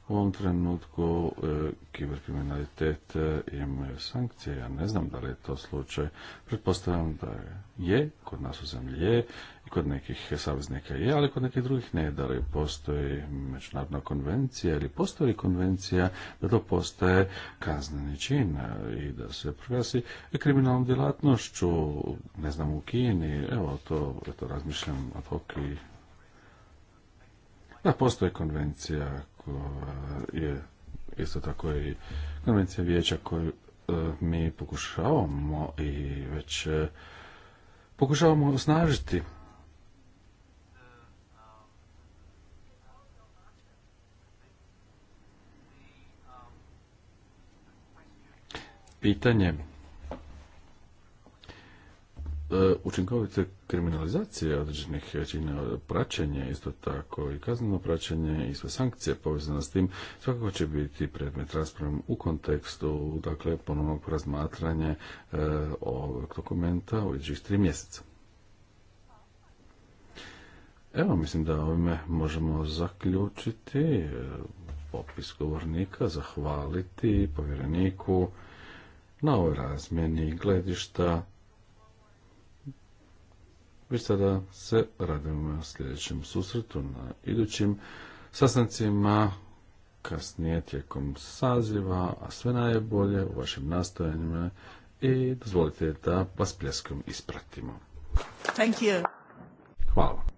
u ovom trenutku e, kiberkriminalitet e, imaju sankcije. Ja ne znam da li je to slučaj. Pretpostavljam da je kod nas u zemlji je kod nekih saveznika je, ali kod nekih drugih ne. Da li postoji međunarodna konvencija ili postoji konvencija da to postaje kazneni čin i da se proglasi kriminalnom djelatnošću, ne znam, u Kini, evo to, to razmišljam ad hoc da postoji konvencija koja je isto tako i konvencija vijeća koju e, mi pokušavamo i već e, pokušavamo osnažiti pitanje e, učinkovite kriminalizacije određenih većina praćenje, isto tako i kazneno praćenje i sve sankcije povezane s tim, svakako će biti predmet raspravom u kontekstu dakle, ponovnog razmatranja e, ovog dokumenta u tri mjeseca. Evo, mislim da ovime možemo zaključiti e, popis govornika, zahvaliti povjereniku na ovoj razmjeni gledišta. vi sada se radimo na sljedećem susretu, na idućim sastancima, kasnije tijekom saziva, a sve najbolje u vašim nastojanjima i dozvolite da vas pljeskom ispratimo. Hvala.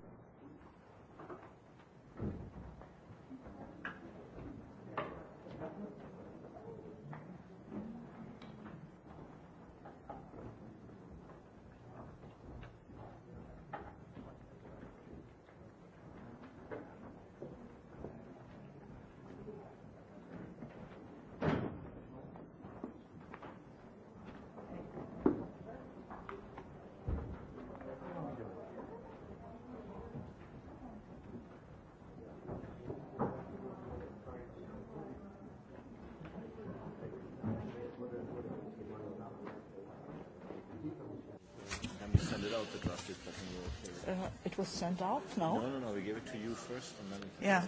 was sent out? No? No, no, no. We gave it to you first and then... Yeah.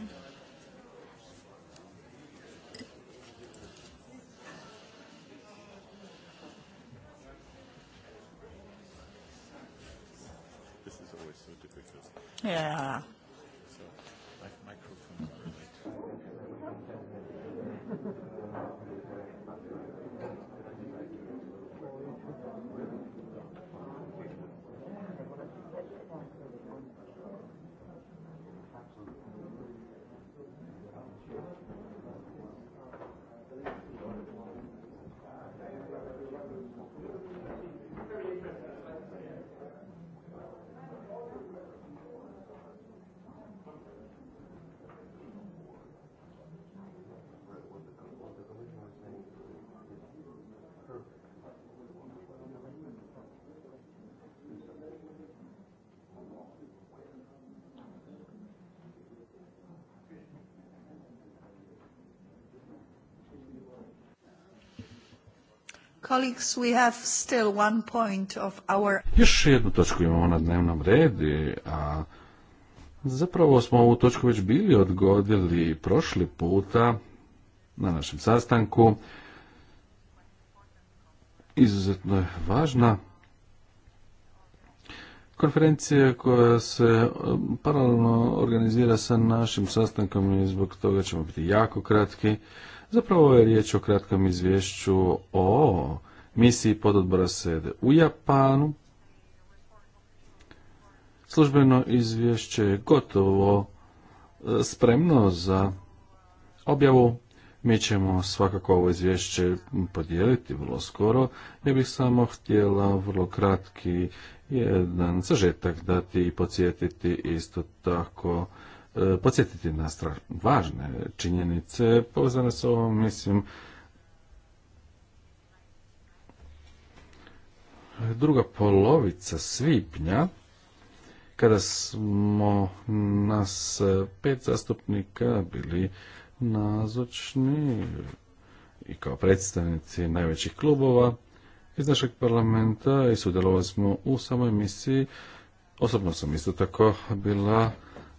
Colleagues, we Još jednu točku imamo na dnevnom redu, a zapravo smo ovu točku već bili odgodili prošli puta na našem sastanku. Izuzetno je važna konferencija koja se eh, paralelno organizira sa našim sastankom i zbog toga ćemo biti jako kratki. Zapravo je riječ o kratkom izvješću o misiji pododbora sede u Japanu. Službeno izvješće je gotovo eh, spremno za objavu. Mi ćemo svakako ovo izvješće podijeliti vrlo skoro. Ja bih samo htjela vrlo kratki jedan sažetak dati i podsjetiti isto tako e, podsjetiti na važne činjenice povezane s ovom, mislim, druga polovica svibnja, kada smo nas pet zastupnika bili nazočni i kao predstavnici najvećih klubova, iz našeg parlamenta i sudjelovali smo u samoj misiji. Osobno sam isto tako bila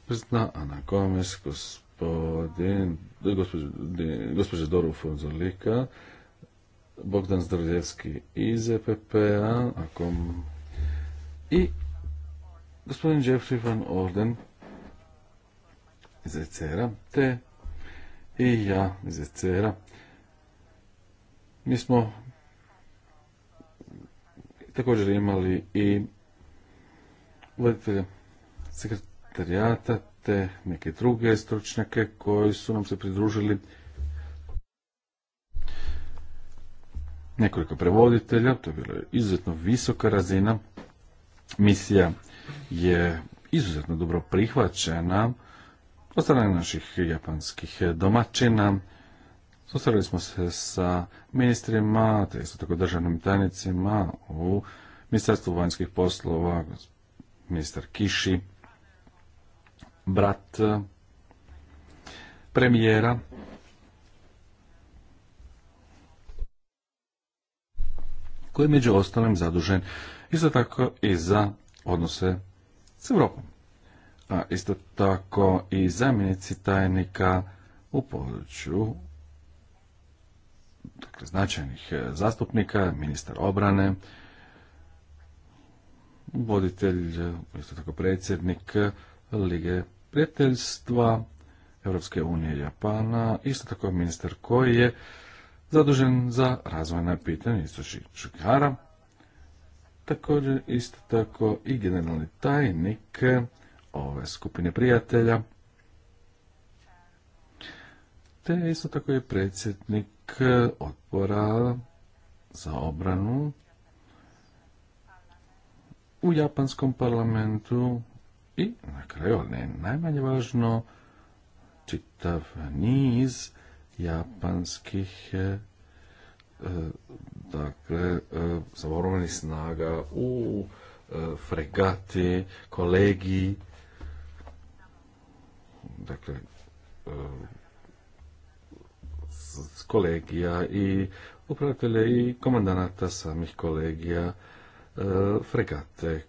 prizna Ana Gomes, gospodin, gospođa Doru Fonzolika, Bogdan Zdravljevski iz EPP-a, i gospodin Jeffrey van Orden iz ECR-a, te i ja iz ECR-a. Mi smo također imali i voditelja sekretarijata te neke druge stručnjake koji su nam se pridružili nekoliko prevoditelja, to je bila izuzetno visoka razina. Misija je izuzetno dobro prihvaćena od strane naših japanskih domaćina, Susreli smo se sa ministrima, te isto tako državnim tajnicima u Ministarstvu vanjskih poslova, ministar Kiši, brat premijera, koji je među ostalim zadužen isto tako i za odnose s Europom. A isto tako i zamjenici tajnika u području dakle, značajnih e, zastupnika, ministar obrane, voditelj, e, isto tako predsjednik e, Lige prijateljstva Europske unije i Japana, isto tako ministar koji je zadužen za razvojna pitanja Istoči Čukara, također isto tako i generalni tajnik ove skupine prijatelja, te isto tako i predsjednik E, odbora za obranu u japanskom parlamentu i na kraju, ne najmanje važno, čitav niz japanskih e, e, dakle zavorovanih snaga u fregati, kolegi dakle kolegija i upravitelja i komandanata samih kolegija e, Fregate,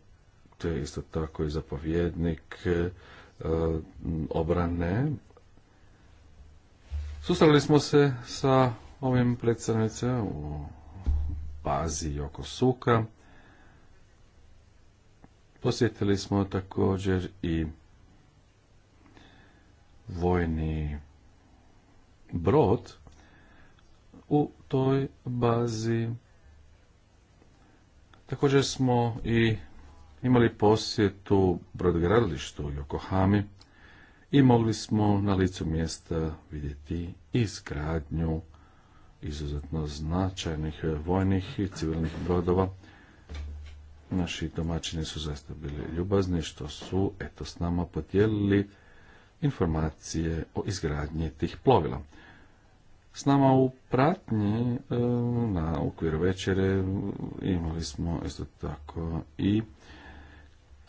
to je isto tako i zapovjednik e, obrane. Sustavili smo se sa ovim predstavnicima u bazi oko Suka. Posjetili smo također i vojni brod u toj bazi. Također smo i imali posjetu brodogradilištu u Yokohami i mogli smo na licu mjesta vidjeti izgradnju izuzetno značajnih vojnih i civilnih brodova. Naši domaćini su zaista bili ljubazni što su eto s nama podijelili informacije o izgradnji tih plovila. S nama u pratnji e, na okviru večere imali smo isto tako i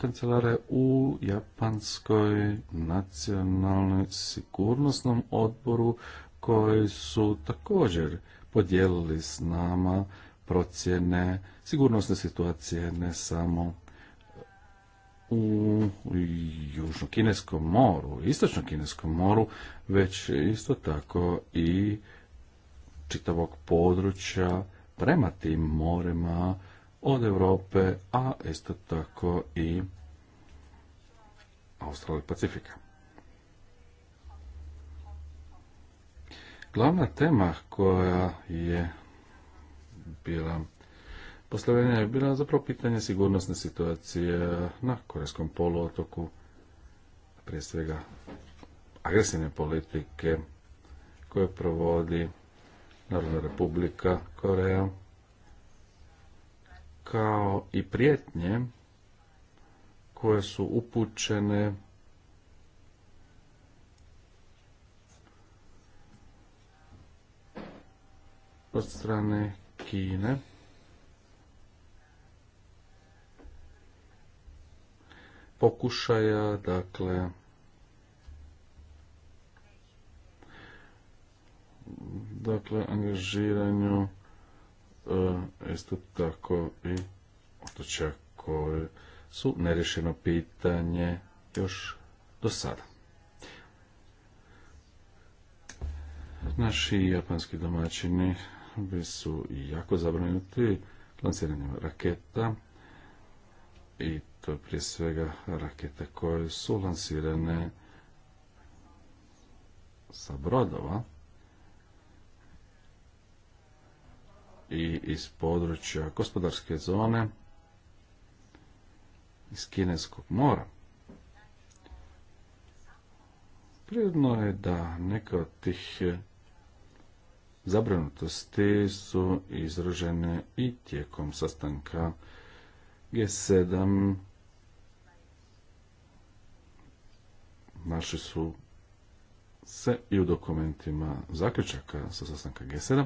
kancelare u Japanskoj nacionalnoj sigurnosnom odboru koji su također podijelili s nama procjene sigurnosne situacije ne samo u Južno-Kineskom moru, Istočno-Kineskom moru, već isto tako i čitavog područja prema tim morema od Europe, a isto tako i Australije Pacifika. Glavna tema koja je bila postavljanja je bila zapravo pitanje sigurnosne situacije na Korejskom poluotoku, prije svega agresivne politike koje provodi Narodna republika Koreja, kao i prijetnje koje su upućene od strane Kine pokušaja, dakle, dakle, angažiranju e, isto tako i otočja koje su nerešeno pitanje još do sada. Naši japanski domaćini bi su jako zabrinuti lansiranjem raketa i to je prije svega rakete koje su lansirane sa brodova i iz područja gospodarske zone iz Kineskog mora. Prirodno je da neke od tih zabrinutosti su izražene i tijekom sastanka G7 naši su se i u dokumentima zaključaka sa sastanka G7.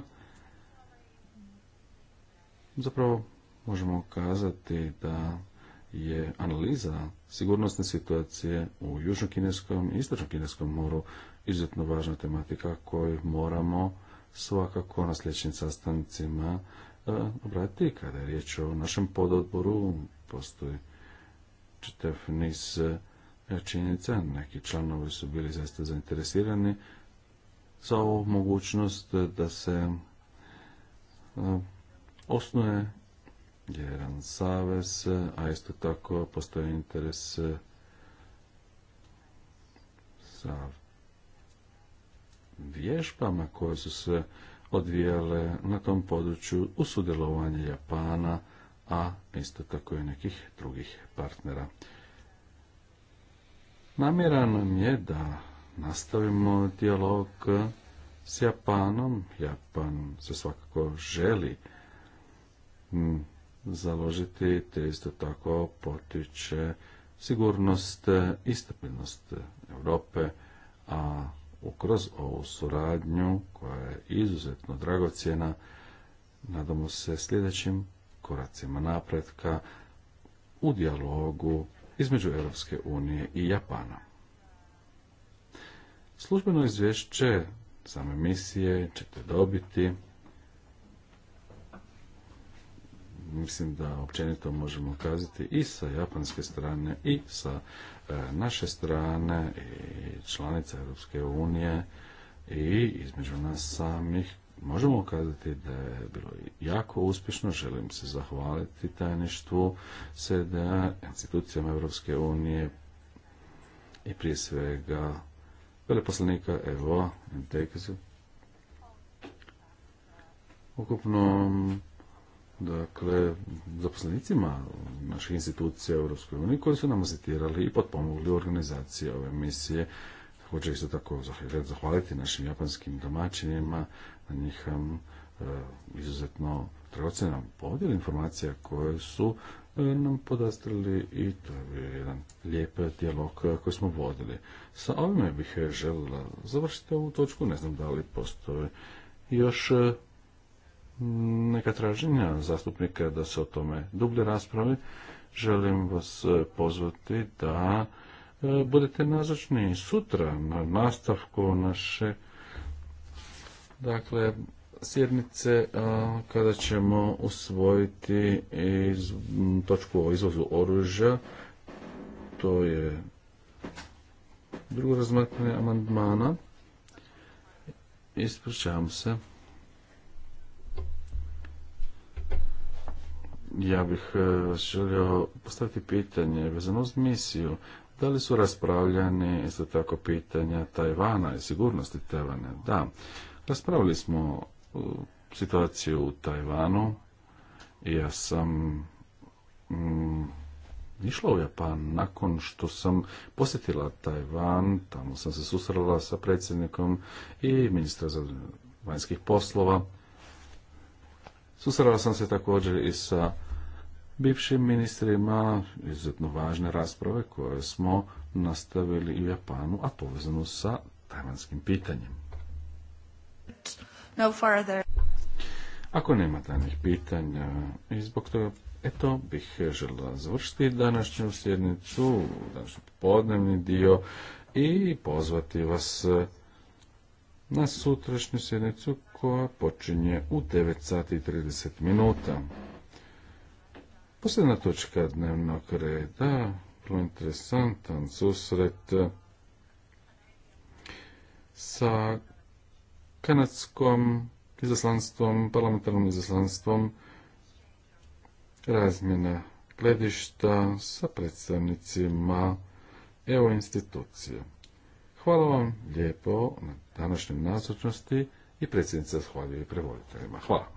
Zapravo možemo kazati da je analiza sigurnosne situacije u južnokineskom i Istočno-Kineskom moru izuzetno važna tematika koju moramo svakako na sljedećim sastancima e, obratiti. Kada je riječ o našem pododboru, postoji čitav niz činjenica, neki članovi su bili zaista zainteresirani za ovu mogućnost da se osnuje jedan savez, a isto tako postoji interes sa vježbama koje su se odvijale na tom području u sudjelovanje Japana, a isto tako i nekih drugih partnera. Namjera nam je da nastavimo dijalog s Japanom. Japan se svakako želi mm, založiti, te isto tako potiče sigurnost i stabilnost Europe, a ukroz ovu suradnju koja je izuzetno dragocjena, nadamo se sljedećim koracima napretka u dijalogu između Europske unije i Japana. Službeno izvješće same misije ćete dobiti. Mislim da općenito možemo kazati i sa japanske strane i sa e, naše strane i članica Europske unije i između nas samih možemo kazati da je bilo jako uspješno. Želim se zahvaliti tajništvu SEDA, institucijama Europske unije i prije svega veleposlanika EVO, NTKZ. Ukupno dakle, zaposlenicima naših institucija Europskoj unije koji su nam asistirali i potpomogli u organizaciji ove misije. hoće isto tako zahvaliti našim japanskim domaćinima na njih e, izuzetno nam podjela informacija koje su e, nam podastrili i to je bio jedan lijep dijalog e, koji smo vodili. Sa ovime bih želila završiti ovu točku, ne znam da li postoje još neka traženja zastupnika da se o tome dublje raspravi. Želim vas pozvati da budete nazočni sutra na nastavku naše dakle, sjednice kada ćemo usvojiti iz, točku o izvozu oružja. To je drugo razmatranje amandmana. Ispričavam se. Ja bih e, želio postaviti pitanje vezano uz misiju. Da li su raspravljani isto tako pitanja Tajvana i sigurnosti Tajvana? Da. Raspravili smo e, situaciju u Tajvanu. Ja sam mm, išla u Japan nakon što sam posjetila Tajvan. Tamo sam se susrela sa predsjednikom i ministra za vanjskih poslova. Susrela sam se također i sa bivšim ministrima izuzetno važne rasprave koje smo nastavili u Japanu, a povezano sa tajvanskim pitanjem no further. Ako nema danih pitanja i zbog toga Eto, bih želila završiti današnju sjednicu, današnji popodnevni dio i pozvati vas na sutrašnju sjednicu koja počinje u 9 sati i 30 minuta. Posljedna točka dnevnog reda, vrlo interesantan susret sa kanadskom izaslanstvom, parlamentarnom izaslanstvom razmjena gledišta sa predstavnicima EU institucije. Hvala vam lijepo na današnjoj nazočnosti i predsjednica zahvaljuje prevoditeljima. Hvala.